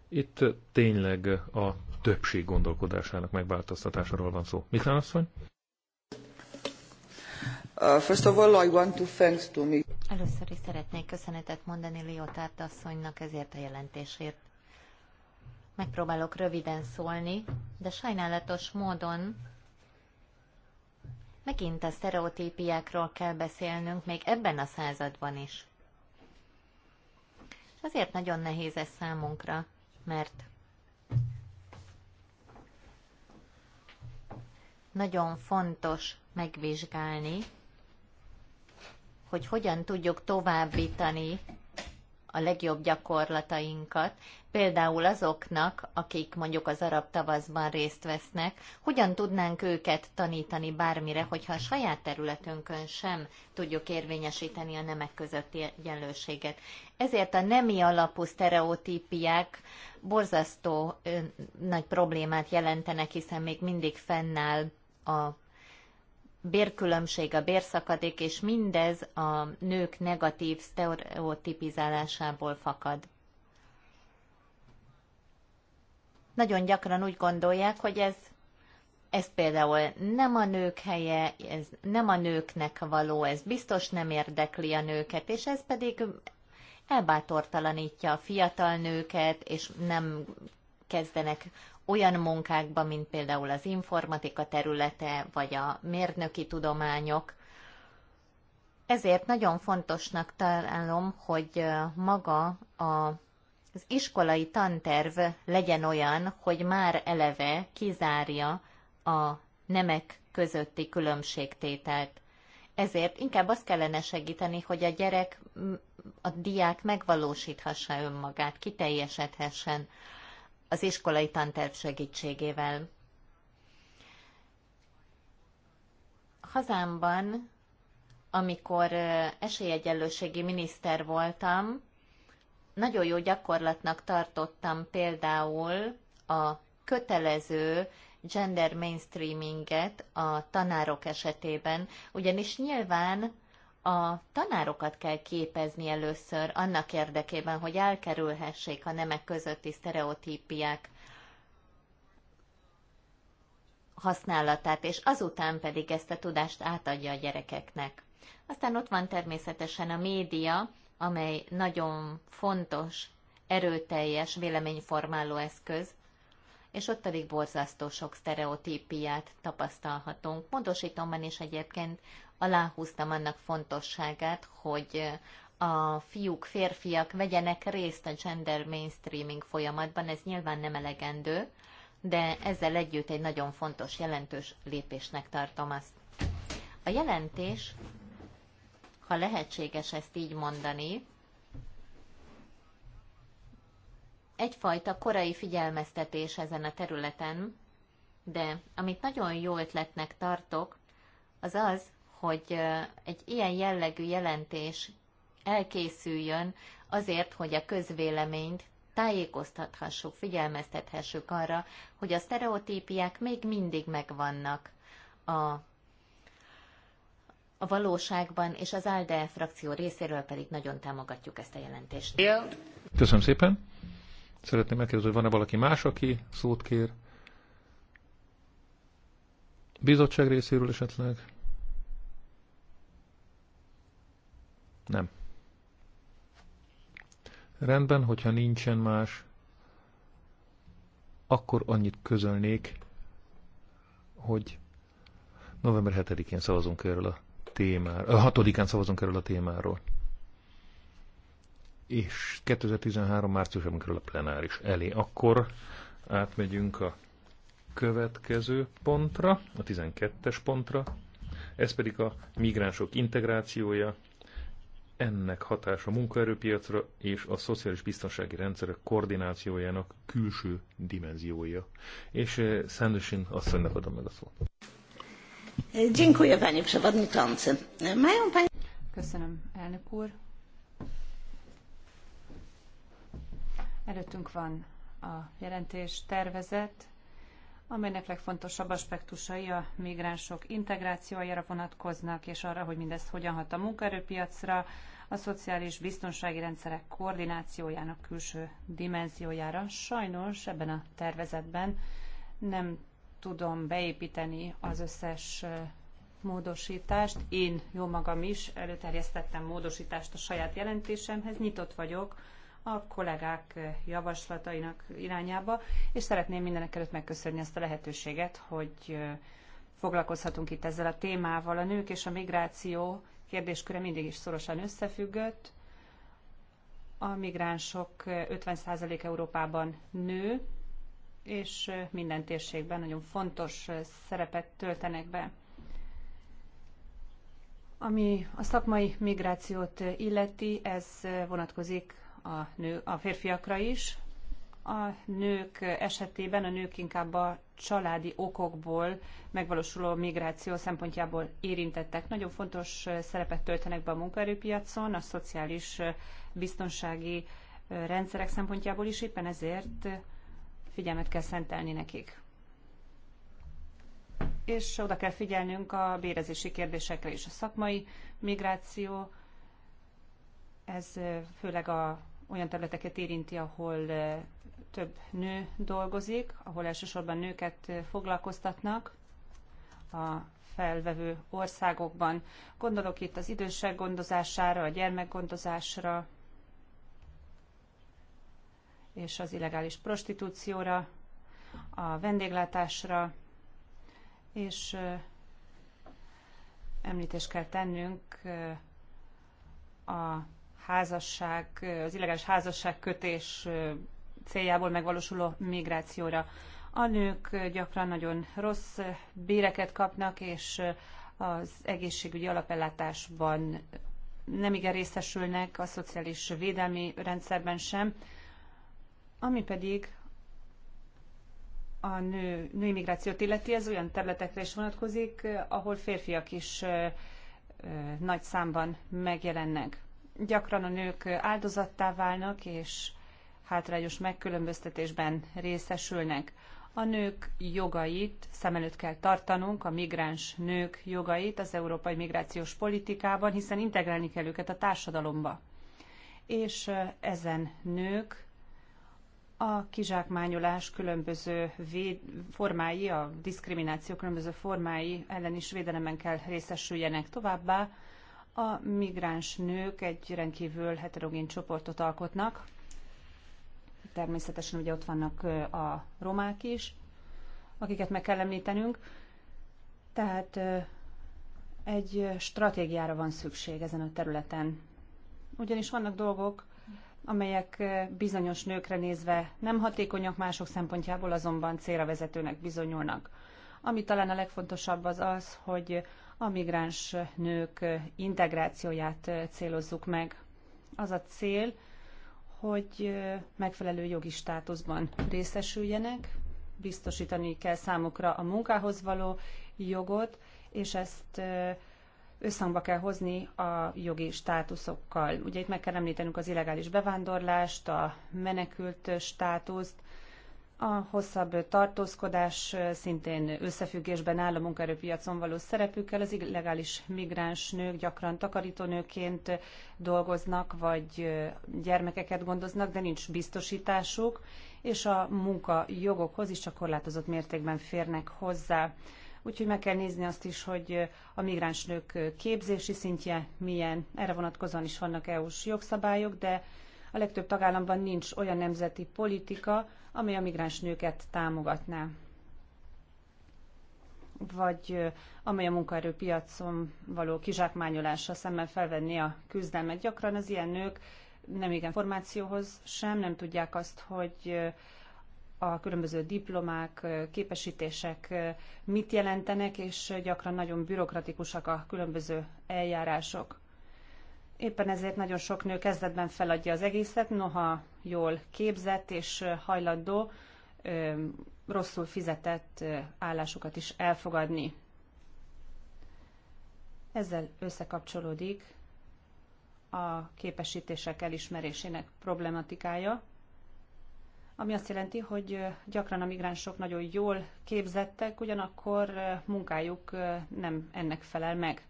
itt tényleg a többség gondolkodásának megváltoztatásáról van szó. Miklán asszony? Uh, first of all, I want to thanks to me. Először is szeretnék köszönetet mondani Liotárt asszonynak ezért a jelentésért. Megpróbálok röviden szólni, de sajnálatos módon megint a sztereotípiákról kell beszélnünk, még ebben a században is. És azért nagyon nehéz ez számunkra, mert nagyon fontos megvizsgálni, hogy hogyan tudjuk továbbítani a legjobb gyakorlatainkat, például azoknak, akik mondjuk az arab tavaszban részt vesznek, hogyan tudnánk őket tanítani bármire, hogyha a saját területünkön sem tudjuk érvényesíteni a nemek közötti egyenlőséget. Ezért a nemi alapú sztereotípiák borzasztó ö, nagy problémát jelentenek, hiszen még mindig fennáll a bérkülönbség, a bérszakadék, és mindez a nők negatív sztereotipizálásából fakad. Nagyon gyakran úgy gondolják, hogy ez, ez például nem a nők helye, ez nem a nőknek való, ez biztos nem érdekli a nőket, és ez pedig elbátortalanítja a fiatal nőket, és nem kezdenek olyan munkákba, mint például az informatika területe, vagy a mérnöki tudományok. Ezért nagyon fontosnak találom, hogy maga a az iskolai tanterv legyen olyan, hogy már eleve kizárja a nemek közötti különbségtételt. Ezért inkább azt kellene segíteni, hogy a gyerek, a diák megvalósíthassa önmagát, kiteljesedhessen az iskolai tanterv segítségével. Hazámban, amikor esélyegyenlőségi miniszter voltam, nagyon jó gyakorlatnak tartottam például a kötelező gender mainstreaminget a tanárok esetében, ugyanis nyilván a tanárokat kell képezni először annak érdekében, hogy elkerülhessék a nemek közötti sztereotípiák használatát, és azután pedig ezt a tudást átadja a gyerekeknek. Aztán ott van természetesen a média, amely nagyon fontos, erőteljes véleményformáló eszköz, és ott pedig borzasztó sok sztereotípiát tapasztalhatunk. Pontosítomban is egyébként aláhúztam annak fontosságát, hogy a fiúk, férfiak vegyenek részt a gender mainstreaming folyamatban, ez nyilván nem elegendő, de ezzel együtt egy nagyon fontos, jelentős lépésnek tartom azt. A jelentés, ha lehetséges ezt így mondani, egyfajta korai figyelmeztetés ezen a területen, de amit nagyon jó ötletnek tartok, az az, hogy egy ilyen jellegű jelentés elkészüljön azért, hogy a közvéleményt tájékoztathassuk, figyelmeztethessük arra, hogy a sztereotípiák még mindig megvannak a, a valóságban, és az ALDE frakció részéről pedig nagyon támogatjuk ezt a jelentést. Köszönöm szépen. Szeretném megkérdezni, hogy van-e valaki más, aki szót kér? Bizottság részéről esetleg? Nem. Rendben, hogyha nincsen más, akkor annyit közölnék, hogy november 7-én szavazunk erről a témáról, 6-án szavazunk erről a témáról. És 2013 március, amikor a plenáris elé. Akkor átmegyünk a következő pontra, a 12-es pontra, ez pedig a migránsok integrációja, ennek hatása a munkaerőpiacra és a szociális biztonsági rendszerek koordinációjának külső dimenziója. És eh, Sanderson asszonynak adom meg a szót. Dziękuję, panie przewodniczący. Mają Köszönöm, elnök úr. Előttünk van a jelentés tervezet, amelynek legfontosabb aspektusai a migránsok integrációjára vonatkoznak, és arra, hogy mindezt hogyan hat a munkaerőpiacra, a szociális biztonsági rendszerek koordinációjának külső dimenziójára. Sajnos ebben a tervezetben nem tudom beépíteni az összes módosítást. Én jó magam is előterjesztettem módosítást a saját jelentésemhez, nyitott vagyok a kollégák javaslatainak irányába, és szeretném mindenek előtt megköszönni ezt a lehetőséget, hogy foglalkozhatunk itt ezzel a témával. A nők és a migráció kérdésköre mindig is szorosan összefüggött. A migránsok 50% Európában nő, és minden térségben nagyon fontos szerepet töltenek be. Ami a szakmai migrációt illeti, ez vonatkozik a, nő, a férfiakra is. A nők esetében a nők inkább a családi okokból megvalósuló migráció szempontjából érintettek. Nagyon fontos szerepet töltenek be a munkaerőpiacon, a szociális biztonsági rendszerek szempontjából is, éppen ezért figyelmet kell szentelni nekik. És oda kell figyelnünk a bérezési kérdésekre is. A szakmai migráció, ez főleg a olyan területeket érinti, ahol több nő dolgozik, ahol elsősorban nőket foglalkoztatnak a felvevő országokban. Gondolok itt az idősek gondozására, a gyermekgondozásra és az illegális prostitúcióra, a vendéglátásra, és említést kell tennünk a házasság, az illegális házasságkötés céljából megvalósuló migrációra. A nők gyakran nagyon rossz béreket kapnak, és az egészségügyi alapellátásban nem igen részesülnek, a szociális védelmi rendszerben sem, ami pedig a nő, női migrációt illeti, ez olyan területekre is vonatkozik, ahol férfiak is nagy számban megjelennek. Gyakran a nők áldozattá válnak, és hátrányos megkülönböztetésben részesülnek. A nők jogait szem előtt kell tartanunk, a migráns nők jogait az európai migrációs politikában, hiszen integrálni kell őket a társadalomba. És ezen nők a kizsákmányolás különböző véd, formái, a diszkrimináció különböző formái ellen is védelemben kell részesüljenek továbbá. A migráns nők egy rendkívül heterogén csoportot alkotnak. Természetesen ugye ott vannak a romák is, akiket meg kell említenünk. Tehát egy stratégiára van szükség ezen a területen. Ugyanis vannak dolgok, amelyek bizonyos nőkre nézve nem hatékonyak, mások szempontjából azonban célra vezetőnek bizonyulnak. Ami talán a legfontosabb az az, hogy a migráns nők integrációját célozzuk meg. Az a cél, hogy megfelelő jogi státuszban részesüljenek, biztosítani kell számukra a munkához való jogot, és ezt összhangba kell hozni a jogi státuszokkal. Ugye itt meg kell említenünk az illegális bevándorlást, a menekült státuszt, a hosszabb tartózkodás szintén összefüggésben áll a munkaerőpiacon való szerepükkel. Az illegális migráns nők gyakran takarítónőként dolgoznak, vagy gyermekeket gondoznak, de nincs biztosításuk, és a munkajogokhoz is csak korlátozott mértékben férnek hozzá. Úgyhogy meg kell nézni azt is, hogy a migráns nők képzési szintje milyen. Erre vonatkozóan is vannak EU-s jogszabályok, de a legtöbb tagállamban nincs olyan nemzeti politika, amely a migráns nőket támogatná vagy amely a munkaerőpiacon való kizsákmányolása szemmel felvenni a küzdelmet. Gyakran az ilyen nők nem igen formációhoz sem, nem tudják azt, hogy a különböző diplomák, képesítések mit jelentenek, és gyakran nagyon bürokratikusak a különböző eljárások. Éppen ezért nagyon sok nő kezdetben feladja az egészet, noha jól képzett és hajlandó rosszul fizetett állásokat is elfogadni. Ezzel összekapcsolódik a képesítések elismerésének problematikája, ami azt jelenti, hogy gyakran a migránsok nagyon jól képzettek, ugyanakkor munkájuk nem ennek felel meg.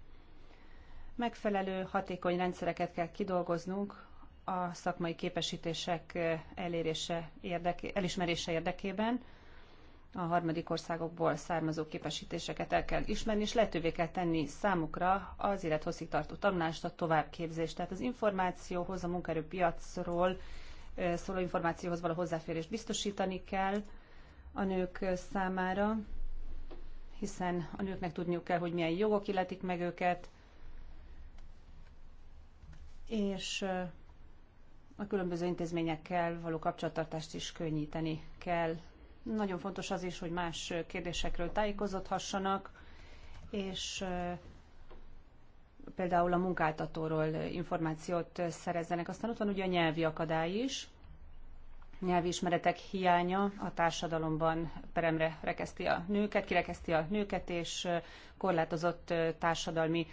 Megfelelő, hatékony rendszereket kell kidolgoznunk a szakmai képesítések elérése érdeké, elismerése érdekében. A harmadik országokból származó képesítéseket el kell ismerni, és lehetővé kell tenni számukra az élethosszígtartó tartó tanulást, a továbbképzést. Tehát az információhoz, a munkaerőpiacról szóló információhoz való hozzáférést biztosítani kell a nők számára, hiszen a nőknek tudniuk kell, hogy milyen jogok illetik meg őket, és a különböző intézményekkel való kapcsolattartást is könnyíteni kell. Nagyon fontos az is, hogy más kérdésekről tájékozódhassanak, és például a munkáltatóról információt szerezzenek. Aztán ott van ugye a nyelvi akadály is, nyelvi ismeretek hiánya a társadalomban peremre rekeszti a nőket, kirekeszti a nőket, és korlátozott társadalmi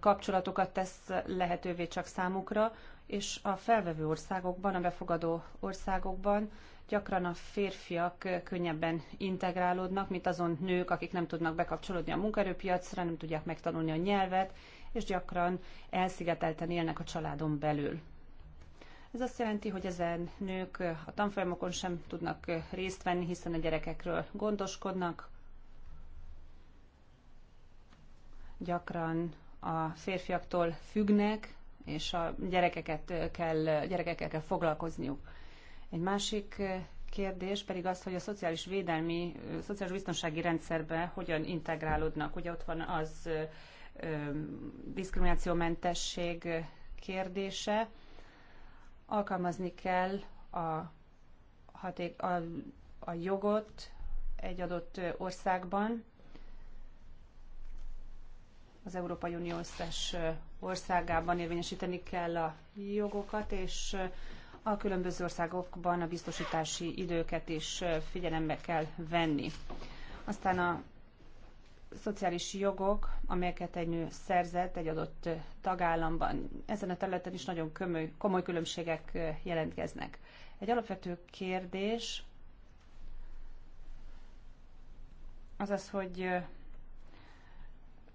kapcsolatokat tesz lehetővé csak számukra, és a felvevő országokban, a befogadó országokban gyakran a férfiak könnyebben integrálódnak, mint azon nők, akik nem tudnak bekapcsolódni a munkaerőpiacra, nem tudják megtanulni a nyelvet, és gyakran elszigetelten élnek a családon belül. Ez azt jelenti, hogy ezen nők a tanfolyamokon sem tudnak részt venni, hiszen a gyerekekről gondoskodnak. Gyakran a férfiaktól függnek, és a gyerekeket kell, gyerekekkel kell foglalkozniuk. Egy másik kérdés pedig az, hogy a szociális védelmi, a szociális biztonsági rendszerbe hogyan integrálódnak. Ugye ott van az ö, diszkriminációmentesség kérdése, alkalmazni kell a, haték, a, a jogot egy adott országban, az Európai Unió összes országában érvényesíteni kell a jogokat, és a különböző országokban a biztosítási időket is figyelembe kell venni. Aztán a szociális jogok, amelyeket egy nő szerzett egy adott tagállamban. Ezen a területen is nagyon kömöly, komoly különbségek jelentkeznek. Egy alapvető kérdés az az, hogy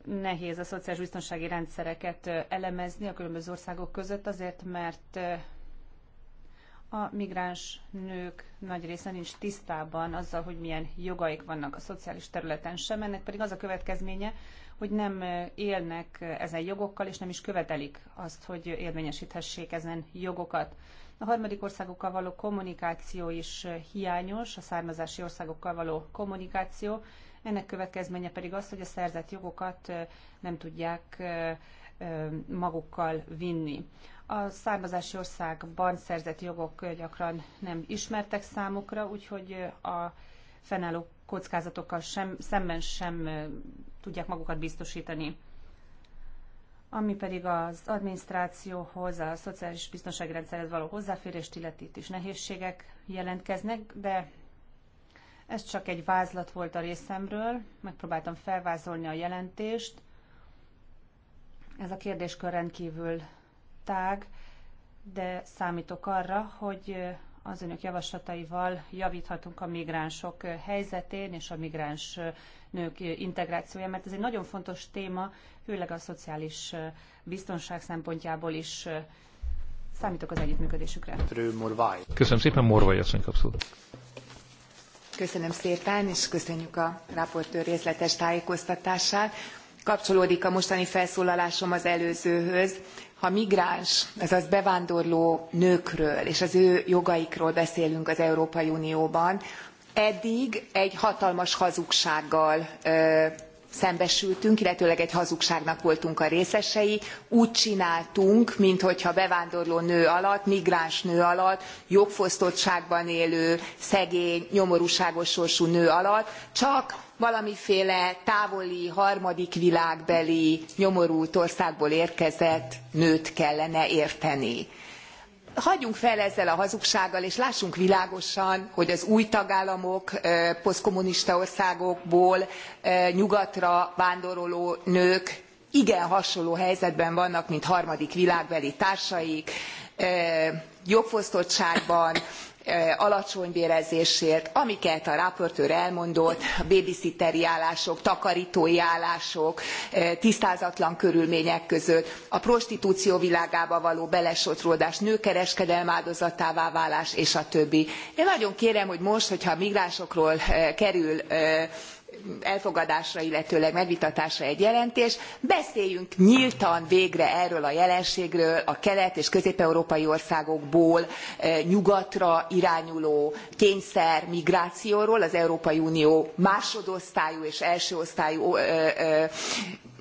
nehéz a szociális biztonsági rendszereket elemezni a különböző országok között, azért mert a migráns nők nagy része nincs tisztában azzal, hogy milyen jogaik vannak a szociális területen sem, ennek pedig az a következménye, hogy nem élnek ezen jogokkal, és nem is követelik azt, hogy érvényesíthessék ezen jogokat. A harmadik országokkal való kommunikáció is hiányos, a származási országokkal való kommunikáció, ennek következménye pedig az, hogy a szerzett jogokat nem tudják magukkal vinni. A származási országban szerzett jogok gyakran nem ismertek számukra, úgyhogy a fennálló kockázatokkal sem, szemben sem tudják magukat biztosítani. Ami pedig az adminisztrációhoz, a szociális biztonsági rendszerhez való hozzáférést illeti, is nehézségek jelentkeznek, de ez csak egy vázlat volt a részemről, megpróbáltam felvázolni a jelentést. Ez a kérdéskör rendkívül tág, de számítok arra, hogy az önök javaslataival javíthatunk a migránsok helyzetén és a migráns nők integrációja, mert ez egy nagyon fontos téma, főleg a szociális biztonság szempontjából is számítok az együttműködésükre. Köszönöm szépen, Morvai asszony kapszul. Köszönöm szépen, és köszönjük a raportőr részletes tájékoztatását. Kapcsolódik a mostani felszólalásom az előzőhöz ha migráns azaz bevándorló nőkről és az ő jogaikról beszélünk az európai unióban eddig egy hatalmas hazugsággal szembesültünk illetőleg egy hazugságnak voltunk a részesei úgy csináltunk minthogyha bevándorló nő alatt migráns nő alatt jogfosztottságban élő szegény nyomorúságos sorsú nő alatt csak valamiféle távoli harmadik világbeli nyomorult országból érkezett nőt kellene érteni. hagyjunk fel ezzel a hazugsággal és lássunk világosan hogy az új tagállamok posztkommunista országokból nyugatra vándoroló nők igen hasonló helyzetben vannak mint harmadik világbeli társaik jogfosztottságban alacsony bérezésért amiket a raportőr elmondott a babysitteri állások takartói állások tisztázatlan körülmények között a prostitúció világába való belesodródás nőkereskedelem áldozatává válás és a többi. én nagyon kérem hogy most hogyha migránsokról kerül elfogadásra illetőleg megvitatásra egy jelentés beszéljünk nyltan végre erről a jelenségről a kelet és közép európai országokból eh, nyugatra irányuló kényszermigrációról az európai unió másodosztályú és osztályú eh, eh,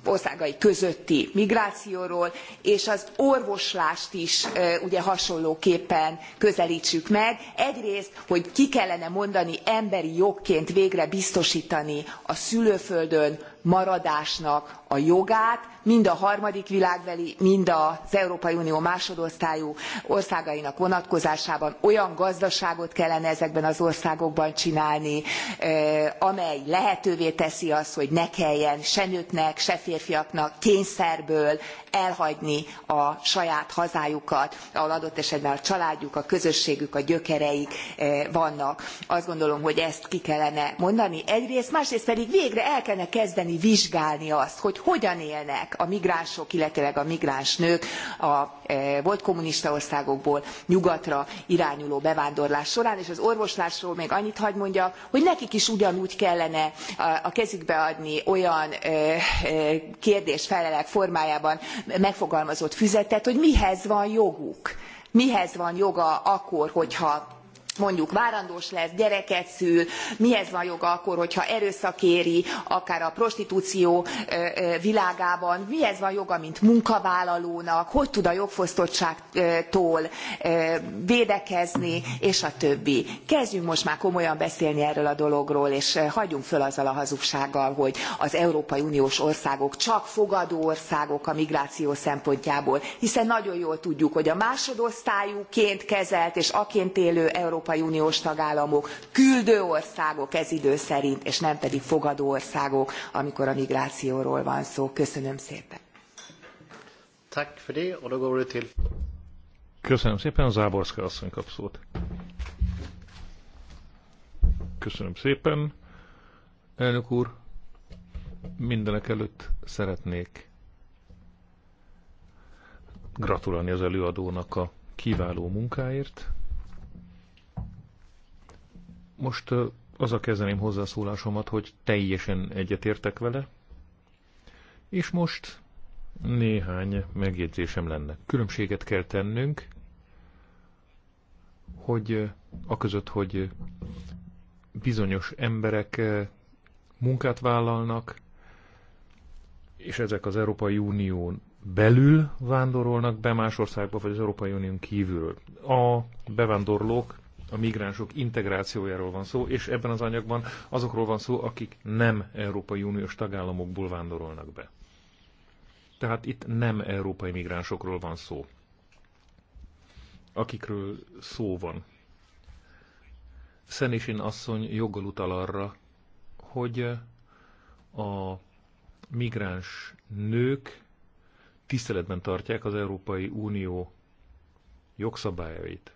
országai közötti migrációról és az orvoslást is ugye hasonlóképpen közeltsük meg egyrészt hogy ki kellene mondani emberi jogként végre biztostani a szülőföldön maradásnak a jogát mind a harmadik világbeli mind az európai unió másodosztályú országainak vonatkozásában olyan gazdaságot kellene ezekben az országokban csinálni amely lehetővé teszi azt hogy ne kelljen se nőknek se férfiaknak kényszerből elhagyni a saját hazájukat ahol adott esetben a családjuk a közösségük a gyökereik vannak. azt gondolom hogy ezt ki kellene mondani egyrészt másrészt pedig végre el kellene kezdeni vizsgálni azt hogy hogyan élnek a migránsok illetőleg a migránsnők a e, volt kommunista országokból nyugatra irányuló bevándorlás során és az orvoslásról még annyit hadd mondjak hogy nekik is ugyanúgy kellene a kezükbe adni olyan e, e, kérdés felelet formájában megfogalmazott füzetet hogy mihez van joguk mihez van joga akkor hogyha mondjuk várandós lesz gyereket szül mihez van joga akkor hogyha erőszak éri akár a prostitúció világában mihez van joga mint munkavállalónak hogy tud a jogfosztottságtól védekezni és a többi. kezdjünk most már komolyan beszélni erről a dologról és hagyjunk föl azzal a hazugsággal hogy az európai uniós országok csak fogadó országok a migráció szempontjából hiszen nagyon jól tudjuk hogy a másodosztályúként kezelt és aként élő európai európai uniós tagállamok küldő országok ez idő szerint és nem pedig fogadó országok amikor a migrációról van szó. köszönöm szépen. Köszönöm szépen, Záborszka asszony kap szót. Köszönöm szépen, elnök úr. Mindenek előtt szeretnék gratulálni az előadónak a kiváló munkáért. Most az a kezdeném hozzászólásomat, hogy teljesen egyetértek vele, és most néhány megjegyzésem lenne. Különbséget kell tennünk, hogy aközött, hogy bizonyos emberek munkát vállalnak, és ezek az Európai Unión belül vándorolnak be más országba, vagy az Európai Unión kívül A bevándorlók a migránsok integrációjáról van szó, és ebben az anyagban azokról van szó, akik nem Európai Uniós tagállamokból vándorolnak be. Tehát itt nem európai migránsokról van szó, akikről szó van. Szenisin asszony joggal utal arra, hogy a migráns nők tiszteletben tartják az Európai Unió jogszabályait.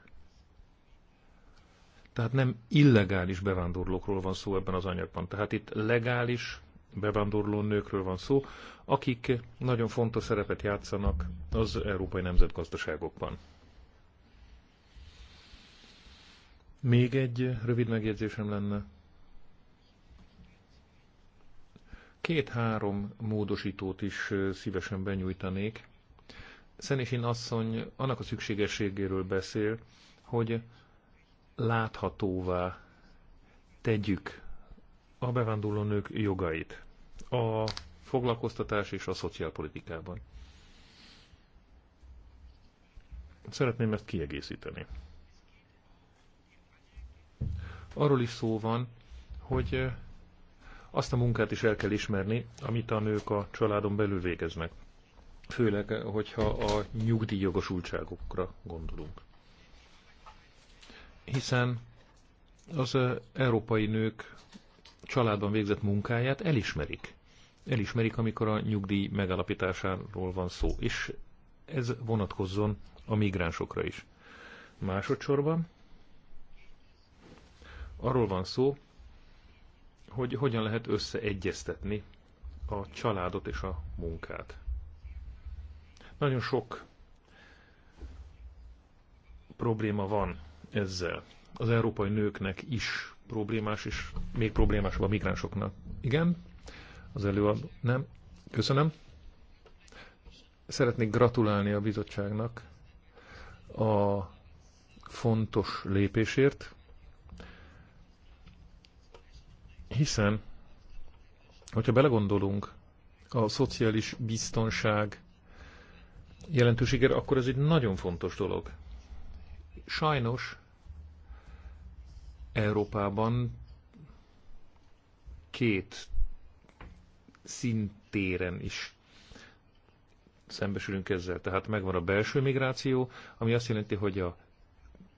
Tehát nem illegális bevándorlókról van szó ebben az anyagban. Tehát itt legális bevándorló nőkről van szó, akik nagyon fontos szerepet játszanak az európai nemzetgazdaságokban. Még egy rövid megjegyzésem lenne. Két-három módosítót is szívesen benyújtanék. Szenésin asszony annak a szükségességéről beszél, hogy láthatóvá tegyük a bevándorló nők jogait a foglalkoztatás és a szociálpolitikában. Szeretném ezt kiegészíteni. Arról is szó van, hogy eh, azt a munkát is el kell ismerni, amit a nők a családon belül végeznek. Főleg, eh, hogyha a nyugdíjjogosultságokra gondolunk hiszen az európai nők családban végzett munkáját elismerik. Elismerik, amikor a nyugdíj megalapításáról van szó, és ez vonatkozzon a migránsokra is. Másodszorban arról van szó, hogy hogyan lehet összeegyeztetni a családot és a munkát. Nagyon sok probléma van ezzel. Az európai nőknek is problémás, és még problémásabb a migránsoknak. Igen, az előadó. Nem, köszönöm. Szeretnék gratulálni a bizottságnak a fontos lépésért, hiszen, hogyha belegondolunk a szociális biztonság jelentőségére, akkor ez egy nagyon fontos dolog. Sajnos Európában két szintéren is szembesülünk ezzel. Tehát megvan a belső migráció, ami azt jelenti, hogy a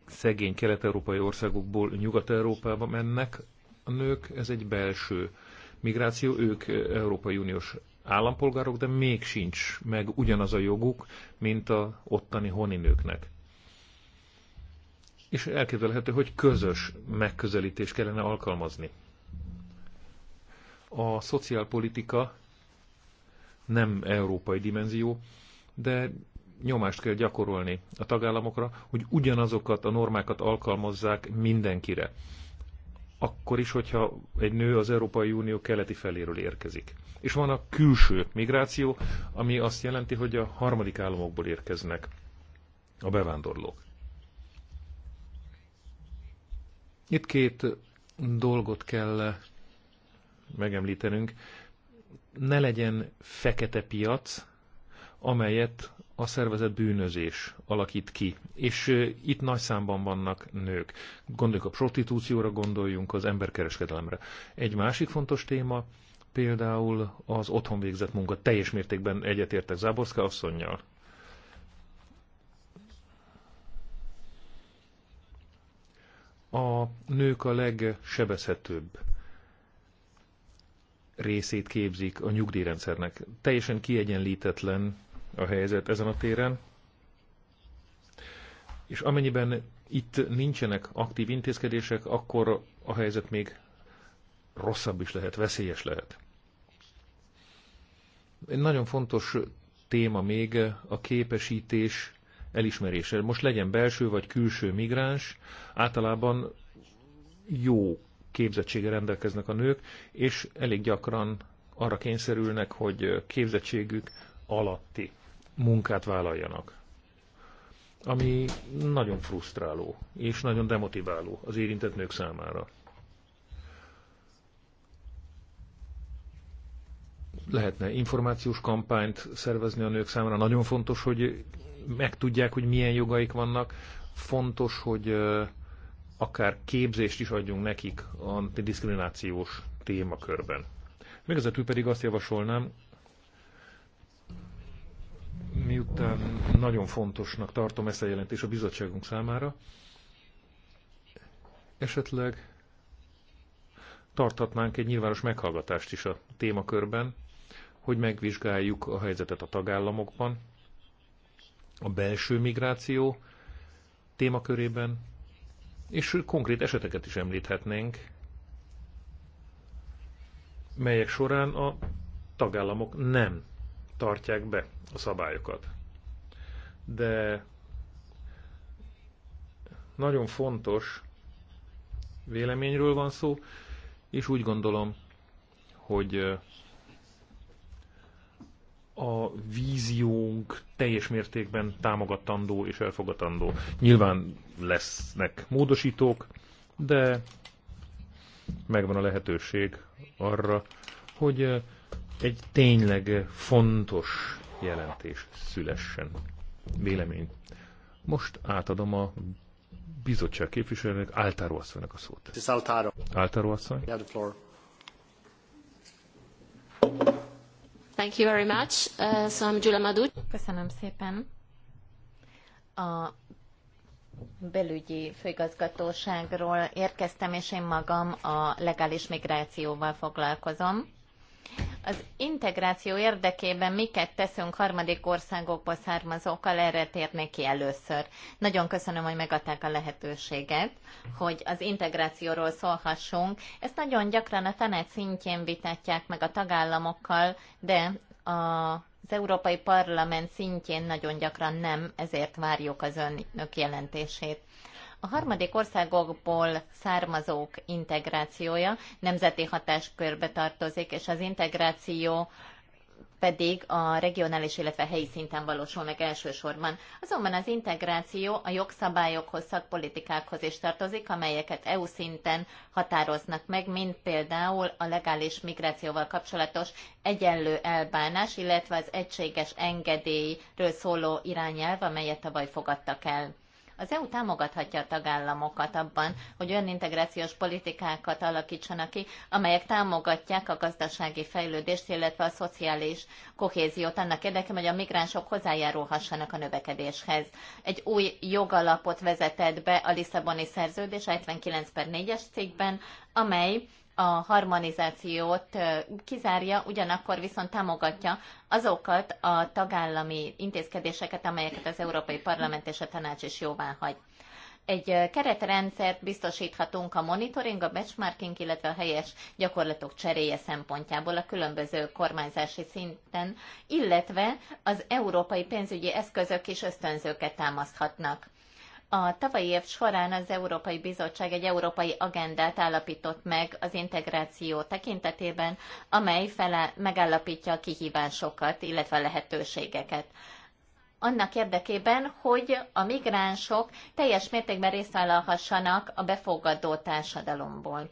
szegény kelet-európai országokból Nyugat-Európába mennek a nők, ez egy belső migráció, ők Európai Uniós állampolgárok, de még sincs meg ugyanaz a joguk, mint a ottani honinőknek és elképzelhető, hogy közös megközelítés kellene alkalmazni. A szociálpolitika nem európai dimenzió, de nyomást kell gyakorolni a tagállamokra, hogy ugyanazokat a normákat alkalmazzák mindenkire. Akkor is, hogyha egy nő az Európai Unió keleti feléről érkezik. És van a külső migráció, ami azt jelenti, hogy a harmadik államokból érkeznek a bevándorlók. Itt két dolgot kell megemlítenünk. Ne legyen fekete piac, amelyet a szervezet bűnözés alakít ki. És itt nagy számban vannak nők. Gondoljuk a prostitúcióra, gondoljunk az emberkereskedelemre. Egy másik fontos téma például az otthon végzett munka. Teljes mértékben egyetértek Záborszka asszonynal. a nők a legsebezhetőbb részét képzik a nyugdíjrendszernek. Teljesen kiegyenlítetlen a helyzet ezen a téren, és amennyiben itt nincsenek aktív intézkedések, akkor a helyzet még rosszabb is lehet, veszélyes lehet. Egy nagyon fontos téma még a képesítés elismerése. Most legyen belső vagy külső migráns, általában jó képzettsége rendelkeznek a nők, és elég gyakran arra kényszerülnek, hogy képzettségük alatti munkát vállaljanak. Ami nagyon frusztráló, és nagyon demotiváló az érintett nők számára. lehetne információs kampányt szervezni a nők számára. Nagyon fontos, hogy megtudják, hogy milyen jogaik vannak. Fontos, hogy akár képzést is adjunk nekik a diszkriminációs témakörben. Végezetül pedig azt javasolnám, miután nagyon fontosnak tartom ezt a jelentést a bizottságunk számára, esetleg tarthatnánk egy nyilvános meghallgatást is a témakörben, hogy megvizsgáljuk a helyzetet a tagállamokban, a belső migráció témakörében, és konkrét eseteket is említhetnénk, melyek során a tagállamok nem tartják be a szabályokat. De nagyon fontos véleményről van szó, és úgy gondolom, hogy a víziónk teljes mértékben támogatandó és elfogadandó. Nyilván lesznek módosítók, de megvan a lehetőség arra, hogy eh, egy tényleg fontos jelentés szülessen. Vélemény. Most átadom a bizottság képviselőnek, Áltáró asszonynak a szót. Áltáró. asszony. Yeah, the floor. Thank you very much. Uh, so I'm Gyula Köszönöm szépen. A belügyi főigazgatóságról érkeztem, és én magam a legális migrációval foglalkozom. Az integráció érdekében miket teszünk harmadik országokból származókkal, erre térnék ki először. Nagyon köszönöm, hogy megadták a lehetőséget, hogy az integrációról szólhassunk. Ezt nagyon gyakran a tanács szintjén vitatják meg a tagállamokkal, de a az Európai Parlament szintjén nagyon gyakran nem, ezért várjuk az önök jelentését. A harmadik országokból származók integrációja nemzeti hatáskörbe tartozik, és az integráció pedig a regionális, illetve helyi szinten valósul meg elsősorban. Azonban az integráció a jogszabályokhoz, szakpolitikákhoz is tartozik, amelyeket EU szinten határoznak meg, mint például a legális migrációval kapcsolatos egyenlő elbánás, illetve az egységes engedélyről szóló irányelv, amelyet tavaly fogadtak el. Az EU támogathatja a tagállamokat abban, hogy olyan integrációs politikákat alakítsanak ki, amelyek támogatják a gazdasági fejlődést, illetve a szociális kohéziót annak érdekében, hogy a migránsok hozzájárulhassanak a növekedéshez. Egy új jogalapot vezetett be a Lisszaboni szerződés 79 per 4-es cikkben, amely a harmonizációt kizárja, ugyanakkor viszont támogatja azokat a tagállami intézkedéseket, amelyeket az Európai Parlament és a Tanács is jóvá hagy. Egy keretrendszert biztosíthatunk a monitoring, a benchmarking, illetve a helyes gyakorlatok cseréje szempontjából a különböző kormányzási szinten, illetve az európai pénzügyi eszközök is ösztönzőket támaszthatnak a tavalyi év során az Európai Bizottság egy európai agendát állapított meg az integráció tekintetében, amely fele megállapítja a kihívásokat, illetve a lehetőségeket annak érdekében, hogy a migránsok teljes mértékben részt vállalhassanak a befogadó társadalomból.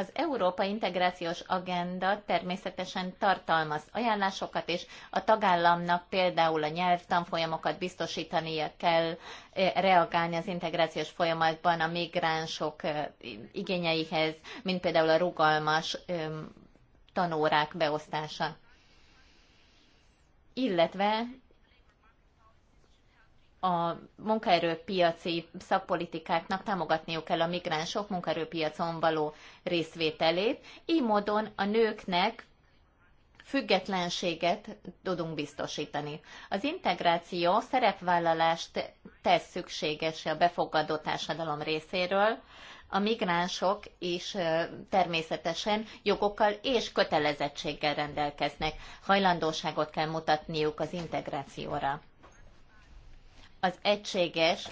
Az Európa Integrációs Agenda természetesen tartalmaz ajánlásokat, és a tagállamnak például a nyelvtanfolyamokat biztosítania kell eh, reagálni az integrációs folyamatban a migránsok eh, igényeihez, mint például a rugalmas tanórák beosztása. Illetve a munkaerőpiaci szakpolitikáknak támogatniuk kell a migránsok munkaerőpiacon való részvételét. Így módon a nőknek függetlenséget tudunk biztosítani. Az integráció szerepvállalást tesz szükséges a befogadó társadalom részéről, a migránsok is természetesen jogokkal és kötelezettséggel rendelkeznek. Hajlandóságot kell mutatniuk az integrációra az egységes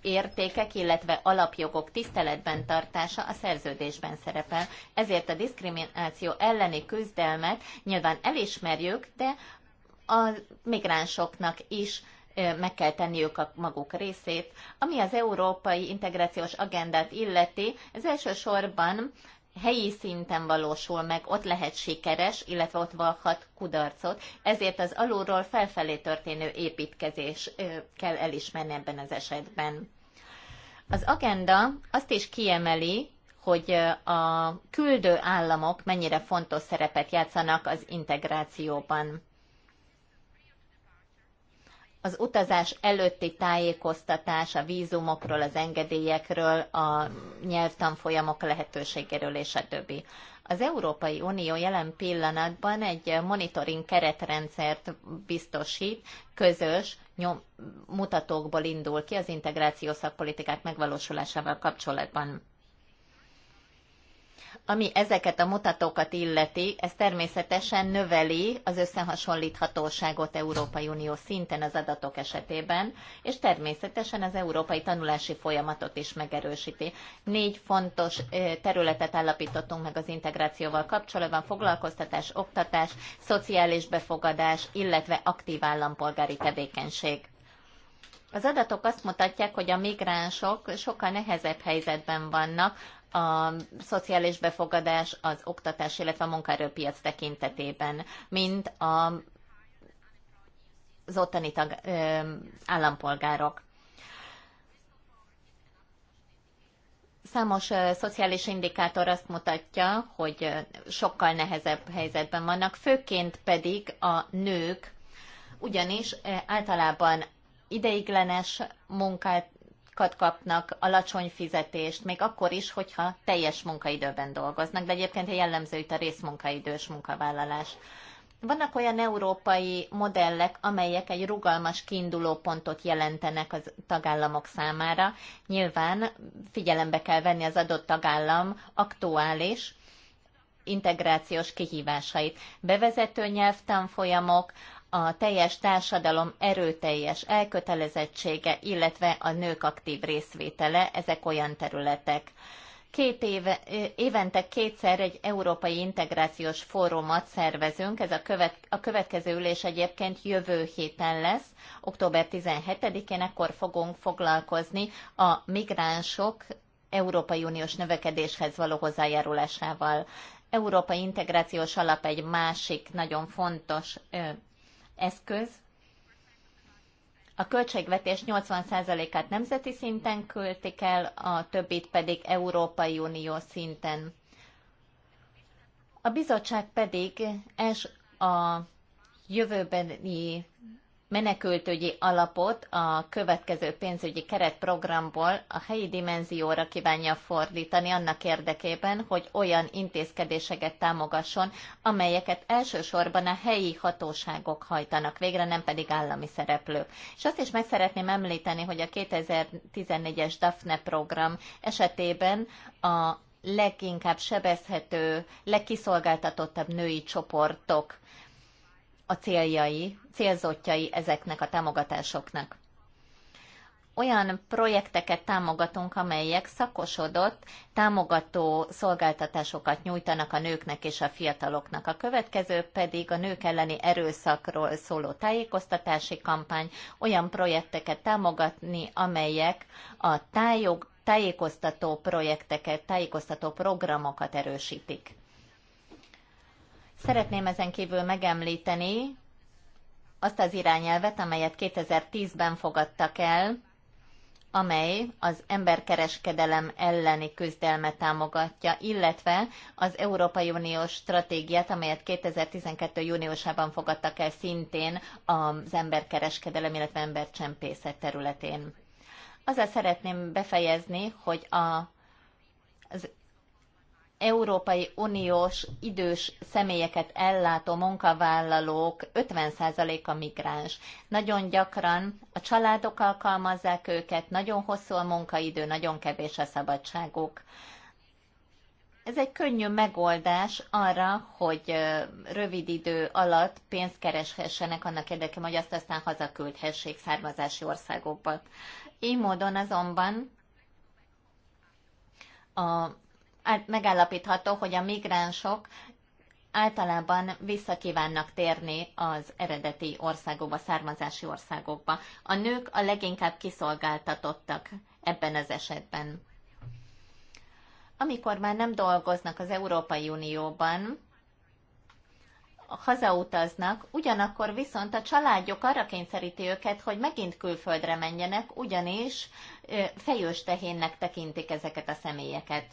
értékek, illetve alapjogok tiszteletben tartása a szerződésben szerepel. Ezért a diszkrimináció elleni küzdelmet nyilván elismerjük, de a migránsoknak is meg kell tenniük a maguk részét. Ami az európai integrációs agendát illeti, ez elsősorban helyi szinten valósul meg, ott lehet sikeres, illetve ott valhat kudarcot, ezért az alulról felfelé történő építkezés kell elismerni ebben az esetben. Az agenda azt is kiemeli, hogy a küldő államok mennyire fontos szerepet játszanak az integrációban az utazás előtti tájékoztatás a vízumokról, az engedélyekről, a nyelvtanfolyamok lehetőségéről és a többi. Az Európai Unió jelen pillanatban egy monitoring keretrendszert biztosít, közös nyom, mutatókból indul ki az integráció szakpolitikák megvalósulásával kapcsolatban ami ezeket a mutatókat illeti, ez természetesen növeli az összehasonlíthatóságot Európai Unió szinten az adatok esetében, és természetesen az európai tanulási folyamatot is megerősíti. Négy fontos területet állapítottunk meg az integrációval kapcsolatban, foglalkoztatás, oktatás, szociális befogadás, illetve aktív állampolgári tevékenység. Az adatok azt mutatják, hogy a migránsok sokkal nehezebb helyzetben vannak a szociális befogadás, az oktatás, illetve a munkaerőpiac tekintetében, mint a, az ottani tag, ö, állampolgárok. Számos ö, szociális indikátor azt mutatja, hogy sokkal nehezebb helyzetben vannak, főként pedig a nők, ugyanis általában ideiglenes munkát sokat kapnak alacsony fizetést, még akkor is, hogyha teljes munkaidőben dolgoznak, de egyébként a jellemző itt a részmunkaidős munkavállalás. Vannak olyan európai modellek, amelyek egy rugalmas kiinduló pontot jelentenek az tagállamok számára. Nyilván figyelembe kell venni az adott tagállam aktuális integrációs kihívásait. Bevezető nyelvtanfolyamok, a teljes társadalom erőteljes elkötelezettsége, illetve a nők aktív részvétele, ezek olyan területek. Két éve, évente kétszer egy európai integrációs fórumot szervezünk, ez a, követ, a következő ülés egyébként jövő héten lesz, október 17-én, ekkor fogunk foglalkozni a migránsok Európai Uniós növekedéshez való hozzájárulásával. Európai Integrációs Alap egy másik nagyon fontos eszköz. A költségvetés 80%-át nemzeti szinten költik el, a többit pedig Európai Unió szinten. A bizottság pedig es a jövőbeni menekültügyi alapot a következő pénzügyi keretprogramból a helyi dimenzióra kívánja fordítani annak érdekében, hogy olyan intézkedéseket támogasson, amelyeket elsősorban a helyi hatóságok hajtanak végre, nem pedig állami szereplők. És azt is meg szeretném említeni, hogy a 2014-es DAFNE program esetében a leginkább sebezhető, legkiszolgáltatottabb női csoportok a céljai, célzottjai ezeknek a támogatásoknak. Olyan projekteket támogatunk, amelyek szakosodott, támogató szolgáltatásokat nyújtanak a nőknek és a fiataloknak. A következő pedig a nők elleni erőszakról szóló tájékoztatási kampány, olyan projekteket támogatni, amelyek a tájog, tájékoztató projekteket, tájékoztató programokat erősítik. Szeretném ezen kívül megemlíteni azt az irányelvet, amelyet 2010-ben fogadtak el, amely az emberkereskedelem elleni küzdelmet támogatja, illetve az Európai Uniós stratégiát, amelyet 2012. júniusában fogadtak el szintén az emberkereskedelem, illetve embercsempészet területén. Azzal szeretném befejezni, hogy a, az Európai Uniós idős személyeket ellátó munkavállalók 50%-a migráns. Nagyon gyakran a családok alkalmazzák őket, nagyon hosszú a munkaidő, nagyon kevés a szabadságuk. Ez egy könnyű megoldás arra, hogy rövid idő alatt pénzt kereshessenek annak érdekében, hogy azt aztán hazaküldhessék származási országokba. Így módon azonban a megállapítható, hogy a migránsok általában visszakívánnak térni az eredeti országokba, származási országokba. A nők a leginkább kiszolgáltatottak ebben az esetben. Amikor már nem dolgoznak az Európai Unióban, hazautaznak, ugyanakkor viszont a családjuk arra kényszeríti őket, hogy megint külföldre menjenek, ugyanis fejős tehénnek tekintik ezeket a személyeket.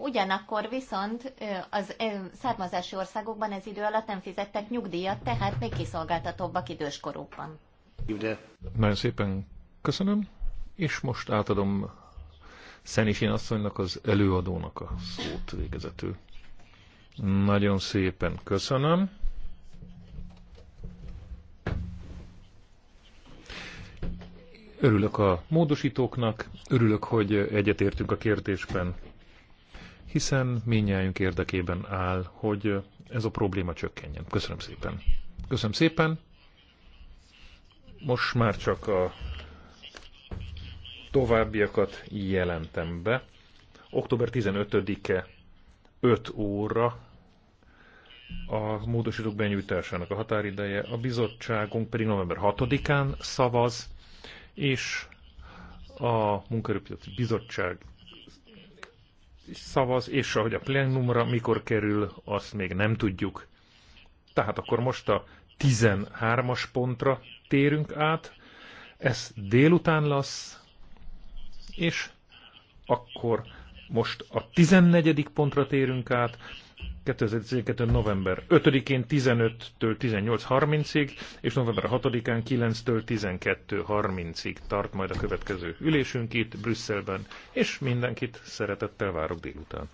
Ugyanakkor viszont az származási országokban ez idő alatt nem fizettek nyugdíjat, tehát még kiszolgáltatóbbak időskorukban. Nagyon szépen köszönöm, és most átadom Szenisin asszonynak, az előadónak a szót végezetül. Nagyon szépen köszönöm. Örülök a módosítóknak, örülök, hogy egyetértünk a kérdésben hiszen minnyájunk érdekében áll, hogy ez a probléma csökkenjen. Köszönöm szépen. Köszönöm szépen. Most már csak a továbbiakat jelentem be. Október 15-e 5 óra a módosítók benyújtásának a határideje, a bizottságunk pedig november 6-án szavaz, és a munkaerőpiaci bizottság szavaz, és ahogy a plenumra mikor kerül, azt még nem tudjuk. Tehát akkor most a 13-as pontra térünk át, ez délután lesz, és akkor most a 14. pontra térünk át, 2012. november 5-én 15-től 18.30-ig, és november 6-án 9-től 12.30-ig tart majd a következő ülésünk itt Brüsszelben, és mindenkit szeretettel várok délután.